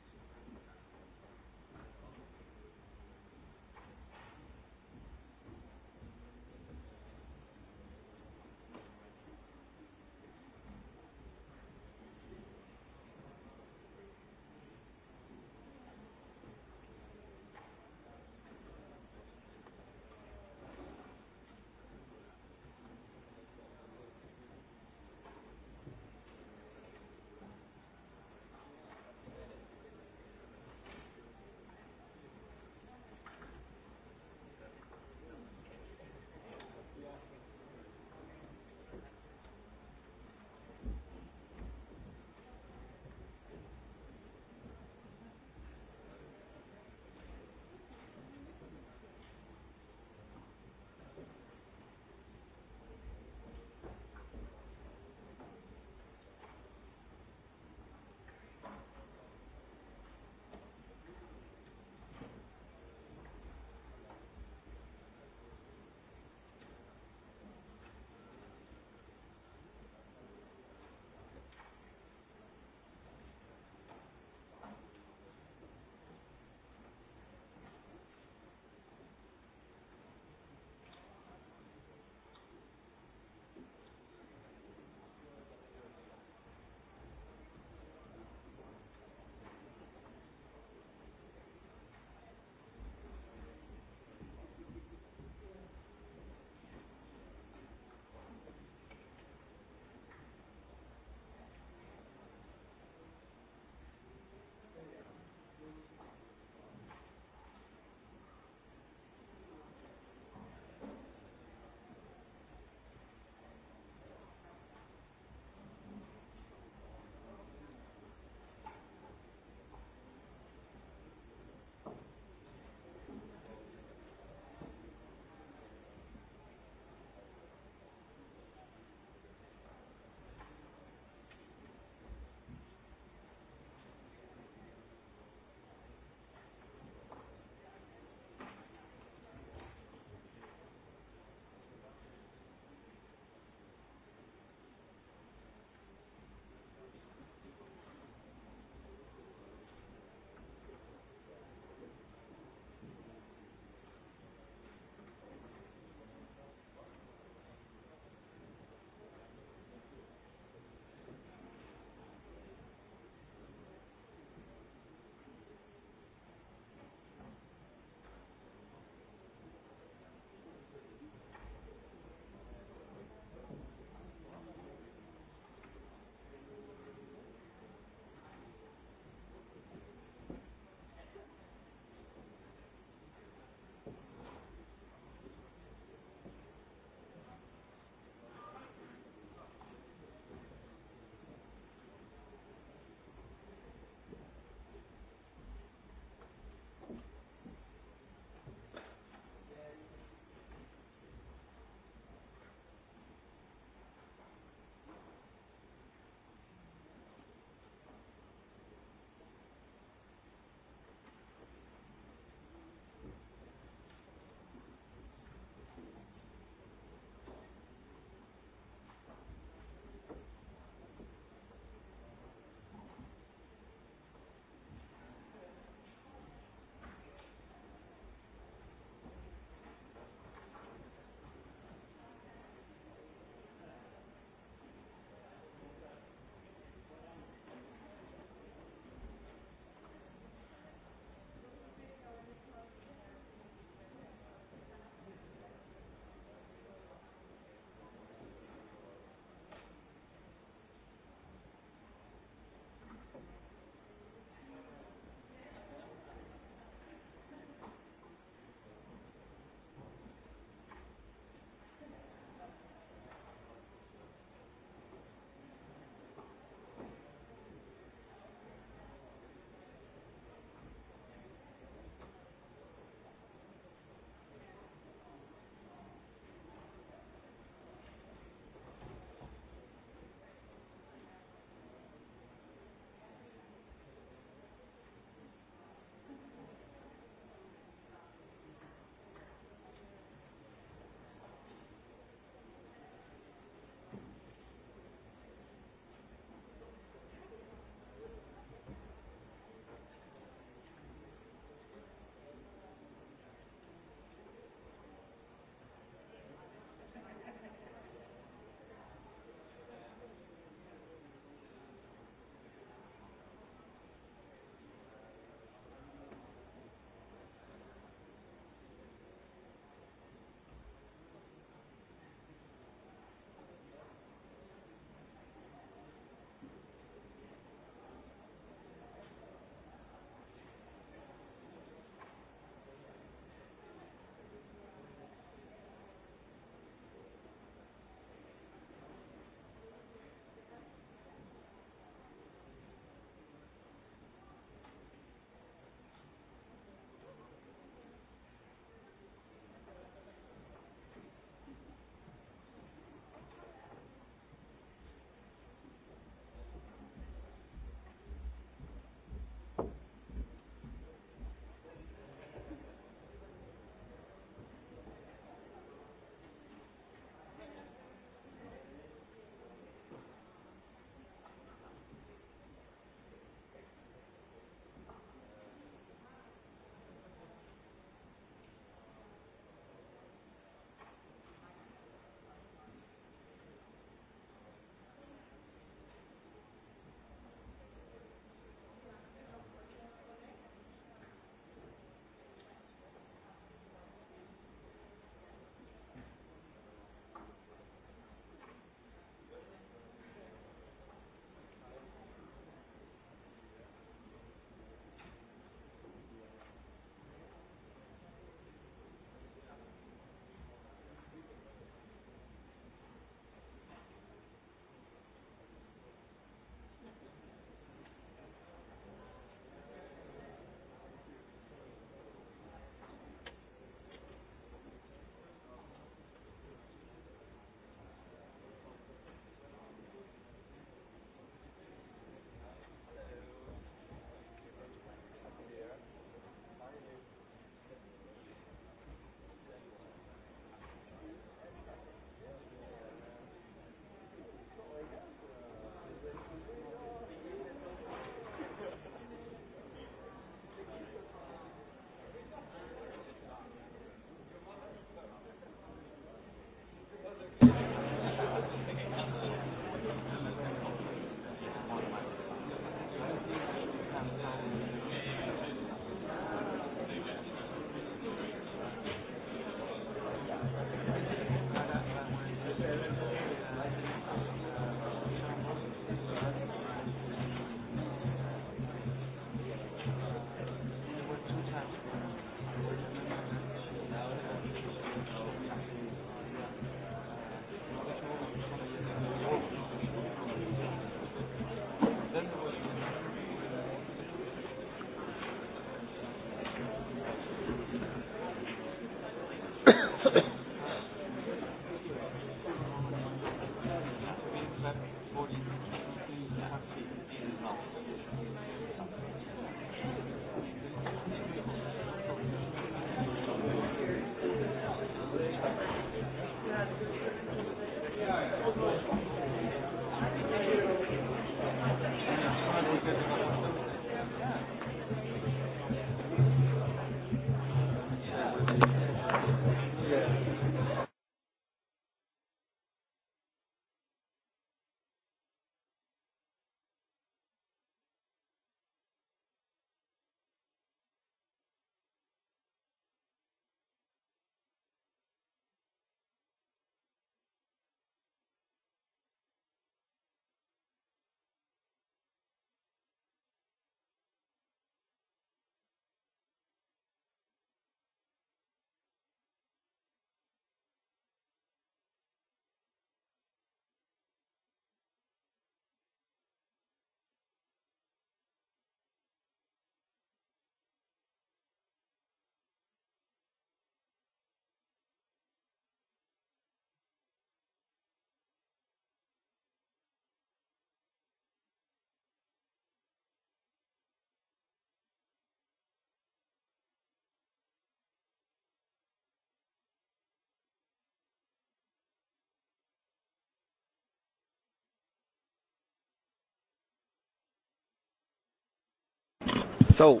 So,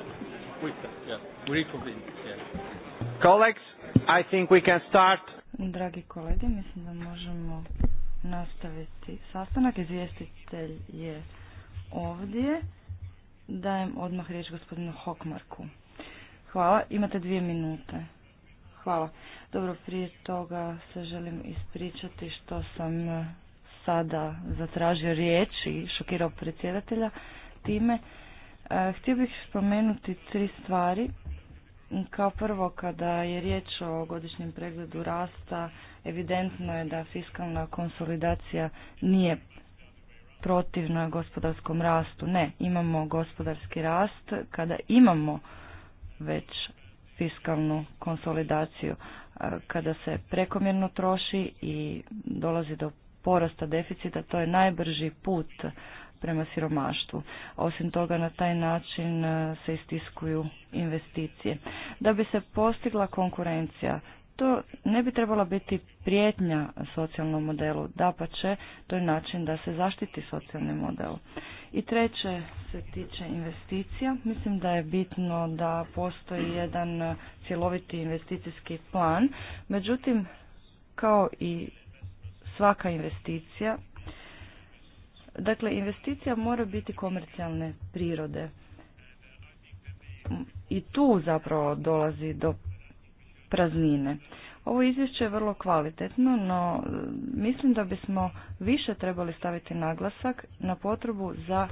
colleagues, I think we can start. Dragi kolege, mislim da možemo nastaviti sastanak. Izvjestitelj je ovdje. Dajem odmah riječ gospodinu Hokmarku. Hvala, imate dvije minute. Hvala. Dobro, prije toga se želim ispričati što sam sada zatražio riječ i šokirao predsjedatelja time. E, htio bih spomenuti tri stvari. Kao prvo, kada je riječ o godišnjem pregledu rasta, evidentno je da fiskalna konsolidacija nije protivna gospodarskom rastu. Ne, imamo gospodarski rast kada imamo već fiskalnu konsolidaciju. E, kada se prekomjerno troši i dolazi do porasta deficita, to je najbrži put prema siromaštvu. Osim toga na taj način e, se istiskuju investicije. Da bi se postigla konkurencija, to ne bi trebala biti prijetnja socijalnom modelu, dapače, to je način da se zaštiti socijalni model. I treće se tiče investicija, mislim da je bitno da postoji jedan cjeloviti investicijski plan, međutim, kao i svaka investicija Dakle, investicija mora biti komercijalne prirode. I tu zapravo dolazi do praznine. Ovo izvješće je vrlo kvalitetno, no mislim da bismo više trebali staviti naglasak na potrebu za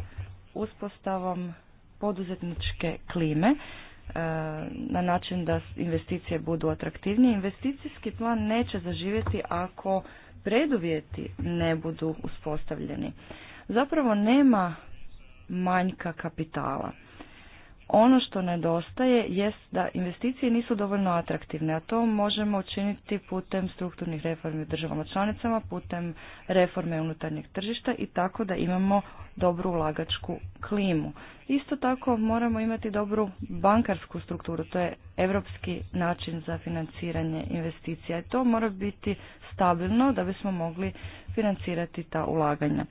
uspostavom poduzetničke klime e, na način da investicije budu atraktivnije. Investicijski plan neće zaživjeti ako preduvjeti ne budu uspostavljeni zapravo nema manjka kapitala. Ono što nedostaje jest da investicije nisu dovoljno atraktivne, a to možemo učiniti putem strukturnih reformi u državama članicama, putem reforme unutarnjeg tržišta i tako da imamo dobru ulagačku klimu. Isto tako moramo imati dobru bankarsku strukturu, to je evropski način za financiranje investicija i to mora biti stabilno da bismo mogli financirati ta ulaganja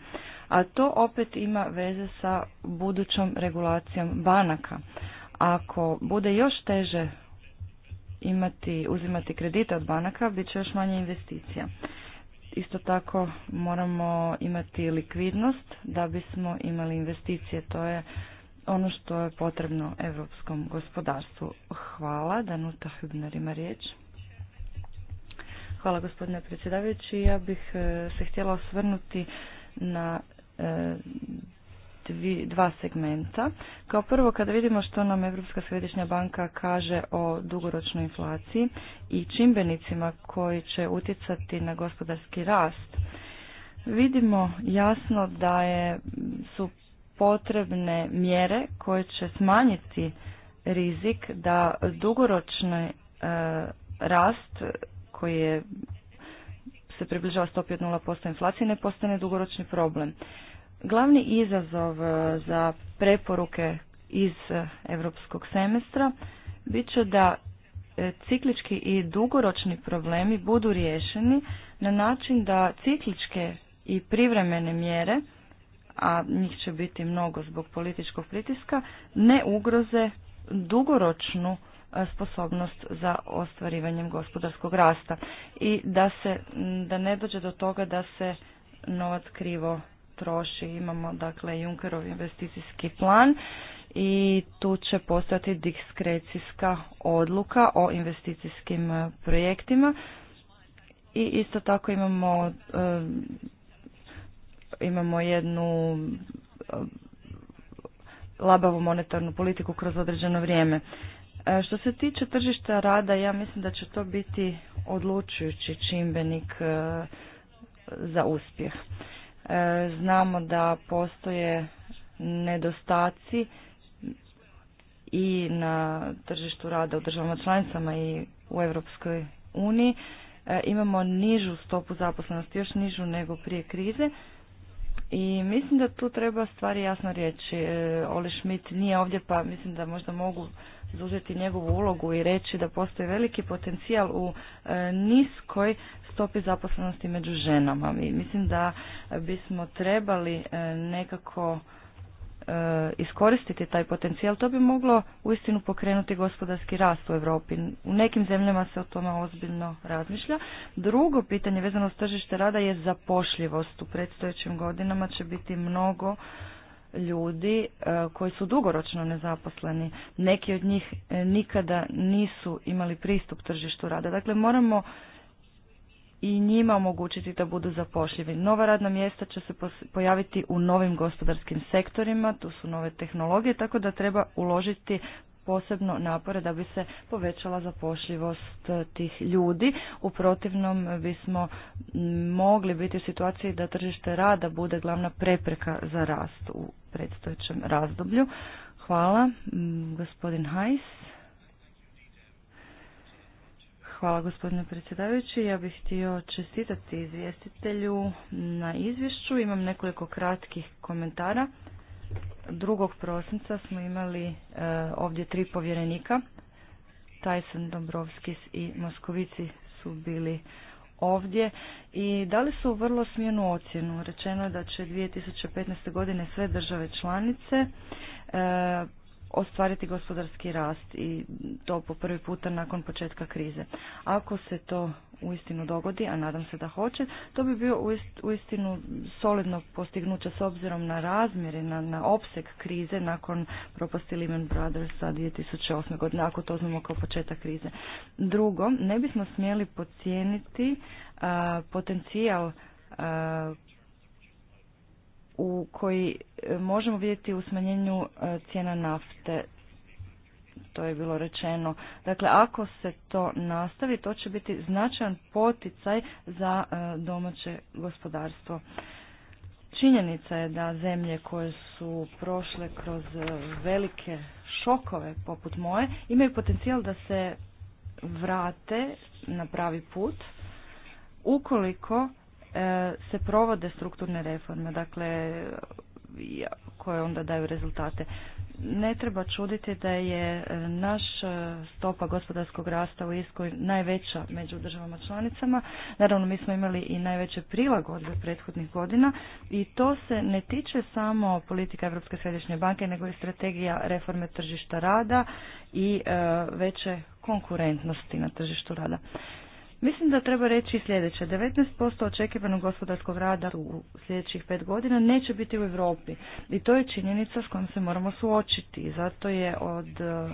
a to opet ima veze sa budućom regulacijom banaka. Ako bude još teže imati, uzimati kredite od banaka, bit će još manje investicija. Isto tako moramo imati likvidnost da bismo imali investicije. To je ono što je potrebno europskom gospodarstvu. Hvala. Danuta Hübner ima riječ. Hvala gospodine predsjedavajući. Ja bih eh, se htjela osvrnuti na E, dva segmenta. Kao prvo, kada vidimo što nam Europska središnja banka kaže o dugoročnoj inflaciji i čimbenicima koji će utjecati na gospodarski rast, vidimo jasno da je, su potrebne mjere koje će smanjiti rizik da dugoročni e, rast koji je se približava stopi od 0% inflacije ne postane dugoročni problem. Glavni izazov e, za preporuke iz europskog semestra bit će da e, ciklički i dugoročni problemi budu riješeni na način da cikličke i privremene mjere, a njih će biti mnogo zbog političkog pritiska, ne ugroze dugoročnu e, sposobnost za ostvarivanjem gospodarskog rasta i da se da ne dođe do toga da se novac krivo troši. Imamo dakle Junkerov investicijski plan i tu će postati diskrecijska odluka o investicijskim e, projektima i isto tako imamo e, imamo jednu e, labavu monetarnu politiku kroz određeno vrijeme. što se tiče tržišta rada, ja mislim da će to biti odlučujući čimbenik za uspjeh. E, znamo da postoje nedostaci i na tržištu rada u državama članicama i u Europskoj uniji. E, imamo nižu stopu zaposlenosti, još nižu nego prije krize. I mislim da tu treba stvari jasno reći. E, Oli Schmidt nije ovdje pa mislim da možda mogu izuzeti njegovu ulogu i reći da postoji veliki potencijal u e, niskoj stopi zaposlenosti među ženama. I mislim da bismo trebali e, nekako e, iskoristiti taj potencijal, to bi moglo uistinu pokrenuti gospodarski rast u Europi. U nekim zemljama se o tome ozbiljno razmišlja. Drugo pitanje vezano s tržište rada je zapošljivost. U predstojećim godinama će biti mnogo ljudi e, koji su dugoročno nezaposleni. Neki od njih e, nikada nisu imali pristup tržištu rada. Dakle, moramo i njima omogućiti da budu zapošljivi. Nova radna mjesta će se pojaviti u novim gospodarskim sektorima, tu su nove tehnologije, tako da treba uložiti posebno napore da bi se povećala zapošljivost eh, tih ljudi. U protivnom bismo mogli biti u situaciji da tržište rada bude glavna prepreka za rast u predstojećem razdoblju. Hvala, mm, gospodin Hajs. Hvala gospodine predsjedavajući. Ja bih htio čestitati izvjestitelju na izvješću. Imam nekoliko kratkih komentara. 2. prosinca smo imali e, ovdje tri povjerenika. Tyson, Dombrovskis i Moskovici su bili ovdje i dali su vrlo smjenu ocjenu. Rečeno je da će 2015. godine sve države članice e, ostvariti gospodarski rast i to po prvi puta nakon početka krize. Ako se to uistinu dogodi, a nadam se da hoće, to bi bio uistinu solidno postignuće s obzirom na razmjere, na, na opseg krize nakon propasti Lehman Brothersa 2008. godine, ako to znamo kao početak krize. Drugo, ne bismo smjeli pocijeniti potencijal u koji e, možemo vidjeti u smanjenju e, cijena nafte. To je bilo rečeno. Dakle, ako se to nastavi, to će biti značajan poticaj za e, domaće gospodarstvo. Činjenica je da zemlje koje su prošle kroz velike šokove poput moje imaju potencijal da se vrate na pravi put ukoliko E, se provode strukturne reforme, dakle koje onda daju rezultate. Ne treba čuditi da je e, naš e, stopa gospodarskog rasta u Iskoj najveća među državama članicama. Naravno, mi smo imali i najveće prilagodbe prethodnih godina i to se ne tiče samo politika Europske središnje banke, nego i strategija reforme tržišta rada i veće konkurentnosti na tržištu rada. Mislim da treba reći sljedeće. 19% očekivanog gospodarskog rada u sljedećih pet godina neće biti u Europi. I to je činjenica s kojom se moramo suočiti. zato je od e,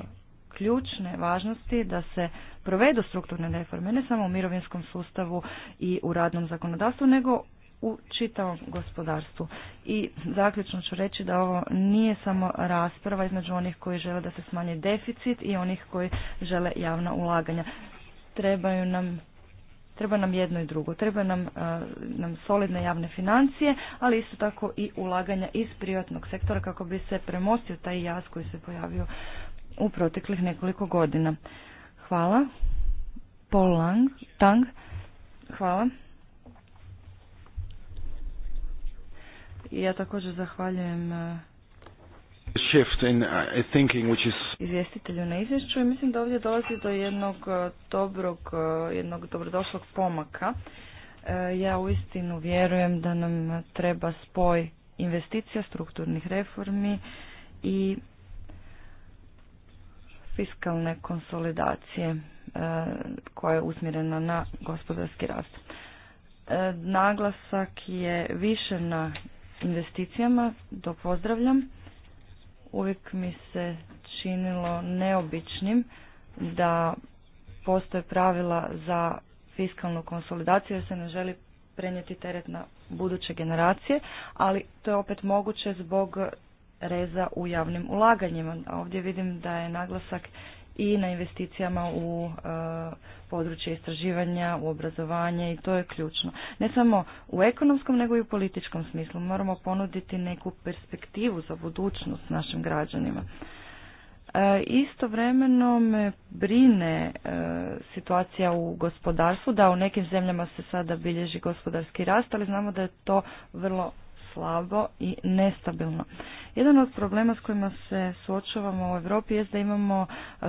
ključne važnosti da se provedu strukturne reforme ne samo u mirovinskom sustavu i u radnom zakonodavstvu, nego u čitavom gospodarstvu. I zaključno ću reći da ovo nije samo rasprava između onih koji žele da se smanji deficit i onih koji žele javna ulaganja. Trebaju nam Treba nam jedno i drugo. Treba nam, e, nam solidne javne financije, ali isto tako i ulaganja iz privatnog sektora kako bi se premostio taj jaz koji se pojavio u proteklih nekoliko godina. Hvala. Paul Lang, Tang, hvala. Ja također zahvaljujem e, shift uh, thinking which is izvjestitelju na izvješću i mislim da ovdje dolazi do jednog uh, dobrog uh, jednog dobrodošlog pomaka. Ja uistinu vjerujem da nam treba spoj investicija, strukturnih reformi i fiskalne konsolidacije koja je usmjerena na gospodarski rast. Naglasak je više na investicijama, to pozdravljam uvijek mi se činilo neobičnim da postoje pravila za fiskalnu konsolidaciju jer se ne želi prenijeti teret na buduće generacije, ali to je opet moguće zbog reza u javnim ulaganjima. ovdje vidim da je naglasak i na investicijama u e, područje istraživanja, u obrazovanje i to je ključno. Ne samo u ekonomskom nego i u političkom smislu. Moramo ponuditi neku perspektivu za budućnost našim građanima. E, istovremeno me brine e, situacija u gospodarstvu, da u nekim zemljama se sada bilježi gospodarski rast, ali znamo da je to vrlo slabo i nestabilno. Jedan od problema s kojima se suočavamo u Europi je da imamo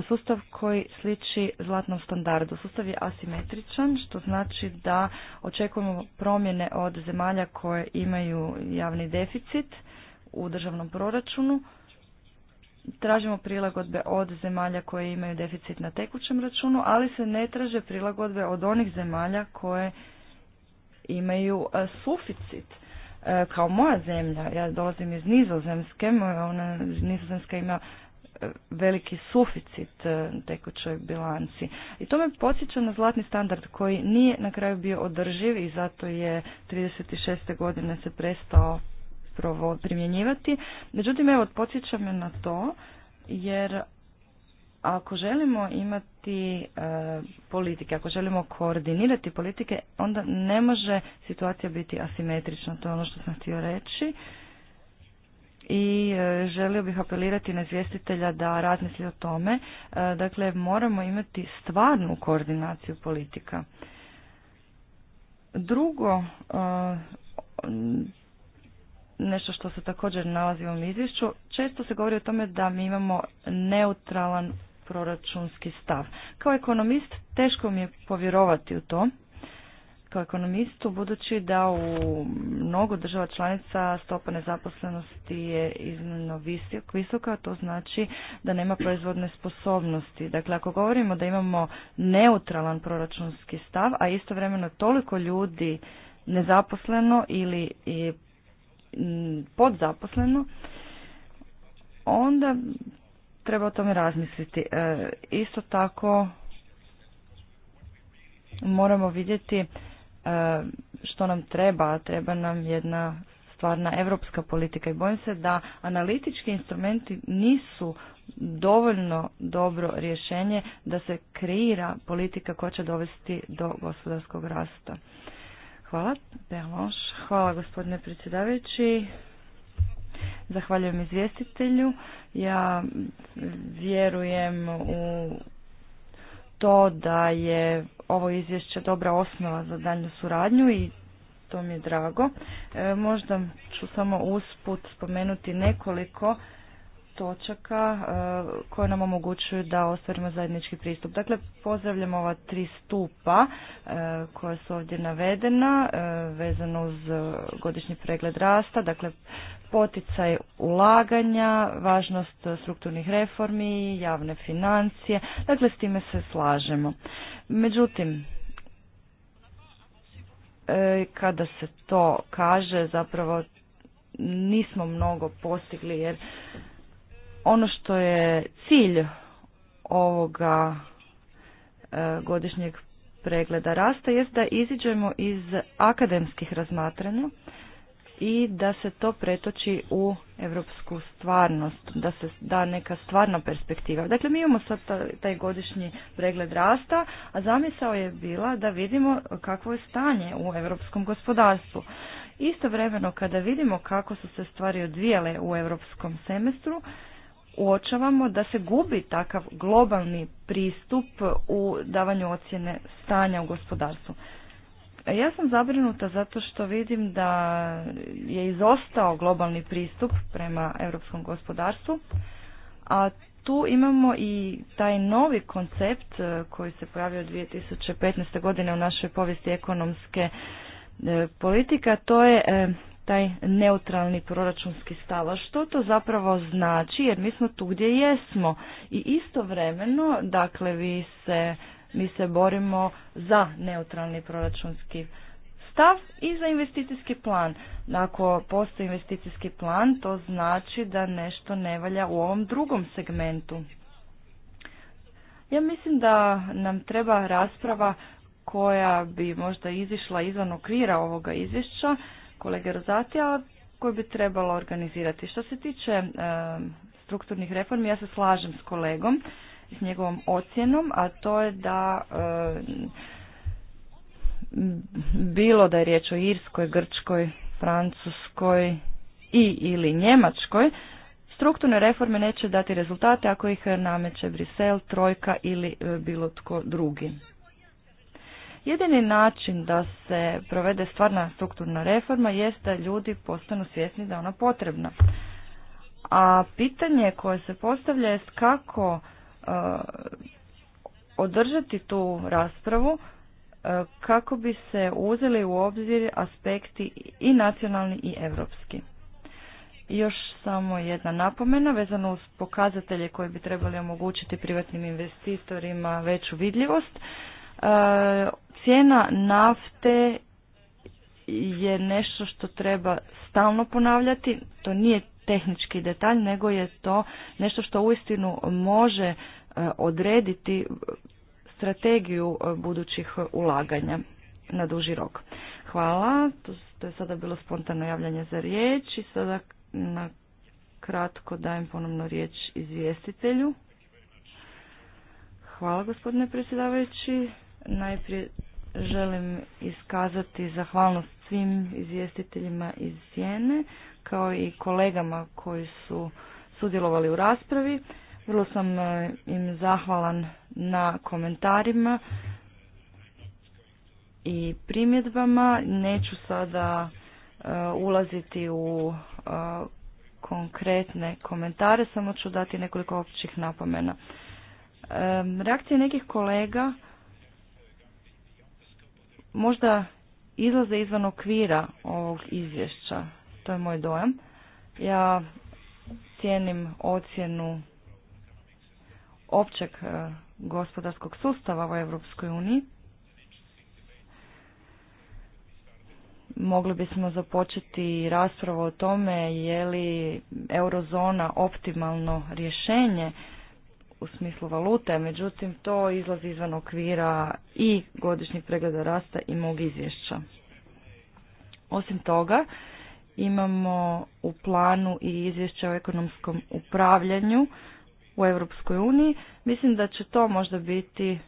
sustav koji sliči zlatnom standardu. Sustav je asimetričan, što znači da očekujemo promjene od zemalja koje imaju javni deficit u državnom proračunu, tražimo prilagodbe od zemalja koje imaju deficit na tekućem računu, ali se ne traže prilagodbe od onih zemalja koje imaju suficit. E, kao moja zemlja, ja dolazim iz Nizozemske, ona Nizozemska ima e, veliki suficit e, tekućoj bilanci. I to me podsjeća na zlatni standard koji nije na kraju bio održiv i zato je 36. godine se prestao primjenjivati. Međutim, evo, podsjeća me na to jer ako želimo imati e, politike, ako želimo koordinirati politike, onda ne može situacija biti asimetrična, to je ono što sam htio reći. I e, želio bih apelirati na izvjestitelja da razmisli o tome. E, dakle, moramo imati stvarnu koordinaciju politika. Drugo, nešto što se također nalazi u ovom izvješću, često se govori o tome da mi imamo neutralan proračunski stav. Kao ekonomist teško mi je povjerovati u to, kao ekonomistu, budući da u mnogo država članica stopa nezaposlenosti je iznimno visoka, to znači da nema proizvodne sposobnosti. Dakle, ako govorimo da imamo neutralan proračunski stav, a istovremeno toliko ljudi nezaposleno ili podzaposleno, onda treba o tome razmisliti. E, isto tako moramo vidjeti e, što nam treba. Treba nam jedna stvarna europska politika i bojim se da analitički instrumenti nisu dovoljno dobro rješenje da se kreira politika koja će dovesti do gospodarskog rasta. Hvala, Hvala gospodine predsjedavajući. Zahvaljujem izvjestitelju. Ja vjerujem u to da je ovo izvješće dobra osnova za daljnju suradnju i to mi je drago. E, možda ću samo usput spomenuti nekoliko točaka e, koje nam omogućuju da ostvarimo zajednički pristup. Dakle, pozdravljam ova tri stupa e, koja su ovdje navedena e, vezano uz godišnji pregled rasta, dakle poticaj ulaganja, važnost strukturnih reformi, javne financije, dakle s time se slažemo. Međutim, kada se to kaže, zapravo nismo mnogo postigli jer ono što je cilj ovoga e, godišnjeg pregleda rasta jest da iziđemo iz akademskih razmatranja i da se to pretoči u europsku stvarnost, da se da neka stvarna perspektiva. Dakle, mi imamo sad taj godišnji pregled rasta, a zamisao je bila da vidimo kakvo je stanje u europskom gospodarstvu. Istovremeno kada vidimo kako su se stvari odvijale u europskom semestru, uočavamo da se gubi takav globalni pristup u davanju ocjene stanja u gospodarstvu. E, ja sam zabrinuta zato što vidim da je izostao globalni pristup prema europskom gospodarstvu, a tu imamo i taj novi koncept e, koji se pravio 2015. godine u našoj povijesti ekonomske e, politika, to je taj neutralni proračunski stav. što to zapravo znači? Jer mi smo tu gdje jesmo. I istovremeno, dakle, vi se, mi se borimo za neutralni proračunski stav i za investicijski plan. Ako postoji investicijski plan, to znači da nešto ne valja u ovom drugom segmentu. Ja mislim da nam treba rasprava koja bi možda izišla izvan okvira ovoga izvješća kolege Rozatija koju bi trebalo organizirati. Što se tiče e, strukturnih reformi, ja se slažem s kolegom, s njegovom ocjenom, a to je da e, bilo da je riječ o Irskoj, Grčkoj, Francuskoj i ili Njemačkoj, strukturne reforme neće dati rezultate ako ih nameće Brisel, Trojka ili e, bilo tko drugi. Jedini način da se provede stvarna strukturna reforma jest da ljudi postanu svjesni da je ona potrebna. A pitanje koje se postavlja je kako e, održati tu raspravu e, kako bi se uzeli u obzir aspekti i nacionalni i europski. Još samo jedna napomena vezano uz pokazatelje koje bi trebali omogućiti privatnim investitorima veću vidljivost. Eh, cijena nafte je nešto što treba stalno ponavljati, to nije tehnički detalj, nego je to nešto što uistinu može eh, odrediti strategiju eh, budućih ulaganja na duži rok. Hvala, to je sada bilo spontano javljanje za riječ i sada na kratko dajem ponovno riječ izvjestitelju. Hvala gospodine predsjedavajući. Najprije želim iskazati zahvalnost svim izvjestiteljima iz Sjene, kao i kolegama koji su sudjelovali u raspravi. Vrlo sam e, im zahvalan na komentarima i primjedbama. Neću sada e, ulaziti u e, konkretne komentare, samo ću dati nekoliko općih napomena. Reakcije nekih kolega možda izlaze izvan okvira ovog izvješća. To je moj dojam. Ja cijenim ocjenu općeg e, gospodarskog sustava u Europskoj uniji. Mogli bismo započeti raspravu o tome je li eurozona optimalno rješenje u smislu valute, međutim to izlazi izvan okvira i godišnjih pregleda rasta i mog izvješća. Osim toga, imamo u planu i izvješća o ekonomskom upravljanju u Europskoj uniji. Mislim da će to možda biti e,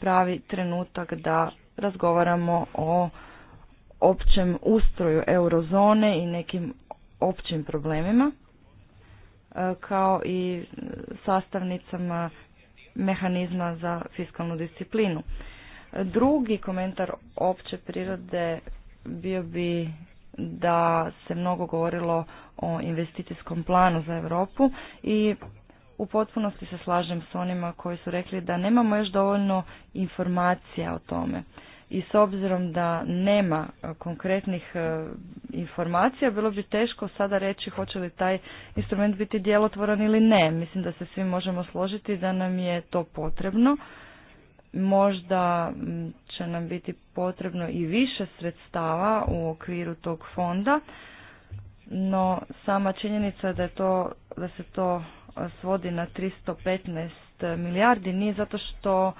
pravi trenutak da razgovaramo o općem ustroju eurozone i nekim općim problemima. E, kao i sastavnicama e, mehanizma za fiskalnu disciplinu. Drugi komentar opće prirode bio bi da se mnogo govorilo o investicijskom planu za Europu i u potpunosti se slažem s onima koji su rekli da nemamo još dovoljno informacija o tome i s obzirom da nema e, konkretnih e, informacija, bilo bi teško sada reći hoće li taj instrument biti djelotvoran ili ne. Mislim da se svi možemo složiti da nam je to potrebno. Možda će nam biti potrebno i više sredstava u okviru tog fonda, no sama činjenica da, je to, da se to e, svodi na 315 milijardi nije zato što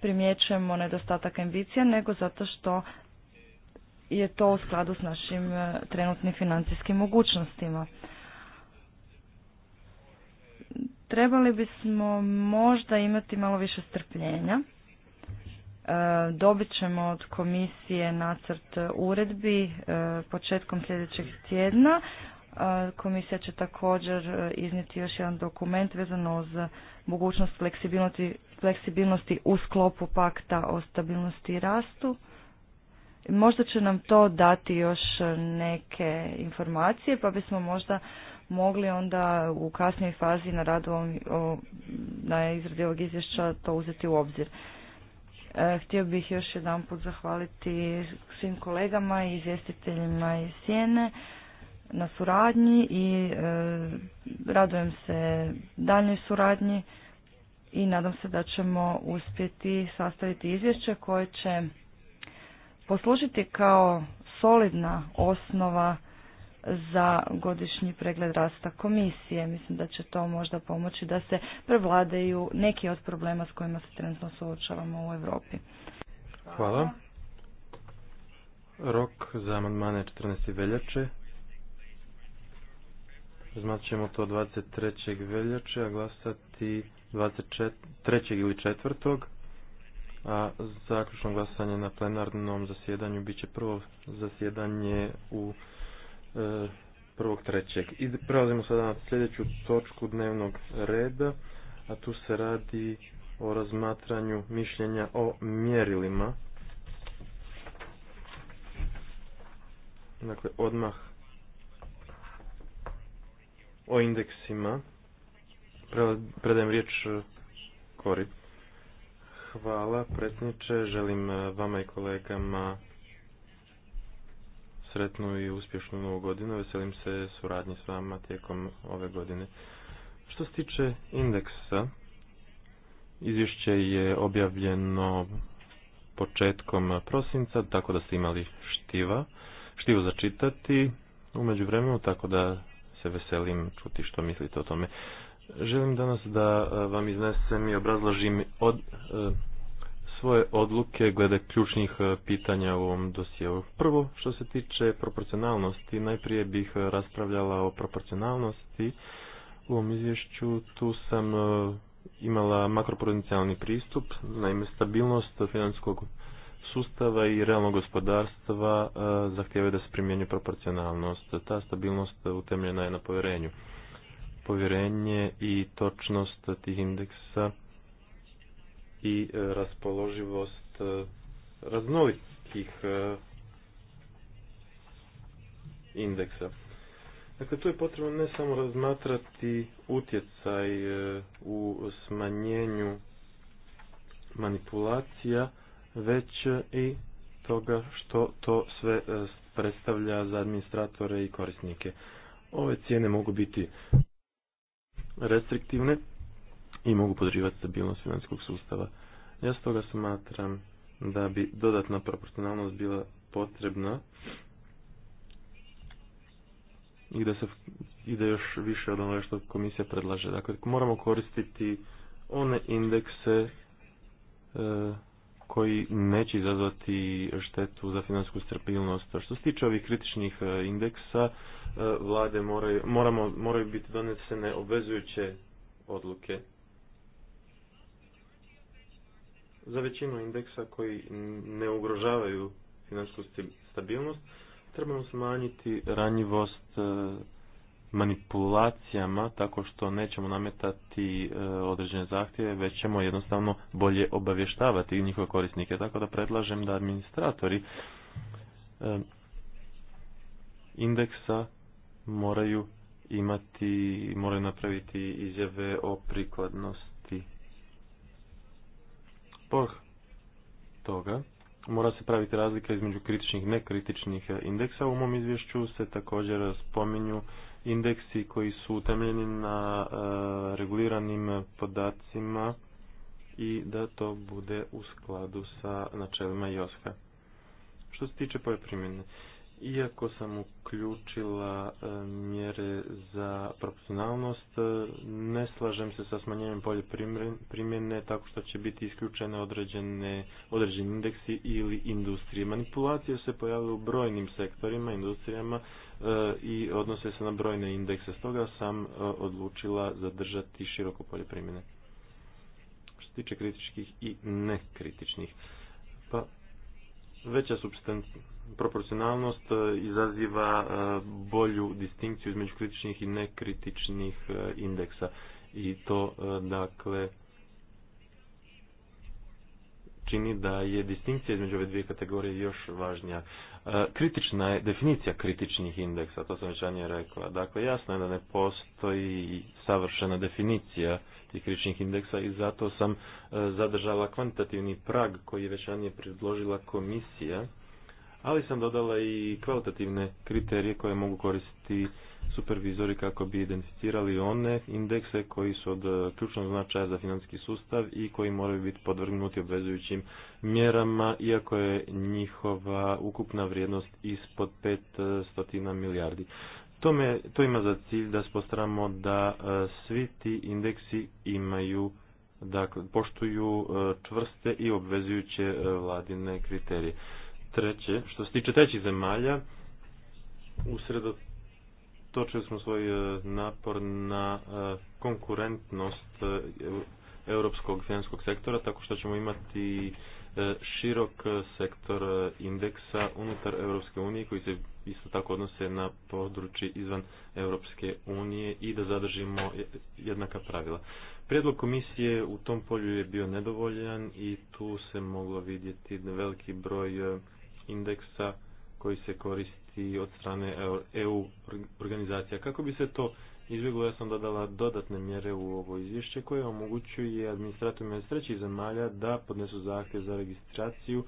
primjećujemo nedostatak ambicija, nego zato što je to u skladu s našim e, trenutnim financijskim mogućnostima. Trebali bismo možda imati malo više strpljenja. E, dobit ćemo od komisije nacrt uredbi e, početkom sljedećeg tjedna. Komisija će također iznijeti još jedan dokument vezano uz mogućnost fleksibilnosti fleksibilnosti u sklopu pakta o stabilnosti i rastu. Možda će nam to dati još neke informacije pa bismo možda mogli onda u kasnijoj fazi na radu o, na izradi ovog izvješća to uzeti u obzir. E, htio bih još jedan put zahvaliti svim kolegama i izvjestiteljima iz Sjene na suradnji i e, radujem se daljnjoj suradnji i nadam se da ćemo uspjeti sastaviti izvješće koje će poslužiti kao solidna osnova za godišnji pregled rasta komisije. Mislim da će to možda pomoći da se prevladaju neki od problema s kojima se trenutno suočavamo u Europi. Hvala. Rok za amandmane 14. veljače. Zmaćemo ćemo to 23. veljače, a glasati 23. ili 4. A zaključno glasanje na plenarnom zasjedanju bit će prvo zasjedanje u e, trećeg. I prelazimo sada na sljedeću točku dnevnog reda, a tu se radi o razmatranju mišljenja o mjerilima. Dakle, odmah o indeksima. Predajem riječ e, Kori. Hvala predsjedniče, želim e, vama i kolegama sretnu i uspješnu novu godinu. Veselim se suradnji s vama tijekom ove godine. Što se tiče indeksa, izvješće je objavljeno početkom prosinca, tako da ste imali štiva, štivo začitati umeđu vremenu, tako da se veselim čuti što mislite o tome. Želim danas da e, vam iznesem i obrazložim od, e, svoje odluke glede ključnih e, pitanja u ovom dosjeu. Prvo, što se tiče proporcionalnosti, najprije bih raspravljala o proporcionalnosti u ovom izvješću. Tu sam imala makroprudencijalni pristup, naime stabilnost financijskog sustava i realnog gospodarstva zahtijevaju da se primjenju proporcionalnost. Ta stabilnost utemljena je na povjerenju povjerenje i točnost tih indeksa i e, raspoloživost e, raznolikih e, indeksa. Dakle, tu je potrebno ne samo razmatrati utjecaj u smanjenju manipulacija, već i toga što to sve predstavlja za administratore i korisnike. Ove cijene mogu biti restriktivne i mogu podrživati stabilnost financijskog sustava. Ja toga smatram da bi dodatna proporcionalnost bila potrebna i da se ide još više od onoga što komisija predlaže. Dakle, moramo koristiti one indekse e, koji neće izazvati štetu za financijsku stabilnost. Što se tiče ovih kritičnih e, indeksa, e, vlade moraju, moramo, moraju biti donesene obvezujuće odluke. Za većinu indeksa koji ne ugrožavaju financijsku stabilnost, trebamo smanjiti ranjivost e, manipulacijama tako što nećemo nametati e, određene zahtjeve, već ćemo jednostavno bolje obavještavati njihove korisnike. Tako da predlažem da administratori e, indeksa moraju imati, moraju napraviti izjave o prikladnosti. Poh toga mora se praviti razlika između kritičnih i nekritičnih indeksa. U mom izvješću se također spominju indeksi koji su utemljeni na e, reguliranim podacima i da to bude u skladu sa načelima a Što se tiče poljoprivredne, iako sam uključila e, mjere za profesionalnost, e, ne slažem se sa smanjenjem polje primjene tako što će biti isključene određene, određeni indeksi ili industrije. Manipulacije se pojavljaju u brojnim sektorima, industrijama e, i odnose se na brojne indekse. Stoga sam odlučila zadržati široko polje primjene. Što se tiče kritičkih i nekritičnih veća proporcionalnost e, izaziva e, bolju distinkciju između kritičnih i nekritičnih e, indeksa i to dakle čini da je distinkcija između ove dvije kategorije još važnija. Kritična je definicija kritičnih indeksa, to sam već rekla. Dakle, jasno je da ne postoji savršena definicija tih kričnih indeksa i zato sam e, zadržala kvantitativni prag koji je već ranije predložila komisija, ali sam dodala i kvalitativne kriterije koje mogu koristiti supervizori kako bi identificirali one indekse koji su od e, ključnog značaja za financijski sustav i koji moraju biti podvrgnuti obvezujućim mjerama, iako je njihova ukupna vrijednost ispod 500 milijardi. Tome, to ima za cilj da spostaramo da e, svi ti indeksi imaju, dakle, poštuju e, čvrste i obvezujuće e, vladine kriterije. Treće, što se tiče trećih zemalja, usredotočili smo svoj napor na konkurentnost europskog financijskog sektora, tako što ćemo imati E, širok e, sektor e, indeksa unutar Europske unije koji se isto tako odnose na područje izvan Europske unije i da zadržimo jednaka pravila. Prijedlog komisije u tom polju je bio nedovoljan i tu se moglo vidjeti veliki broj indeksa koji se koristi od strane EU organizacija. Kako bi se to izbjegu, ja sam dodala dodatne mjere u ovo izvješće koje omogućuje administratorima iz trećih zemalja da podnesu zahtjev za registraciju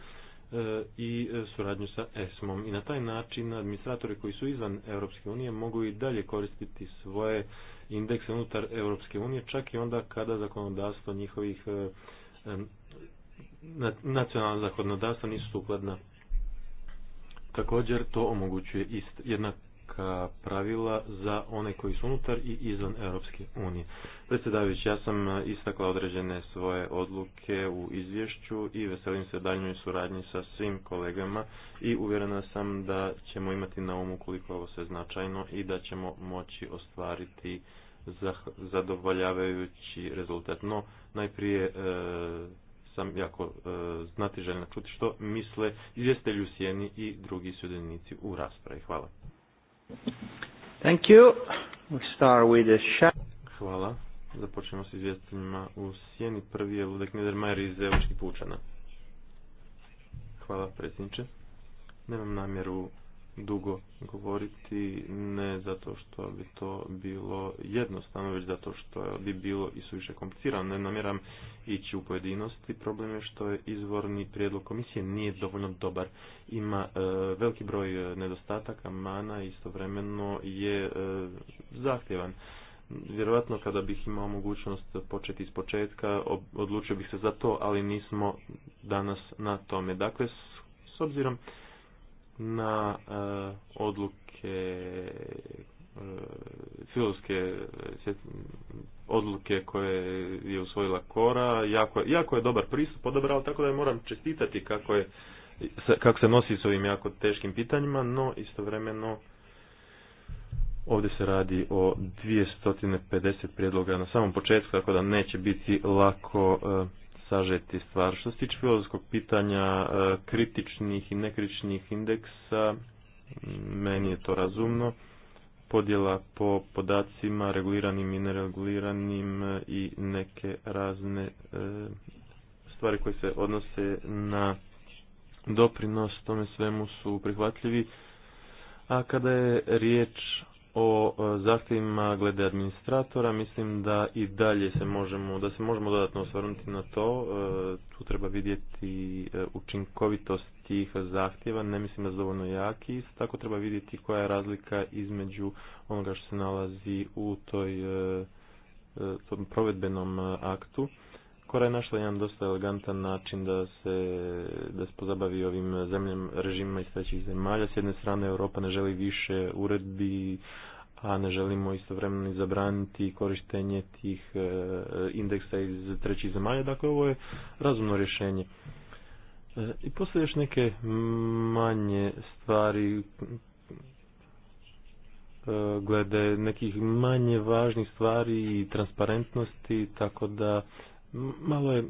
e, i e, suradnju sa ESMOM. I na taj način administratori koji su izvan Europske unije mogu i dalje koristiti svoje indekse unutar Europske unije, čak i onda kada zakonodavstvo njihovih e, nacionalna zakonodavstva nisu sukladna. Također to omogućuje ist, jednak pravila za one koji su unutar i izvan Europske unije. Predsjedavajući, ja sam istakla određene svoje odluke u izvješću i veselim se daljnjoj suradnji sa svim kolegama i uvjerena sam da ćemo imati na umu koliko ovo sve značajno i da ćemo moći ostvariti zadovoljavajući rezultat. No, najprije e, sam jako e, znati željna čuti što misle izvjestelju sjeni i drugi sudionici u raspravi. Hvala. Thank you. We start with Hvala. Započnemo s izvjestiteljima u sjeni. Prvi je Ludek Niedermayer iz Evropskih pučana. Hvala predsjedniče. Nemam namjeru dugo govoriti, ne zato što bi to bilo jednostavno, već zato što bi bilo i suviše komplicirano. Ne namjeram ići u pojedinosti. Problem je što je izvorni prijedlog komisije nije dovoljno dobar. Ima e, veliki broj e, nedostataka, mana istovremeno je e, zahtjevan. Vjerojatno kada bih imao mogućnost početi iz početka, odlučio bih se za to, ali nismo danas na tome. Dakle, s obzirom na e, odluke e, filozofske e, odluke koje je usvojila Kora. Jako, jako je dobar pristup odabrao, tako da je moram čestitati kako, je, kako se nosi s ovim jako teškim pitanjima, no istovremeno ovdje se radi o 250 prijedloga na samom početku, tako da neće biti lako sažeti stvar. Što se tiče filozofskog pitanja e, kritičnih i nekritičnih indeksa, meni je to razumno. Podjela po podacima, reguliranim i nereguliranim e, i neke razne e, stvari koje se odnose na doprinos tome svemu su prihvatljivi. A kada je riječ o e, zahtjevima glede administratora, mislim da i dalje se možemo, da se možemo dodatno osvrnuti na to. E, tu treba vidjeti e, učinkovitost tih zahtjeva, ne mislim da su dovoljno jaki, tako treba vidjeti koja je razlika između onoga što se nalazi u toj, tom provedbenom aktu. Kora je našla jedan dosta elegantan način da se, da se pozabavi ovim zemljem, režimima iz trećih zemalja. S jedne strane Europa ne želi više uredbi, a ne želimo istovremeno zabraniti korištenje tih e, indeksa iz trećih zemalja. Dakle, ovo je razumno rješenje. E, I postoje još neke manje stvari e, glede nekih manje važnih stvari i transparentnosti, tako da Malo je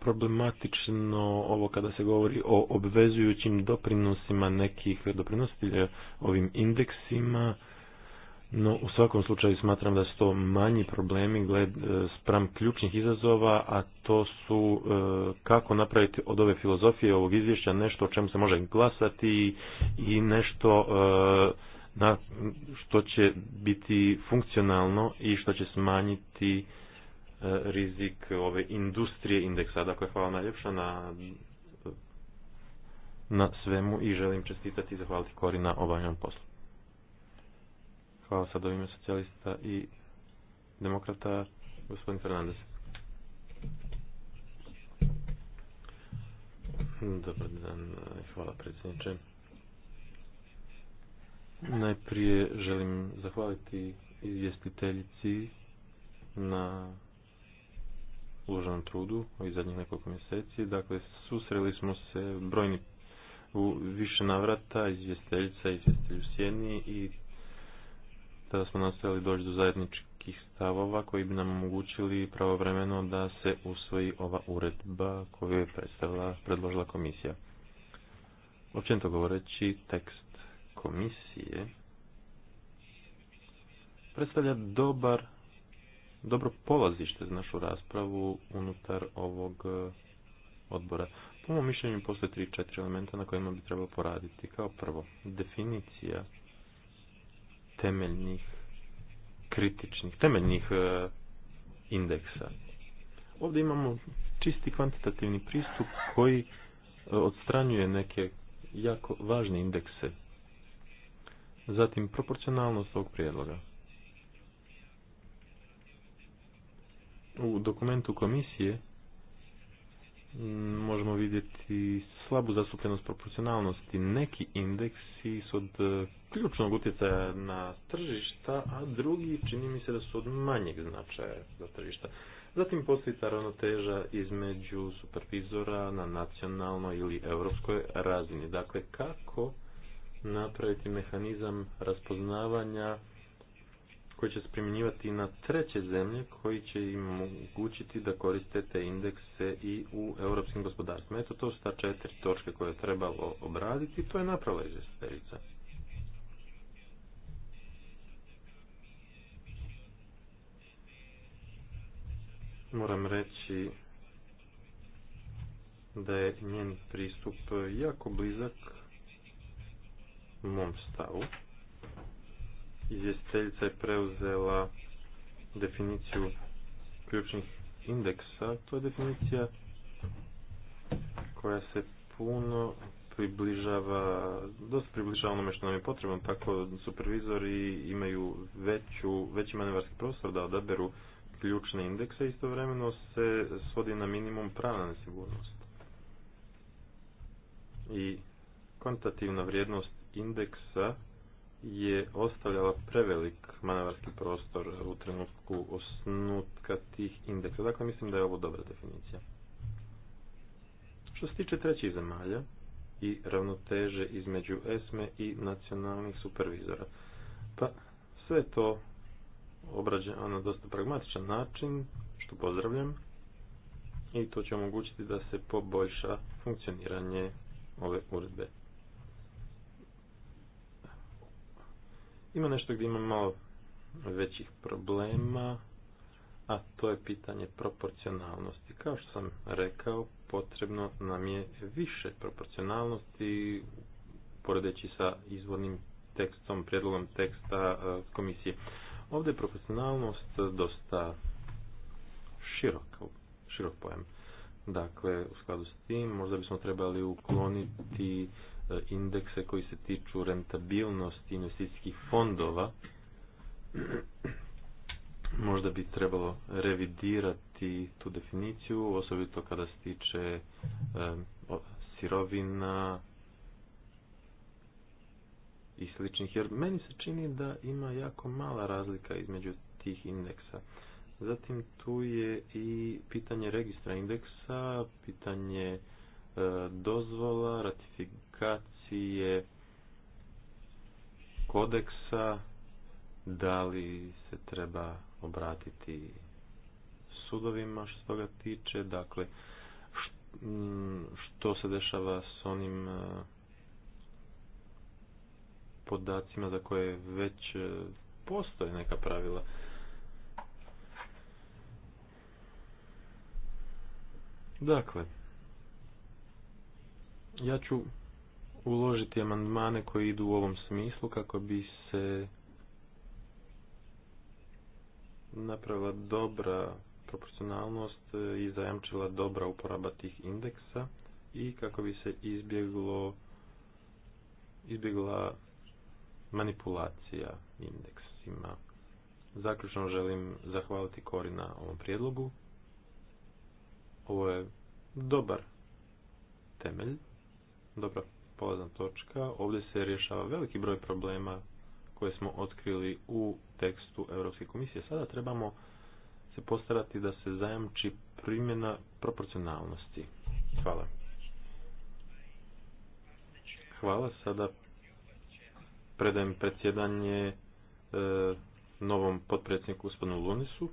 problematično ovo kada se govori o obvezujućim doprinosima nekih doprinositelja ovim indeksima, no u svakom slučaju smatram da su to manji problemi gled e, spram ključnih izazova, a to su e, kako napraviti od ove filozofije ovog izvješća nešto o čemu se može glasati i nešto e, na što će biti funkcionalno i što će smanjiti E, rizik ove industrije indeksa. Dakle, hvala najljepša na, na svemu i želim čestitati i zahvaliti Kori na obavljenom poslu. Hvala sad ime socijalista i demokrata gospodin Fernandez. Dobar dan, hvala predsjedniče. Najprije želim zahvaliti izvjestiteljici na uloženom trudu ovih zadnjih nekoliko mjeseci. Dakle, susreli smo se brojni u više navrata, izvjesteljica, izvjestitelj u sjeni i tada smo nastavili doći do zajedničkih stavova koji bi nam omogućili pravovremeno da se usvoji ova uredba koju je predstavila, predložila komisija. to govoreći, tekst komisije predstavlja dobar dobro polazište za našu raspravu unutar ovog e, odbora. Po mom mišljenju postoje tri, četiri elementa na kojima bi trebalo poraditi. Kao prvo, definicija temeljnih kritičnih, temeljnih e, indeksa. Ovdje imamo čisti kvantitativni pristup koji e, odstranjuje neke jako važne indekse. Zatim, proporcionalnost ovog prijedloga. u dokumentu komisije možemo vidjeti slabu zastupljenost proporcionalnosti. Neki indeksi su od e, ključnog utjecaja na tržišta, a drugi čini mi se da su od manjeg značaja za tržišta. Zatim postoji ta ravnoteža između supervizora na nacionalnoj ili europskoj razini. Dakle, kako napraviti mehanizam raspoznavanja koji će se primjenjivati na treće zemlje koji će im omogućiti da koriste te indekse i u europskim gospodarstvima. Eto, to su ta četiri točke koje je trebalo obraditi i to je naprava izvjestiteljica. Moram reći da je njen pristup jako blizak mom stavu izvjestiteljica je preuzela definiciju ključnih indeksa. To je definicija koja se puno približava, dosta približava onome što nam je potrebno, tako supervizori imaju veću, veći manevarski prostor da odaberu ključne indekse, istovremeno se svodi na minimum pravna nesigurnost. I kvantitativna vrijednost indeksa je ostavljala prevelik manevarski prostor u trenutku osnutka tih indeksa. Dakle, mislim da je ovo dobra definicija. Što se tiče trećih zemalja i ravnoteže između ESME i nacionalnih supervizora, pa sve to obrađeno na dosta pragmatičan način, što pozdravljam, i to će omogućiti da se poboljša funkcioniranje ove uredbe. Ima nešto gdje imamo malo većih problema, a to je pitanje proporcionalnosti. Kao što sam rekao, potrebno nam je više proporcionalnosti poredeći sa izvornim tekstom, prijedlogom teksta e, komisije. Ovdje je proporcionalnost dosta širok, širok pojam. Dakle, u skladu s tim možda bismo trebali ukloniti E, indekse koji se tiču rentabilnosti investicijskih fondova. Možda bi trebalo revidirati tu definiciju, osobito kada se tiče e, sirovina i sličnih, jer meni se čini da ima jako mala razlika između tih indeksa. Zatim tu je i pitanje registra indeksa, pitanje e, dozvola, ratifikacije aplikacije kodeksa, da li se treba obratiti sudovima što se toga tiče, dakle što se dešava s onim e, podacima za koje već e, postoje neka pravila. Dakle, ja ću uložiti amandmane koji idu u ovom smislu kako bi se napravila dobra proporcionalnost i zajamčila dobra uporaba tih indeksa i kako bi se izbjeglo izbjegla manipulacija indeksima. Zaključno želim zahvaliti Kori na ovom prijedlogu. Ovo je dobar temelj, dobra polazna točka. Ovdje se rješava veliki broj problema koje smo otkrili u tekstu Europske komisije. Sada trebamo se postarati da se zajamči primjena proporcionalnosti. Hvala. Hvala. Sada predajem predsjedanje e, novom potpredsjedniku gospodinu Lunisu.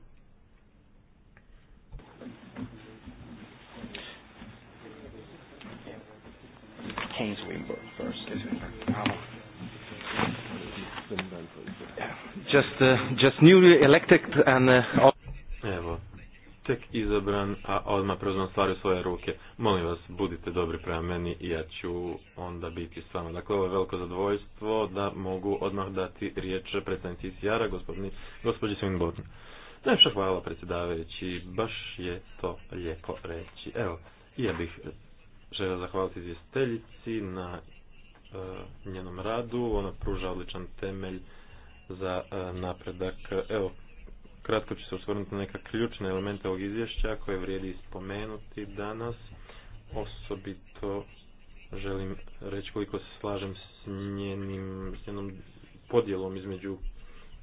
first. Just, uh, just newly elected and... Uh, Evo, tek izabran, a odmah preuzmem stvari u svoje ruke. Molim vas, budite dobri prema meni i ja ću onda biti s vama. Dakle, ovo je veliko zadovoljstvo da mogu odmah dati riječ predstavnici ICR-a, gospođi Swinborn. Najviše hvala predsjedavajući, baš je to lijepo reći. Evo, ja bih želim zahvaliti izvjestiteljici na e, njenom radu. Ona pruža odličan temelj za e, napredak. Evo, kratko ću se osvrnuti na neka ključne elemente ovog izvješća koje vrijedi spomenuti danas. Osobito želim reći koliko se slažem s, njenim, s njenom podjelom između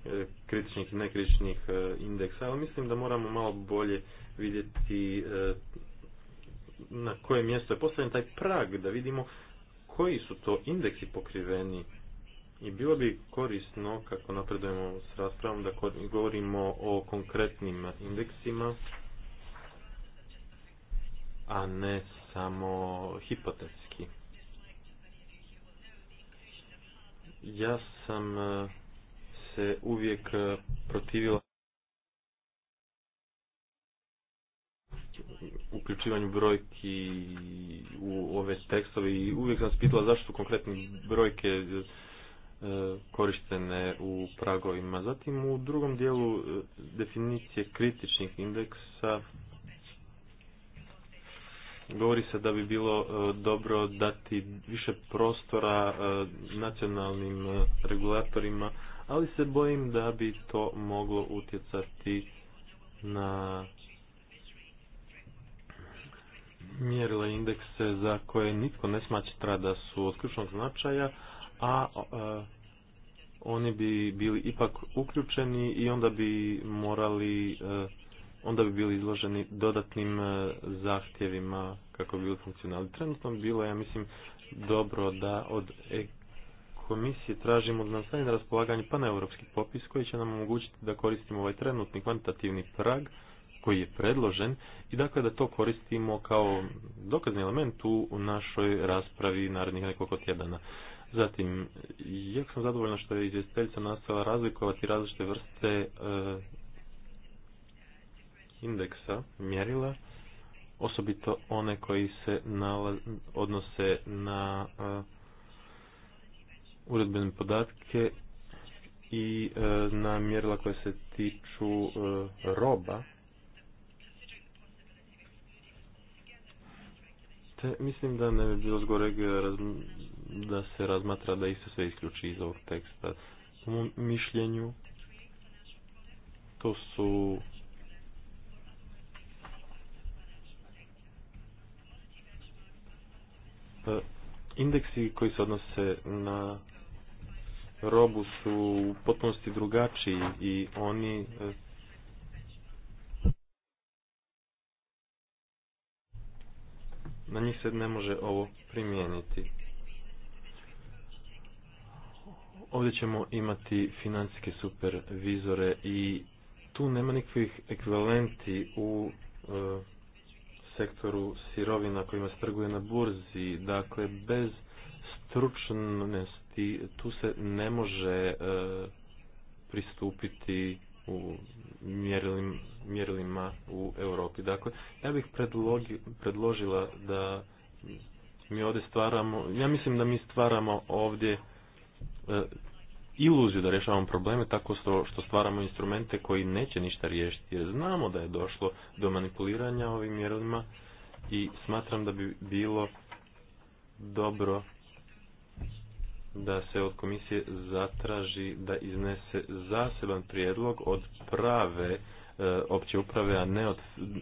e, kritičnih i nekritičnih indeksa, ali mislim da moramo malo bolje vidjeti na koje mjesto je postavljen taj prag, da vidimo koji su to indeksi pokriveni i bilo bi korisno, kako napredujemo s raspravom, da govorimo o konkretnim indeksima, a ne samo hipotetski. Ja sam eh, se uvijek eh, protivila uključivanju brojki u ove tekstove i uvijek sam spitala zašto su konkretne brojke e, korištene u pragovima. Zatim u drugom dijelu e, definicije kritičnih indeksa govori se da bi bilo e, dobro dati više prostora nacionalnim regulatorima, ali se bojim da bi to moglo utjecati na mjerila indekse za koje nitko ne smatra da su od ključnog značaja, a e, oni bi bili ipak uključeni i onda bi morali e, onda bi bili izloženi dodatnim e, zahtjevima kako bi bili funkcionalni. Trenutno bi bilo, ja mislim, dobro da od komisije tražimo da nam na raspolaganje paneuropski popis koji će nam omogućiti da koristimo ovaj trenutni kvantitativni prag koji je predložen i dakle da to koristimo kao dokazni element u našoj raspravi narednih nekoliko tjedana. Zatim, jako sam zadovoljna što je izvjestiteljica nastala razlikovati različite vrste e, indeksa, mjerila, osobito one koji se odnose na e, uredbene podatke i e, na mjerila koje se tiču e, roba, mislim da ne bi bilo zgoreg eh, da se razmatra da isto sve isključi iz ovog teksta. U mom mišljenju to su eh, indeksi koji se odnose na robu su u potpunosti drugačiji i oni eh, na njih se ne može ovo primijeniti. Ovdje ćemo imati financijske supervizore i tu nema nikakvih ekvivalenti u e, sektoru sirovina kojima se trguje na burzi. Dakle, bez stručnosti tu se ne može e, pristupiti u mjerilim mjerilima u Europi. Dakle, ja bih predložila da mi ovdje stvaramo, ja mislim da mi stvaramo ovdje e, iluziju da rješavamo probleme tako što stvaramo instrumente koji neće ništa riješiti jer znamo da je došlo do manipuliranja ovim mjerilima i smatram da bi bilo dobro da se od komisije zatraži da iznese zaseban prijedlog od prave E, opće uprave, a ne od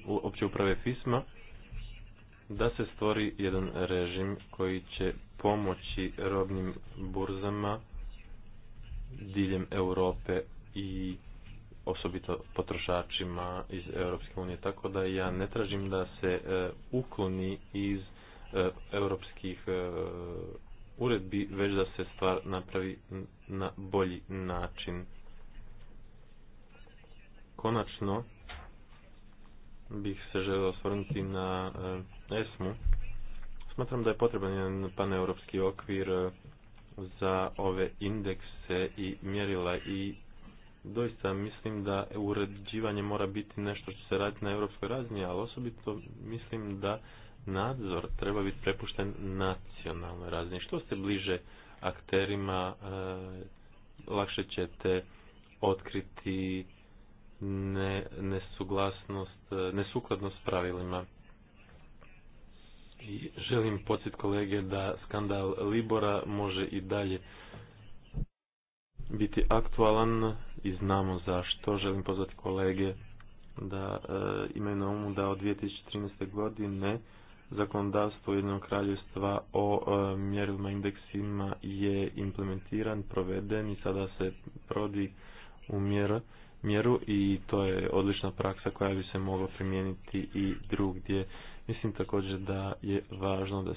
opće uprave FISMA, da se stvori jedan režim koji će pomoći robnim burzama diljem Europe i osobito potrošačima iz Europske unije. Tako da ja ne tražim da se e, ukloni iz e, europskih uredbi, već da se stvar napravi na bolji način. Konačno bih se želio osvrnuti na e, ESMU. Smatram da je potreban jedan paneuropski okvir e, za ove indekse i mjerila i doista mislim da uređivanje mora biti nešto što se radi na europskoj razini, ali osobito mislim da nadzor treba biti prepušten nacionalnoj razini. Što ste bliže akterima, e, lakše ćete otkriti ne, nesuglasnost, nesukladnost pravilima. I želim podsjet kolege da skandal Libora može i dalje biti aktualan i znamo zašto. Želim pozvati kolege da e, imaju na umu da od 2013. godine zakonodavstvo Jednog kraljevstva o e, mjerilima indeksima je implementiran, proveden i sada se provodi u mjeru i to je odlična praksa koja bi se mogla primijeniti i drugdje. Mislim također da je važno da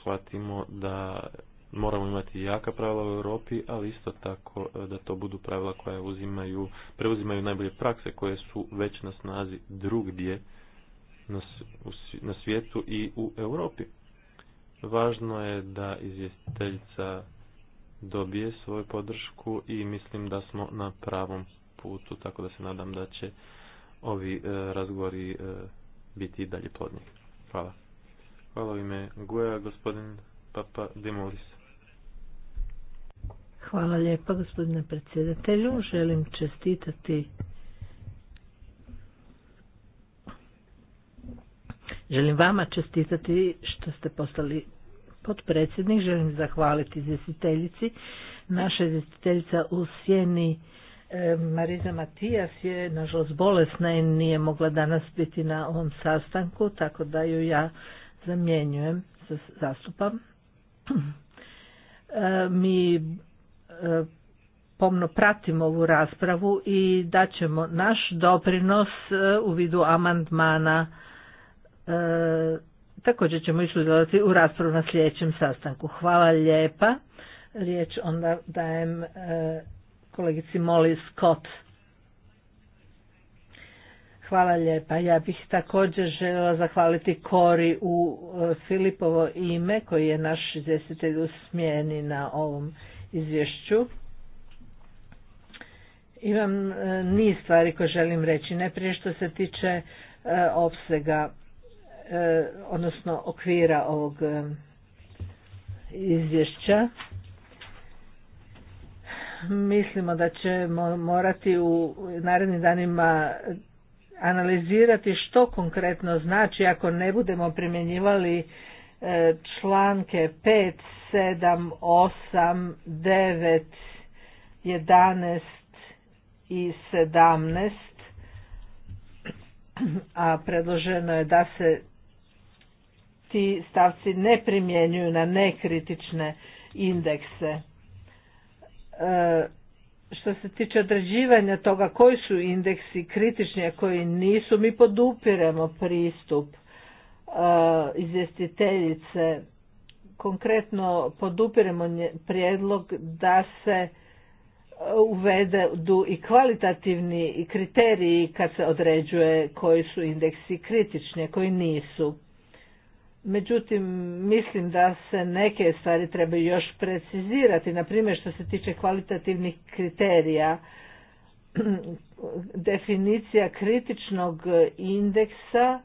shvatimo da moramo imati jaka pravila u Europi, ali isto tako e, da to budu pravila koja uzimaju, preuzimaju najbolje prakse koje su već na snazi drugdje na svijetu i u Europi. Važno je da izvjestiteljica dobije svoju podršku i mislim da smo na pravom putu, tako da se nadam da će ovi e, razgovori e, biti i dalje plodni. Hvala. Hvala u ime Guja, gospodin Papa Demolis. Hvala lijepa gospodine predsjedatelju. Želim čestitati Želim vama čestitati što ste postali potpredsjednik. Želim zahvaliti izvjestiteljici. Naša izvjestiteljica u Sjeni E, Mariza Matijas je nažalost bolesna i nije mogla danas biti na ovom sastanku, tako da ju ja zamjenjujem, zastupam. E, mi e, pomno pratimo ovu raspravu i daćemo naš doprinos u vidu amandmana. Također ćemo išli u raspravu na sljedećem sastanku. Hvala lijepa. Riječ onda dajem kolegici Molly Scott. Hvala lijepa. Ja bih također željela zahvaliti Kori u e, Filipovo ime koji je naš izvjestitelj u na ovom izvješću. Imam e, niz stvari koje želim reći. Najprije što se tiče e, opsega, odnosno okvira ovog izvješća mislimo da ćemo morati u narednim danima analizirati što konkretno znači ako ne budemo primjenjivali e, članke 5, 7, 8, 9, 11 i 17, a predloženo je da se ti stavci ne primjenjuju na nekritične indekse. E, što se tiče određivanja toga koji su indeksi kritični, a koji nisu, mi podupiremo pristup e, izvjestiteljice. Konkretno podupiremo prijedlog da se e, uvede i kvalitativni kriteriji kad se određuje koji su indeksi kritični, a koji nisu. Međutim, mislim da se neke stvari trebaju još precizirati, na primjer što se tiče kvalitativnih kriterija, definicija kritičnog indeksa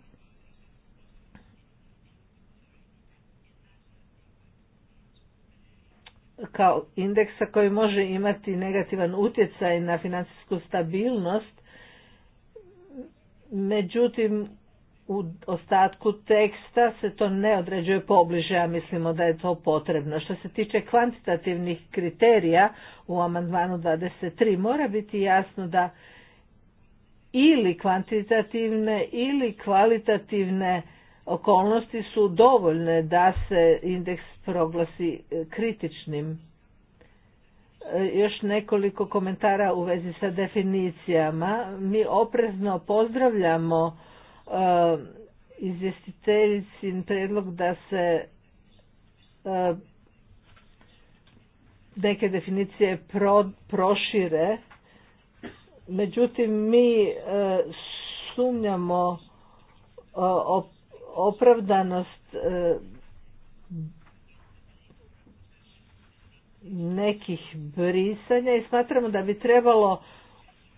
kao indeksa koji može imati negativan utjecaj na financijsku stabilnost, međutim u ostatku teksta se to ne određuje pobliže, a mislimo da je to potrebno. Što se tiče kvantitativnih kriterija u amandmanu 23 mora biti jasno da ili kvantitativne ili kvalitativne okolnosti su dovoljne da se indeks proglasi e, kritičnim. E, još nekoliko komentara u vezi sa definicijama. Mi oprezno pozdravljamo Eh, izvjestiteljicin predlog da se eh, neke definicije prošire. Međutim, mi eh, sumnjamo opravdanost nekih brisanja i smatramo da bi trebalo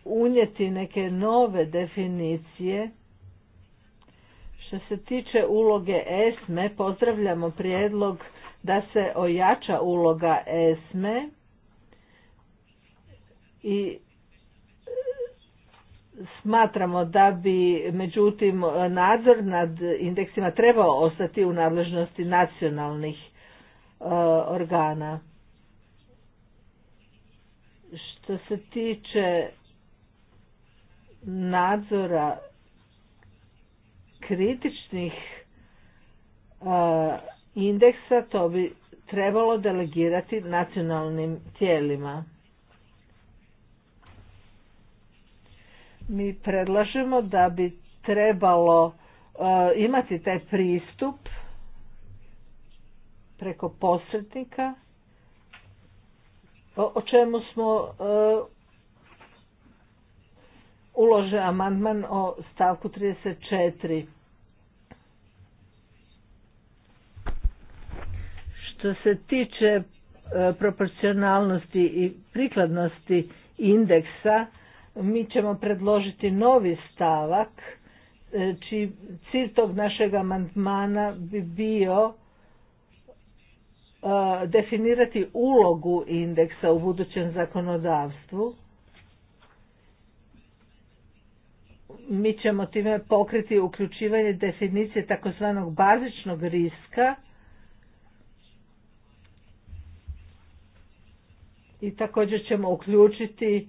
unijeti neke nove definicije što se tiče uloge ESME, pozdravljamo prijedlog da se ojača uloga ESME i smatramo da bi međutim nadzor nad indeksima trebao ostati u nadležnosti nacionalnih e, organa. Što se tiče nadzora kritičnih e, indeksa to bi trebalo delegirati nacionalnim tijelima. Mi predlažemo da bi trebalo e, imati taj pristup preko posrednika o čemu smo e, ulože amandman o stavku 34. Što se tiče e, proporcionalnosti i prikladnosti indeksa, mi ćemo predložiti novi stavak, e, čiji cilj tog našeg amandmana bi bio e, definirati ulogu indeksa u budućem zakonodavstvu mi ćemo time pokriti uključivanje definicije takozvanog bazičnog riska i također ćemo uključiti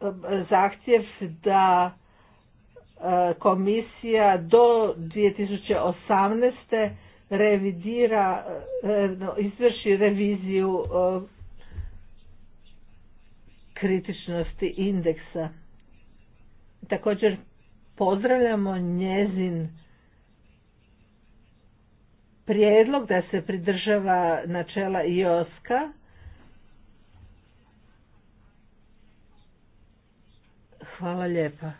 e, zahtjev da e, komisija do 2018. revidira, e, izvrši reviziju kritičnosti indeksa. Također pozdravljamo njezin prijedlog da se pridržava načela IOSKA. Hvala lijepa.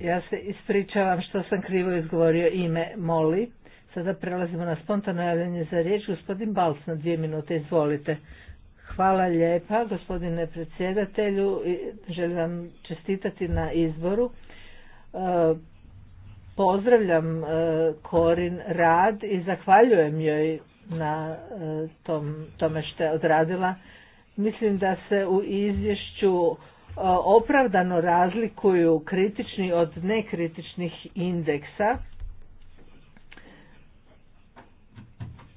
Ja se ispričavam što sam krivo izgovorio ime Moli. Sada prelazimo na spontano javljanje za riječ. Gospodin Balc na dvije minute, izvolite. Hvala lijepa, gospodine predsjedatelju. Želim vam čestitati na izboru. E, pozdravljam e, Korin rad i zahvaljujem joj na e, tome što je odradila. Mislim da se u izvješću opravdano razlikuju kritični od nekritičnih indeksa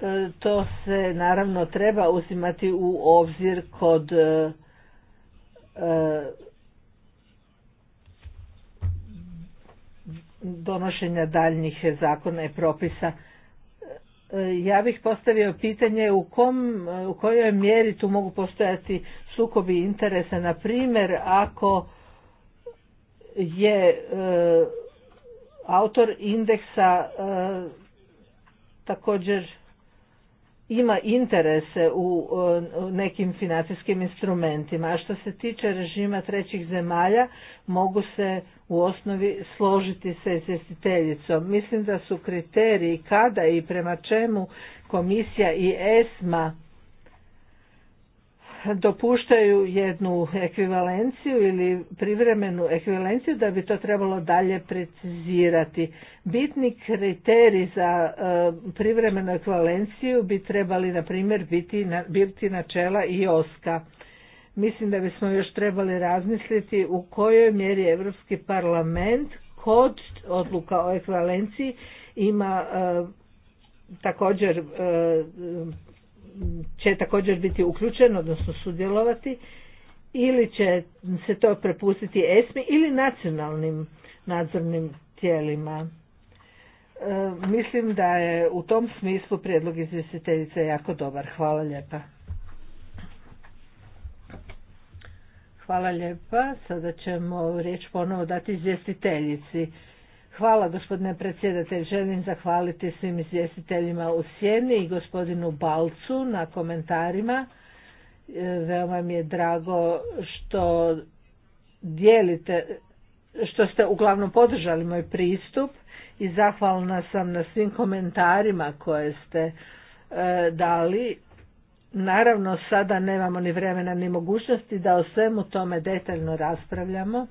E, to se naravno treba uzimati u obzir kod e, e, donošenja daljnjih zakona i propisa. ja bih postavio pitanje u, kom, u kojoj mjeri tu mogu postojati sukobi interesa. Na primjer, ako je autor indeksa također ima interese u nekim financijskim instrumentima. A što se tiče režima trećih zemalja, mogu se u osnovi složiti sa izvjestiteljicom. Mislim da su kriteriji kada i prema čemu komisija i ESMA dopuštaju jednu ekvivalenciju ili privremenu ekvivalenciju da bi to trebalo dalje precizirati. Bitni kriteriji za e, privremenu ekvivalenciju bi trebali na primjer biti, biti načela i oska. Mislim da bismo još trebali razmisliti u kojoj mjeri Europski parlament kod odluka o ekvivalenciji ima e, također e, će također biti uključen, odnosno sudjelovati, ili će se to prepustiti ESMI ili nacionalnim nadzornim tijelima. E, mislim da je u tom smislu prijedlog izvjestiteljice jako dobar. Hvala lijepa. Hvala lijepa. Sada ćemo riječ ponovo dati izvjestiteljici. Hvala gospodine predsjedatelj. Želim zahvaliti svim izvjestiteljima u Sjeni i gospodinu Balcu na komentarima. E, veoma mi je drago što dijelite, što ste uglavnom podržali moj pristup i zahvalna sam na svim komentarima koje ste e, dali. Naravno sada nemamo ni vremena ni mogućnosti da o svemu tome detaljno raspravljamo,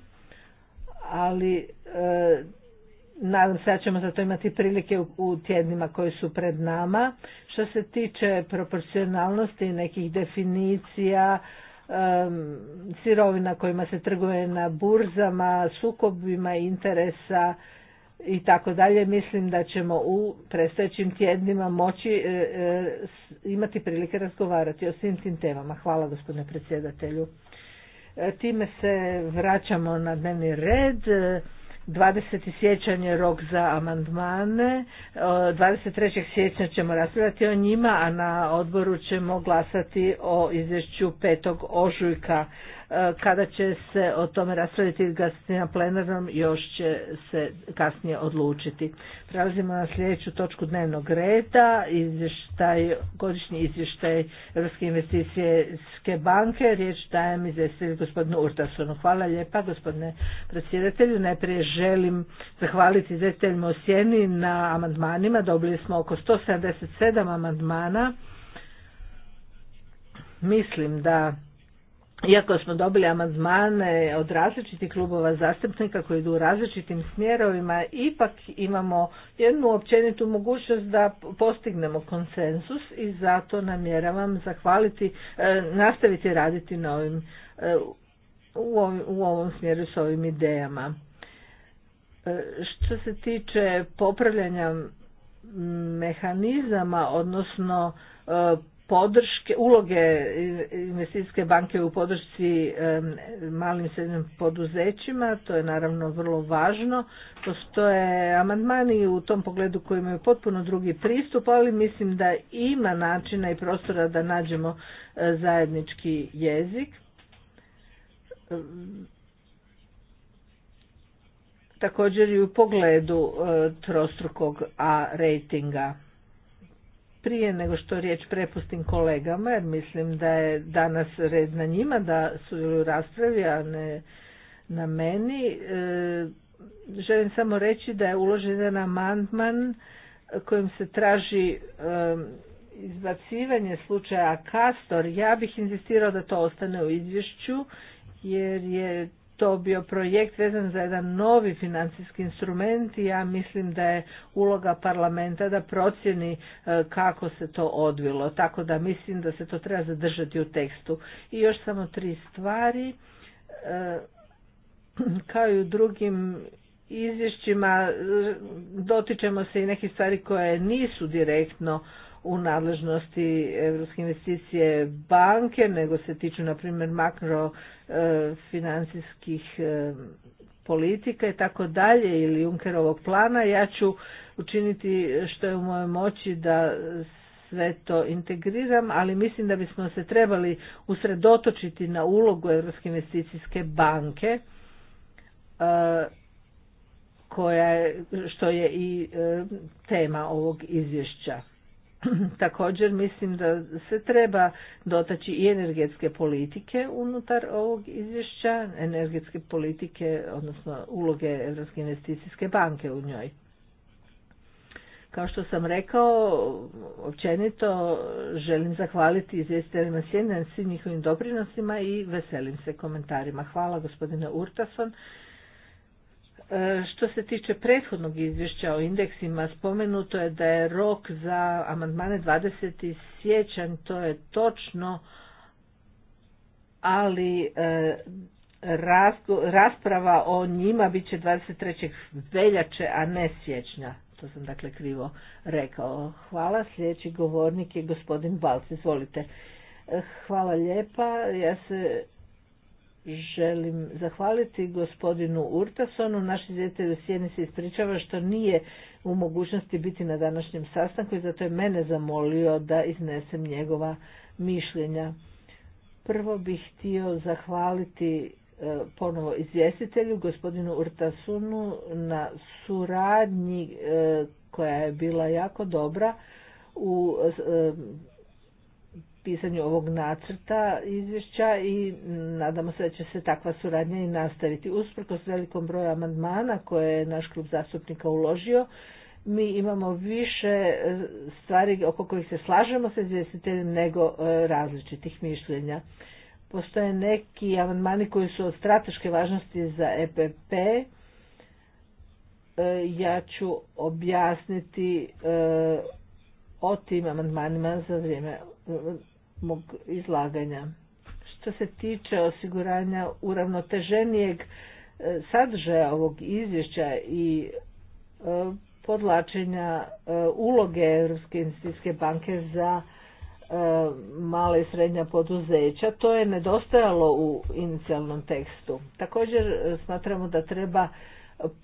ali e, Nadam se da ćemo za to imati prilike u tjednima koji su pred nama. Što se tiče proporcionalnosti i nekih definicija, sirovina kojima se trguje na burzama, sukobima interesa i tako dalje, mislim da ćemo u predstojećim tjednima moći e, e, imati prilike razgovarati o svim tim temama. Hvala gospodine predsjedatelju. E, time se vraćamo na dnevni red. 20. siječanj je rok za amandmane, 23. E, siječnja ćemo raspravljati o njima, a na odboru ćemo glasati o izvješću 5. ožujka. Kada će se o tome raspraviti na plenarnom, još će se kasnije odlučiti. Prelazimo na sljedeću točku dnevnog reda, izvještaj, godišnji izvještaj Europske investicijske banke. Riječ dajem izvjestitelju gospodinu Urtasonu. Hvala lijepa gospodine predsjedatelju. Najprije želim zahvaliti izvjestiteljima u sjeni na amandmanima. Dobili smo oko 177 amandmana. Mislim da iako smo dobili amandmane od različitih klubova zastupnika koji idu u različitim smjerovima, ipak imamo jednu općenitu mogućnost da postignemo konsensus i zato namjeravam zahvaliti, e, nastaviti raditi na ovim, e, u, ovom, u ovom smjeru s ovim idejama. E, što se tiče popravljanja mehanizama, odnosno podrške, uloge investicijske banke u podršci malim i srednjim poduzećima, to je naravno vrlo važno. Postoje amandmani u tom pogledu koji imaju potpuno drugi pristup, ali mislim da ima načina i prostora da nađemo e, zajednički jezik. Također i u pogledu e, trostrukog A ratinga prije nego što riječ prepustim kolegama, jer mislim da je danas red na njima da su u raspravi, a ne na meni, e, želim samo reći da je uložen amandman kojim se traži izbacivanje slučaja Kastor. Ja bih insistirao da to ostane u izvješću, jer je to bio projekt vezan za jedan novi financijski instrument i ja mislim da je uloga parlamenta da procjeni e, kako se to odvilo. Tako da mislim da se to treba zadržati u tekstu. I još samo tri stvari. E, kao i u drugim izvješćima e, dotičemo se i nekih stvari koje nisu direktno u nadležnosti Europske investicije banke, nego se tiču, na primjer, makrofinancijskih e, e, politika i tako dalje ili Junckerovog plana, ja ću učiniti što je u mojoj moći da sve to integriram, ali mislim da bismo se trebali usredotočiti na ulogu Europske investicijske banke, e, koja je, što je i tema ovog izvješća. Također mislim da se treba dotaći i energetske politike unutar ovog izvješća, energetske politike, odnosno uloge Europske investicijske banke u njoj. Kao što sam rekao, općenito želim zahvaliti izvjestiteljima Sjene svim njihovim doprinosima i veselim se komentarima. Hvala gospodine Urtason. E, što se tiče prethodnog izvješća o indeksima, spomenuto je da je rok za amandmane 20. sjećan, to je točno, ali e, rasprava o njima bit će 23. veljače, a ne siječnja. To sam dakle krivo rekao. Hvala. Sljedeći govornik je gospodin Balc. Izvolite. E, hvala lijepa. Ja se želim zahvaliti gospodinu Urtasonu. Naš izvjetelj u Sjeni se ispričava što nije u mogućnosti biti na današnjem sastanku i zato je mene zamolio da iznesem njegova mišljenja. Prvo bih htio zahvaliti e, ponovo izvjestitelju, gospodinu Urtasonu, na suradnji e, koja je bila jako dobra u e, pisanju ovog nacrta izvješća i nadamo se da će se takva suradnja i nastaviti. s velikom broju amandmana koje je naš klub zastupnika uložio, mi imamo više e, stvari oko kojih se slažemo sa izvjestiteljem nego e, različitih mišljenja. Postoje neki amandmani koji su od strateške važnosti za EPP. E, ja ću objasniti o tim amandmanima za vrijeme mog izlaganja. Što se tiče osiguranja uravnoteženijeg e, sadržaja ovog izvješća i e, podlačenja e, uloge Europske investicijske banke za male i srednja poduzeća. To je nedostajalo u inicijalnom tekstu. Također smatramo da treba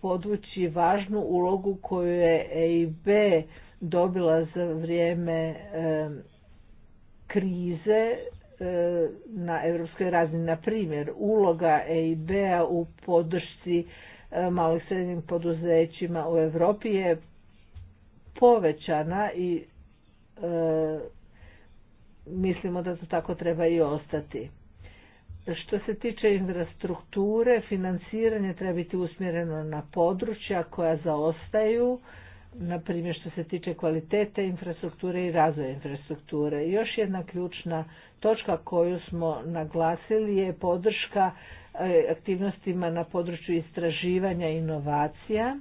podvući važnu ulogu koju je EIB dobila za vrijeme krize e, na europskoj razini. Na primjer, uloga EIB-a u podršci e, malih srednjim poduzećima u Europi je povećana i e, mislimo da to tako treba i ostati. Što se tiče infrastrukture, financiranje treba biti usmjereno na područja koja zaostaju, na primjer što se tiče kvalitete infrastrukture i razvoja infrastrukture. Još jedna ključna točka koju smo naglasili je podrška e, aktivnostima na području istraživanja inovacija.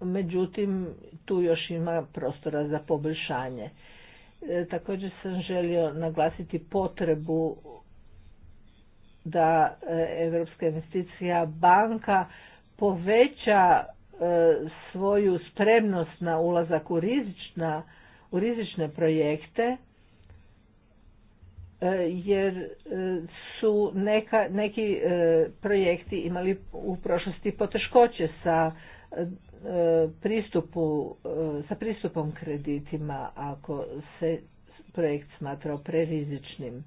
Međutim, tu još ima prostora za poboljšanje. E, također sam želio naglasiti potrebu da Europska investicija banka poveća E, svoju spremnost na ulazak u, rizična, u rizične projekte, e, jer e, su neka, neki projekti imali u prošlosti poteškoće sa pristupu, sa pristupom kreditima ako se projekt smatrao prerizičnim.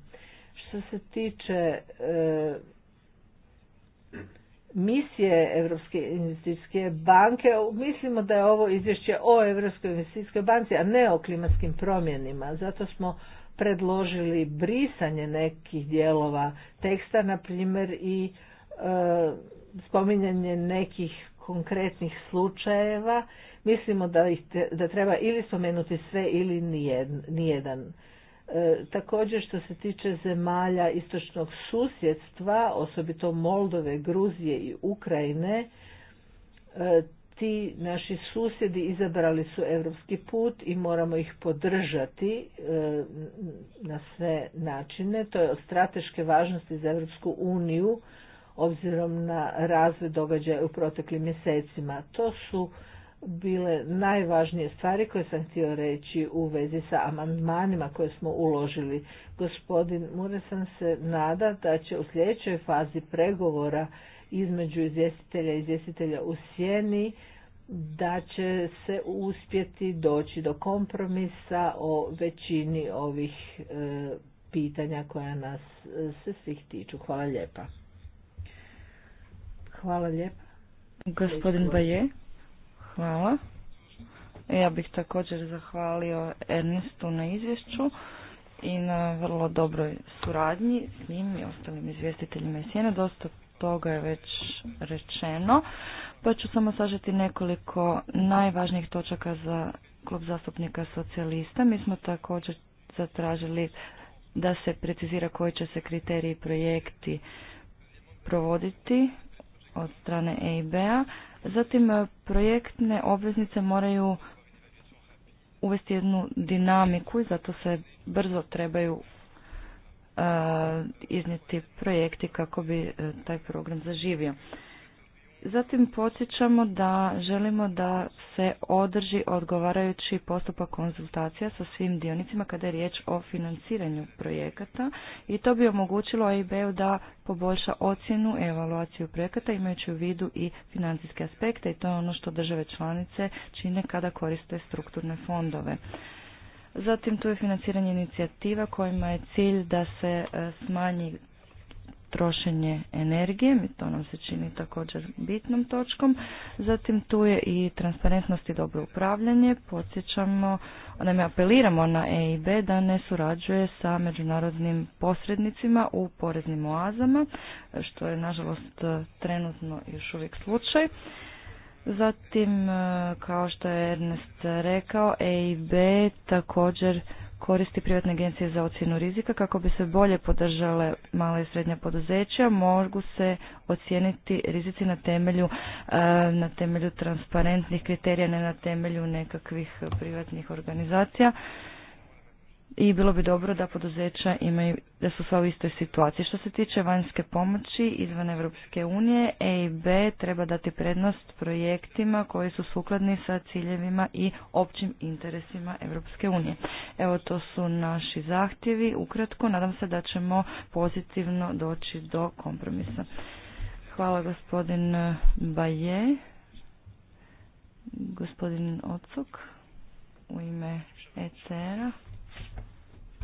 Što se tiče misije Europske investicijske banke. Mislimo da je ovo izvješće o Europskoj investicijskoj banci, a ne o klimatskim promjenima. Zato smo predložili brisanje nekih dijelova teksta, na primjer i e, spominjanje nekih konkretnih slučajeva. Mislimo da, ih te, da treba ili spomenuti sve ili nijedan. E, također što se tiče zemalja istočnog susjedstva, osobito Moldove, Gruzije i Ukrajine, e, ti naši susjedi izabrali su europski put i moramo ih podržati e, na sve načine. To je od strateške važnosti za Europsku uniju obzirom na razvoj događaja u proteklim mjesecima. To su bile najvažnije stvari koje sam htio reći u vezi sa amandmanima koje smo uložili. Gospodin sam se nada da će u sljedećoj fazi pregovora između izvjestitelja i izvjestitelja u sjeni da će se uspjeti doći do kompromisa o većini ovih e, pitanja koja nas e, se svih tiču. Hvala lijepa. Hvala lijepa. Gospodin Baje. Hvala. Ja bih također zahvalio Ernestu na izvješću i na vrlo dobroj suradnji s njim i ostalim izvjestiteljima iz Sjene. Dosta toga je već rečeno, pa ću samo sažeti nekoliko najvažnijih točaka za klub zastupnika socijalista. Mi smo također zatražili da se precizira koji će se kriteriji i projekti provoditi od strane EIB-a Zatim e, projektne obveznice moraju uvesti jednu dinamiku i zato se brzo trebaju e, iznijeti projekti kako bi e, taj program zaživio. Zatim podsjećamo da želimo da se održi odgovarajući postupak konzultacija sa svim dionicima kada je riječ o financiranju projekata i to bi omogućilo AIB-u da poboljša ocjenu i evaluaciju projekata imajući u vidu i financijske aspekte i to je ono što države članice čine kada koriste strukturne fondove. Zatim tu je financiranje inicijativa kojima je cilj da se e, smanji trošenje energije, to nam se čini također bitnom točkom. Zatim tu je i transparentnost i dobro upravljanje. Podsjećamo, naime apeliramo na EIB da ne surađuje sa međunarodnim posrednicima u poreznim oazama, što je nažalost trenutno još uvijek slučaj. Zatim, e, kao što je Ernest rekao, EIB također koristi privatne agencije za ocjenu rizika kako bi se bolje podržale mala i srednja poduzeća mogu se ocijeniti rizici na temelju e, na temelju transparentnih kriterija ne na temelju nekakvih privatnih organizacija i bilo bi dobro da poduzeća imaju, da su sve u istoj situaciji. Što se tiče vanjske pomoći izvan Europske unije, e B treba dati prednost projektima koji su sukladni sa ciljevima i općim interesima Europske unije. Evo to su naši zahtjevi. Ukratko, nadam se da ćemo pozitivno doći do kompromisa. Hvala gospodin Baje, gospodin Ocok u ime ECR-a.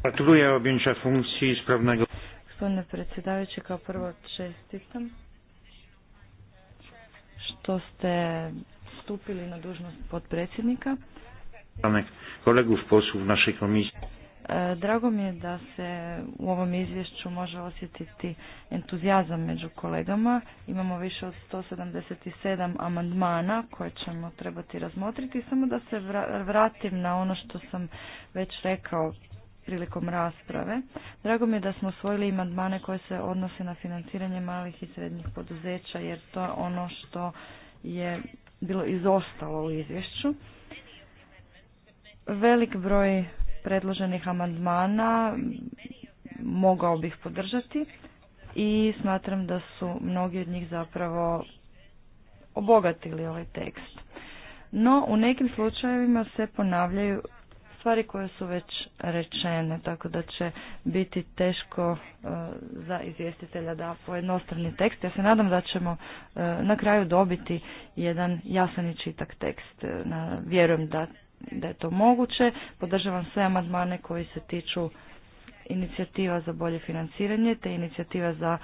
Gratuluję objęcia funkcji sprawnego. Gospodine predsjedavajući, kao prvo čestitam što ste stupili na dužnost podpredsjednika. Kolegów posłów naszej komisji. E, drago mi je da se u ovom izvješću može osjetiti entuzijazam među kolegama. Imamo više od 177 amandmana koje ćemo trebati razmotriti. Samo da se vratim na ono što sam već rekao prilikom rasprave. Drago mi je da smo osvojili amandmane koje se odnose na financiranje malih i srednjih poduzeća jer to je ono što je bilo izostalo u izvješću. Velik broj predloženih amandmana mogao bih podržati i smatram da su mnogi od njih zapravo obogatili ovaj tekst. No, u nekim slučajevima se ponavljaju stvari koje su već rečene, tako da će biti teško e, za izvjestitelja da pojednostavni tekst. Ja se nadam da ćemo e, na kraju dobiti jedan jasan i čitak tekst. E, vjerujem da da je to moguće. Podržavam sve amandmane koji se tiču inicijativa za bolje financiranje te inicijativa za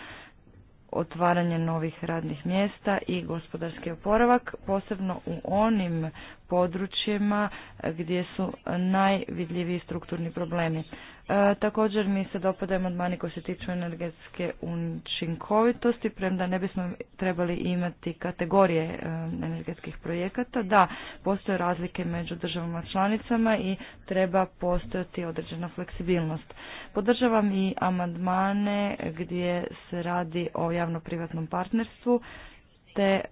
otvaranje novih radnih mjesta i gospodarski oporavak, posebno u onim područjima gdje su najvidljiviji strukturni problemi. E, također mi se dopadaju amandmani koji se tiču energetske učinkovitosti, premda ne bismo trebali imati kategorije e, energetskih projekata. Da, postoje razlike među državama članicama i treba postojati određena fleksibilnost. Podržavam i amandmane gdje se radi o javno-privatnom partnerstvu te e,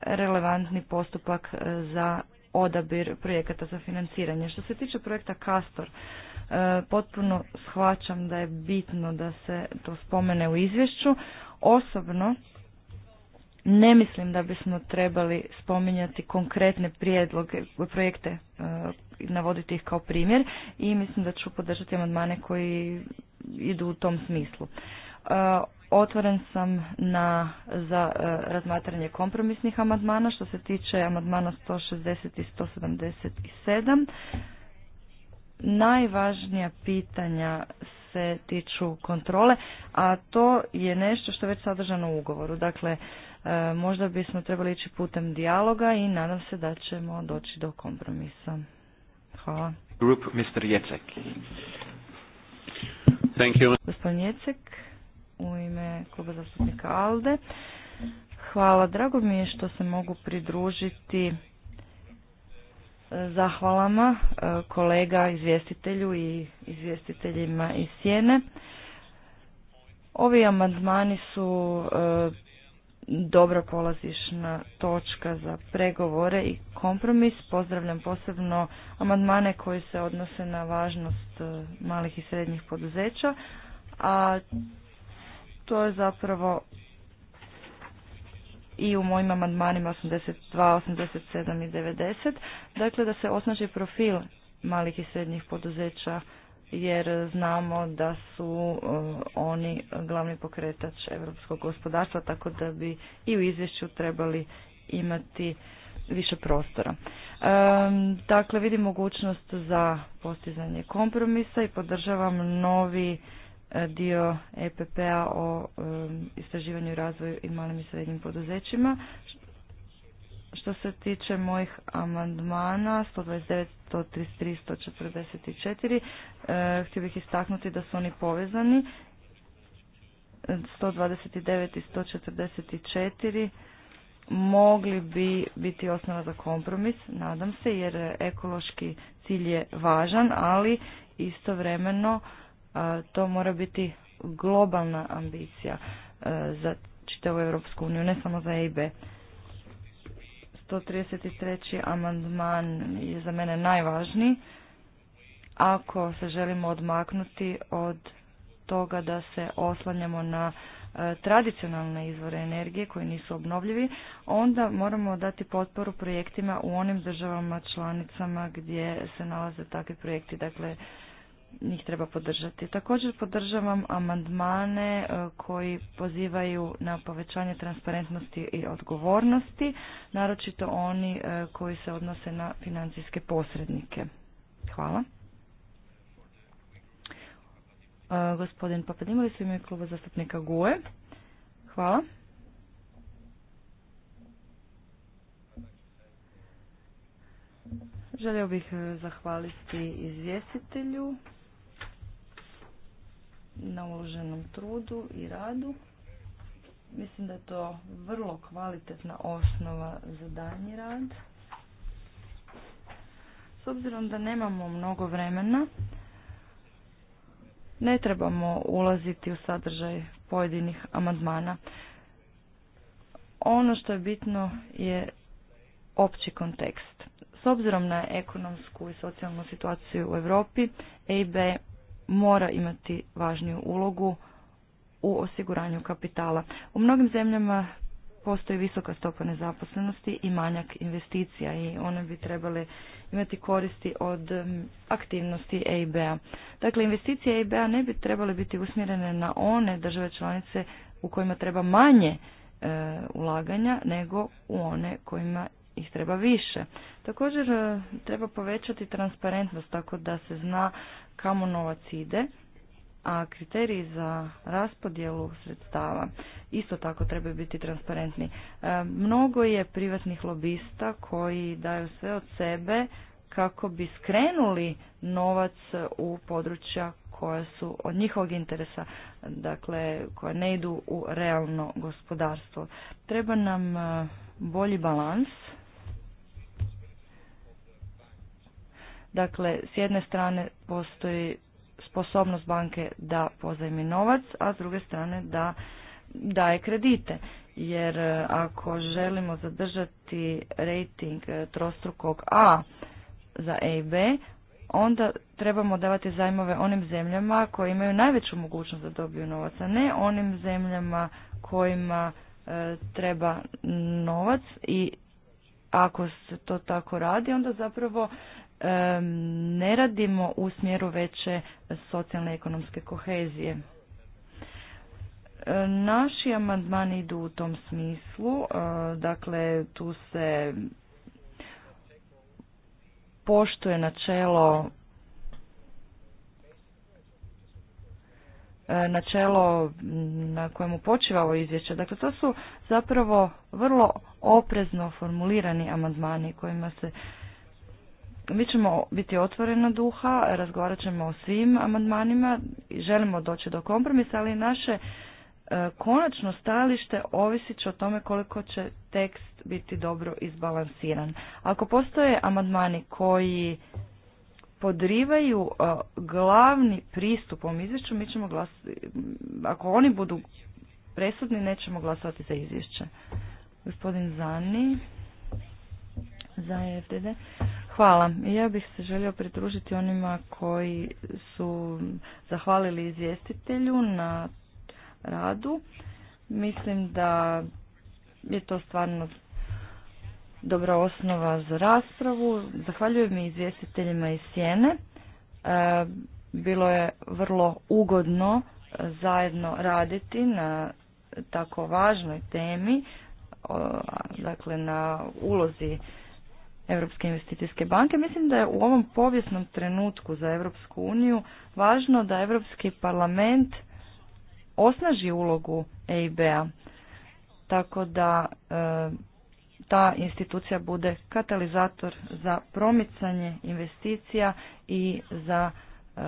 relevantni postupak za odabir projekata za financiranje. Što se tiče projekta Castor, E, potpuno shvaćam da je bitno da se to spomene u izvješću. Osobno ne mislim da bismo trebali spominjati konkretne prijedloge, projekte i e, navoditi ih kao primjer i mislim da ću podržati amandmane koji idu u tom smislu. E, otvoren sam na, za razmatranje kompromisnih amandmana što se tiče amandmana 160 i 177 najvažnija pitanja se tiču kontrole, a to je nešto što je već sadržano u ugovoru. Dakle, e, možda bismo trebali ići putem dijaloga i nadam se da ćemo doći do kompromisa. Hvala. Grup Mr. Jecek. Thank you. Gospodin Jecek u ime kluba zastupnika ALDE. Hvala, drago mi je što se mogu pridružiti zahvalama e, kolega izvjestitelju i izvjestiteljima iz Sjene. Ovi amandmani su e, dobro polazišna točka za pregovore i kompromis. Pozdravljam posebno amandmane koji se odnose na važnost e, malih i srednjih poduzeća, a to je zapravo i u mojim amandmanima 82, 87 i 90. Dakle, da se osnaži profil malih i srednjih poduzeća jer znamo da su e, oni glavni pokretač europskog gospodarstva, tako da bi i u izvješću trebali imati više prostora. E, dakle, vidim mogućnost za postizanje kompromisa i podržavam novi dio EPP-a o istraživanju i razvoju i malim i srednjim poduzećima. Što se tiče mojih amandmana 129, 133, 144, htio bih istaknuti da su oni povezani. 129 i 144 mogli bi biti osnova za kompromis, nadam se, jer ekološki cilj je važan, ali istovremeno to mora biti globalna ambicija e, za čitavu Europsku uniju, ne samo za EIB. 133. amandman je za mene najvažniji. Ako se želimo odmaknuti od toga da se oslanjamo na e, tradicionalne izvore energije koji nisu obnovljivi, onda moramo dati potporu projektima u onim državama članicama gdje se nalaze takvi projekti. Dakle, njih treba podržati. Također podržavam amandmane e, koji pozivaju na povećanje transparentnosti i odgovornosti, naročito oni e, koji se odnose na financijske posrednike. Hvala. E, gospodin Papadimović u ime kluba zastupnika GUE. Hvala. Želio bih zahvaliti izvjestitelju na uloženom trudu i radu. Mislim da je to vrlo kvalitetna osnova za daljnji rad. S obzirom da nemamo mnogo vremena, ne trebamo ulaziti u sadržaj pojedinih amandmana. Ono što je bitno je opći kontekst. S obzirom na ekonomsku i socijalnu situaciju u Europi, EIB mora imati važniju ulogu u osiguranju kapitala. U mnogim zemljama postoji visoka stopa nezaposlenosti i manjak investicija i one bi trebale imati koristi od aktivnosti EIB-a. Dakle, investicije EIB-a ne bi trebale biti usmjerene na one države članice u kojima treba manje e, ulaganja nego u one kojima ih treba više. Također e, treba povećati transparentnost tako da se zna kamo novac ide, a kriteriji za raspodjelu sredstava isto tako trebaju biti transparentni. E, mnogo je privatnih lobista koji daju sve od sebe kako bi skrenuli novac u područja koja su od njihovog interesa, dakle koja ne idu u realno gospodarstvo. Treba nam e, bolji balans Dakle, s jedne strane postoji sposobnost banke da pozajmi novac, a s druge strane da daje kredite. Jer e, ako želimo zadržati rating e, trostrukog A za A i B, onda trebamo davati zajmove onim zemljama koje imaju najveću mogućnost da dobiju novac, a ne onim zemljama kojima e, treba novac i ako se to tako radi, onda zapravo ne radimo u smjeru veće socijalne i ekonomske kohezije. Naši amandmani idu u tom smislu, e, dakle tu se poštuje načelo e, načelo na kojemu počiva ovo izvješće. Dakle, to su zapravo vrlo oprezno formulirani amandmani kojima se mi ćemo biti otvorena duha, razgovarat ćemo o svim amandmanima, želimo doći do kompromisa, ali naše e, konačno stajalište ovisit će o tome koliko će tekst biti dobro izbalansiran. Ako postoje amandmani koji podrivaju e, glavni pristup ovom izvješću, mi ćemo glas... ako oni budu presudni, nećemo glasovati za izvješće. Gospodin Zani, za FDD. Hvala. Ja bih se želio pridružiti onima koji su zahvalili izvjestitelju na radu. Mislim da je to stvarno dobra osnova za raspravu. Zahvaljujem i izvjestiteljima iz Sjene. E, bilo je vrlo ugodno zajedno raditi na tako važnoj temi, dakle na ulozi Europske investicijske banke. Mislim da je u ovom povijesnom trenutku za Europsku uniju važno da Europski parlament osnaži ulogu EIB-a tako da e, ta institucija bude katalizator za promicanje investicija i za e,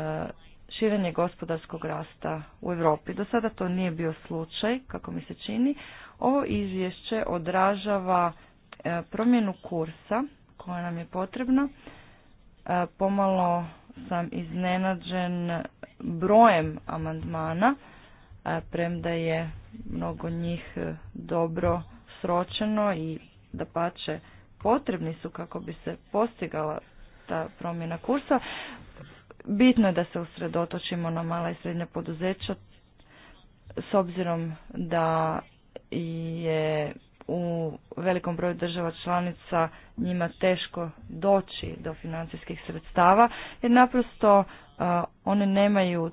širenje gospodarskog rasta u Europi. Do sada to nije bio slučaj, kako mi se čini. Ovo izvješće odražava e, promjenu kursa koja nam je potrebno. E, pomalo sam iznenađen brojem amandmana, e, premda je mnogo njih e, dobro sročeno i da pače potrebni su kako bi se postigala ta promjena kursa. Bitno je da se usredotočimo na mala i srednja poduzeća s obzirom da je u velikom broju država članica njima teško doći do financijskih sredstava jer naprosto one nemaju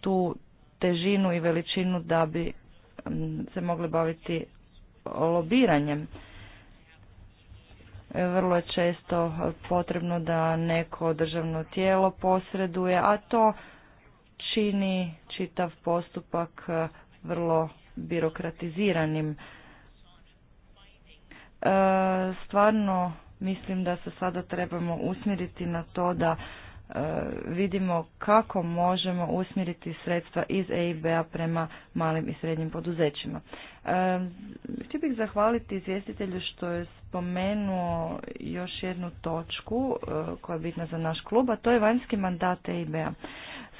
tu težinu i veličinu da bi se mogle baviti lobiranjem. E, vrlo je često potrebno da neko državno tijelo posreduje, a to čini čitav postupak vrlo birokratiziranim E, stvarno mislim da se sada trebamo usmjeriti na to da e, vidimo kako možemo usmjeriti sredstva iz EIB-a prema malim i srednjim poduzećima. E, htio bih zahvaliti izvjestitelju što je spomenuo još jednu točku koja je bitna za naš klub, a to je vanjski mandat EIB-a.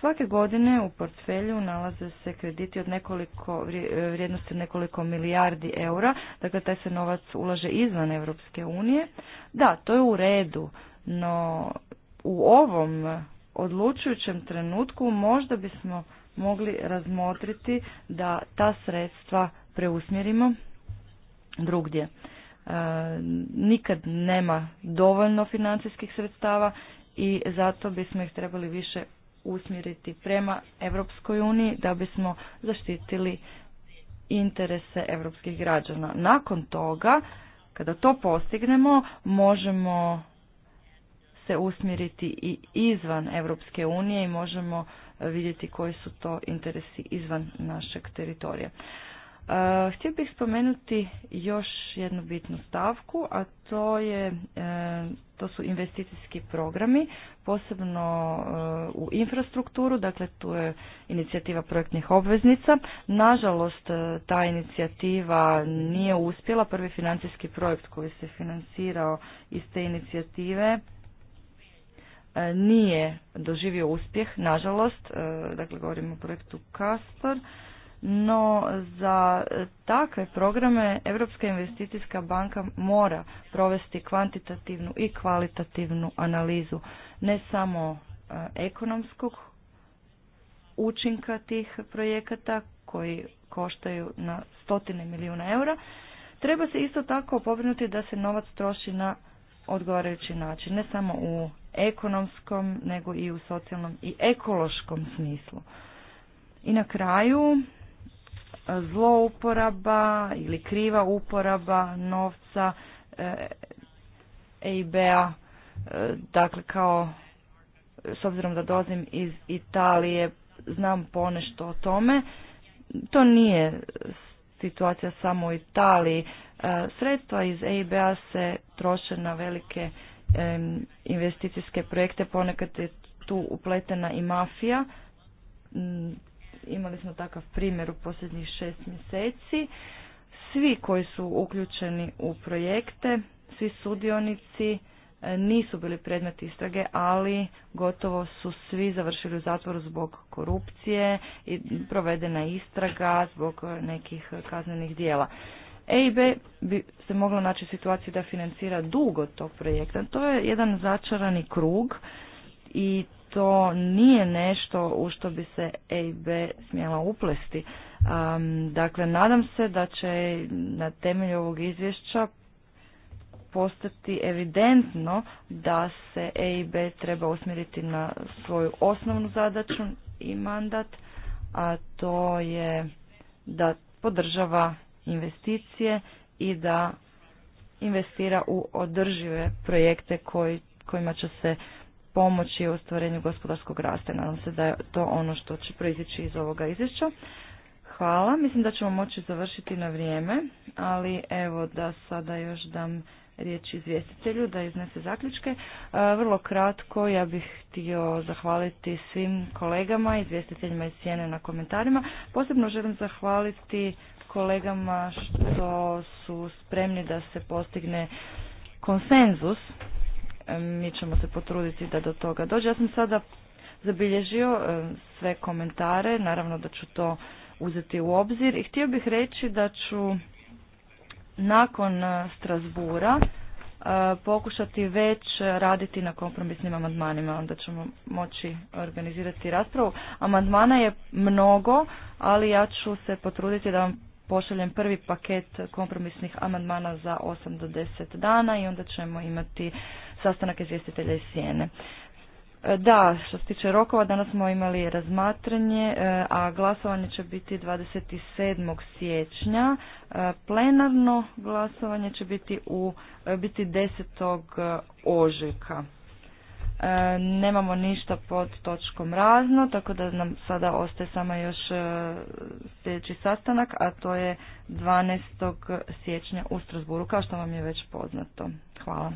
Svake godine u portfelju nalaze se krediti od nekoliko e, vrijednosti nekoliko milijardi eura, dakle taj se novac ulaže izvan Europske unije. Da, to je u redu, no u ovom odlučujućem trenutku možda bismo mogli razmotriti da ta sredstva preusmjerimo drugdje. E, nikad nema dovoljno financijskih sredstava i zato bismo ih trebali više usmjeriti prema Europskoj uniji da bismo zaštitili interese europskih građana. Nakon toga, kada to postignemo, možemo se usmjeriti i izvan Europske unije i možemo vidjeti koji su to interesi izvan našeg teritorija. E, htio bih spomenuti još jednu bitnu stavku, a to je e, to su investicijski programi, posebno e, u infrastrukturu, dakle tu je inicijativa projektnih obveznica. Nažalost, ta inicijativa nije uspjela. Prvi financijski projekt koji se financirao iz te inicijative nije doživio uspjeh, nažalost, dakle govorimo o projektu Castor no za e, takve programe Europska investicijska banka mora provesti kvantitativnu i kvalitativnu analizu ne samo e, ekonomskog učinka tih projekata koji koštaju na stotine milijuna eura, treba se isto tako pobrinuti da se novac troši na odgovarajući način, ne samo u ekonomskom, nego i u socijalnom i ekološkom smislu. I na kraju zlouporaba ili kriva uporaba novca EIB-a, e, dakle kao s obzirom da dozim iz Italije, znam ponešto o tome. To nije situacija samo u Italiji. E, sredstva iz eib se troše na velike investicijske projekte, ponekad je tu upletena i mafija. Mm, imali smo takav primjer u posljednjih šest mjeseci. Svi koji su uključeni u projekte, svi sudionici e, nisu bili predmet istrage, ali gotovo su svi završili u zatvoru zbog korupcije i provedena istraga zbog nekih kaznenih dijela. EIB bi se mogla naći situaciju da financira dugo tog projekta. To je jedan začarani krug i to nije nešto u što bi se EIB smjela uplesti. Dakle, nadam se da će na temelju ovog izvješća postati evidentno da se EIB treba usmjeriti na svoju osnovnu zadaću i mandat, a to je da podržava investicije i da investira u održive projekte koji, kojima će se pomoći u ostvarenju gospodarskog rasta. Nadam se da je to ono što će proizići iz ovoga izvješća. Hvala, mislim da ćemo moći završiti na vrijeme, ali evo da sada još dam riječ izvjestitelju da iznese zaključke. E, vrlo kratko, ja bih htio zahvaliti svim kolegama, izvjestiteljima iz cijene na komentarima. Posebno želim zahvaliti kolegama što su spremni da se postigne konsenzus mi ćemo se potruditi da do toga dođe. Ja sam sada zabilježio e, sve komentare, naravno da ću to uzeti u obzir i htio bih reći da ću nakon e, Strasbura e, pokušati već raditi na kompromisnim amandmanima, onda ćemo moći organizirati raspravu. Amandmana je mnogo, ali ja ću se potruditi da vam pošaljem prvi paket kompromisnih amandmana za 8 do 10 dana i onda ćemo imati sastanak izvjestitelja iz Sijene. E, da, što se tiče rokova, danas smo imali razmatranje, e, a glasovanje će biti 27. siječnja. E, plenarno glasovanje će biti u biti 10. ožujka. E, nemamo ništa pod točkom razno, tako da nam sada ostaje samo još e, sljedeći sastanak, a to je 12. siječnja u Strasburu, kao što vam je već poznato. Hvala.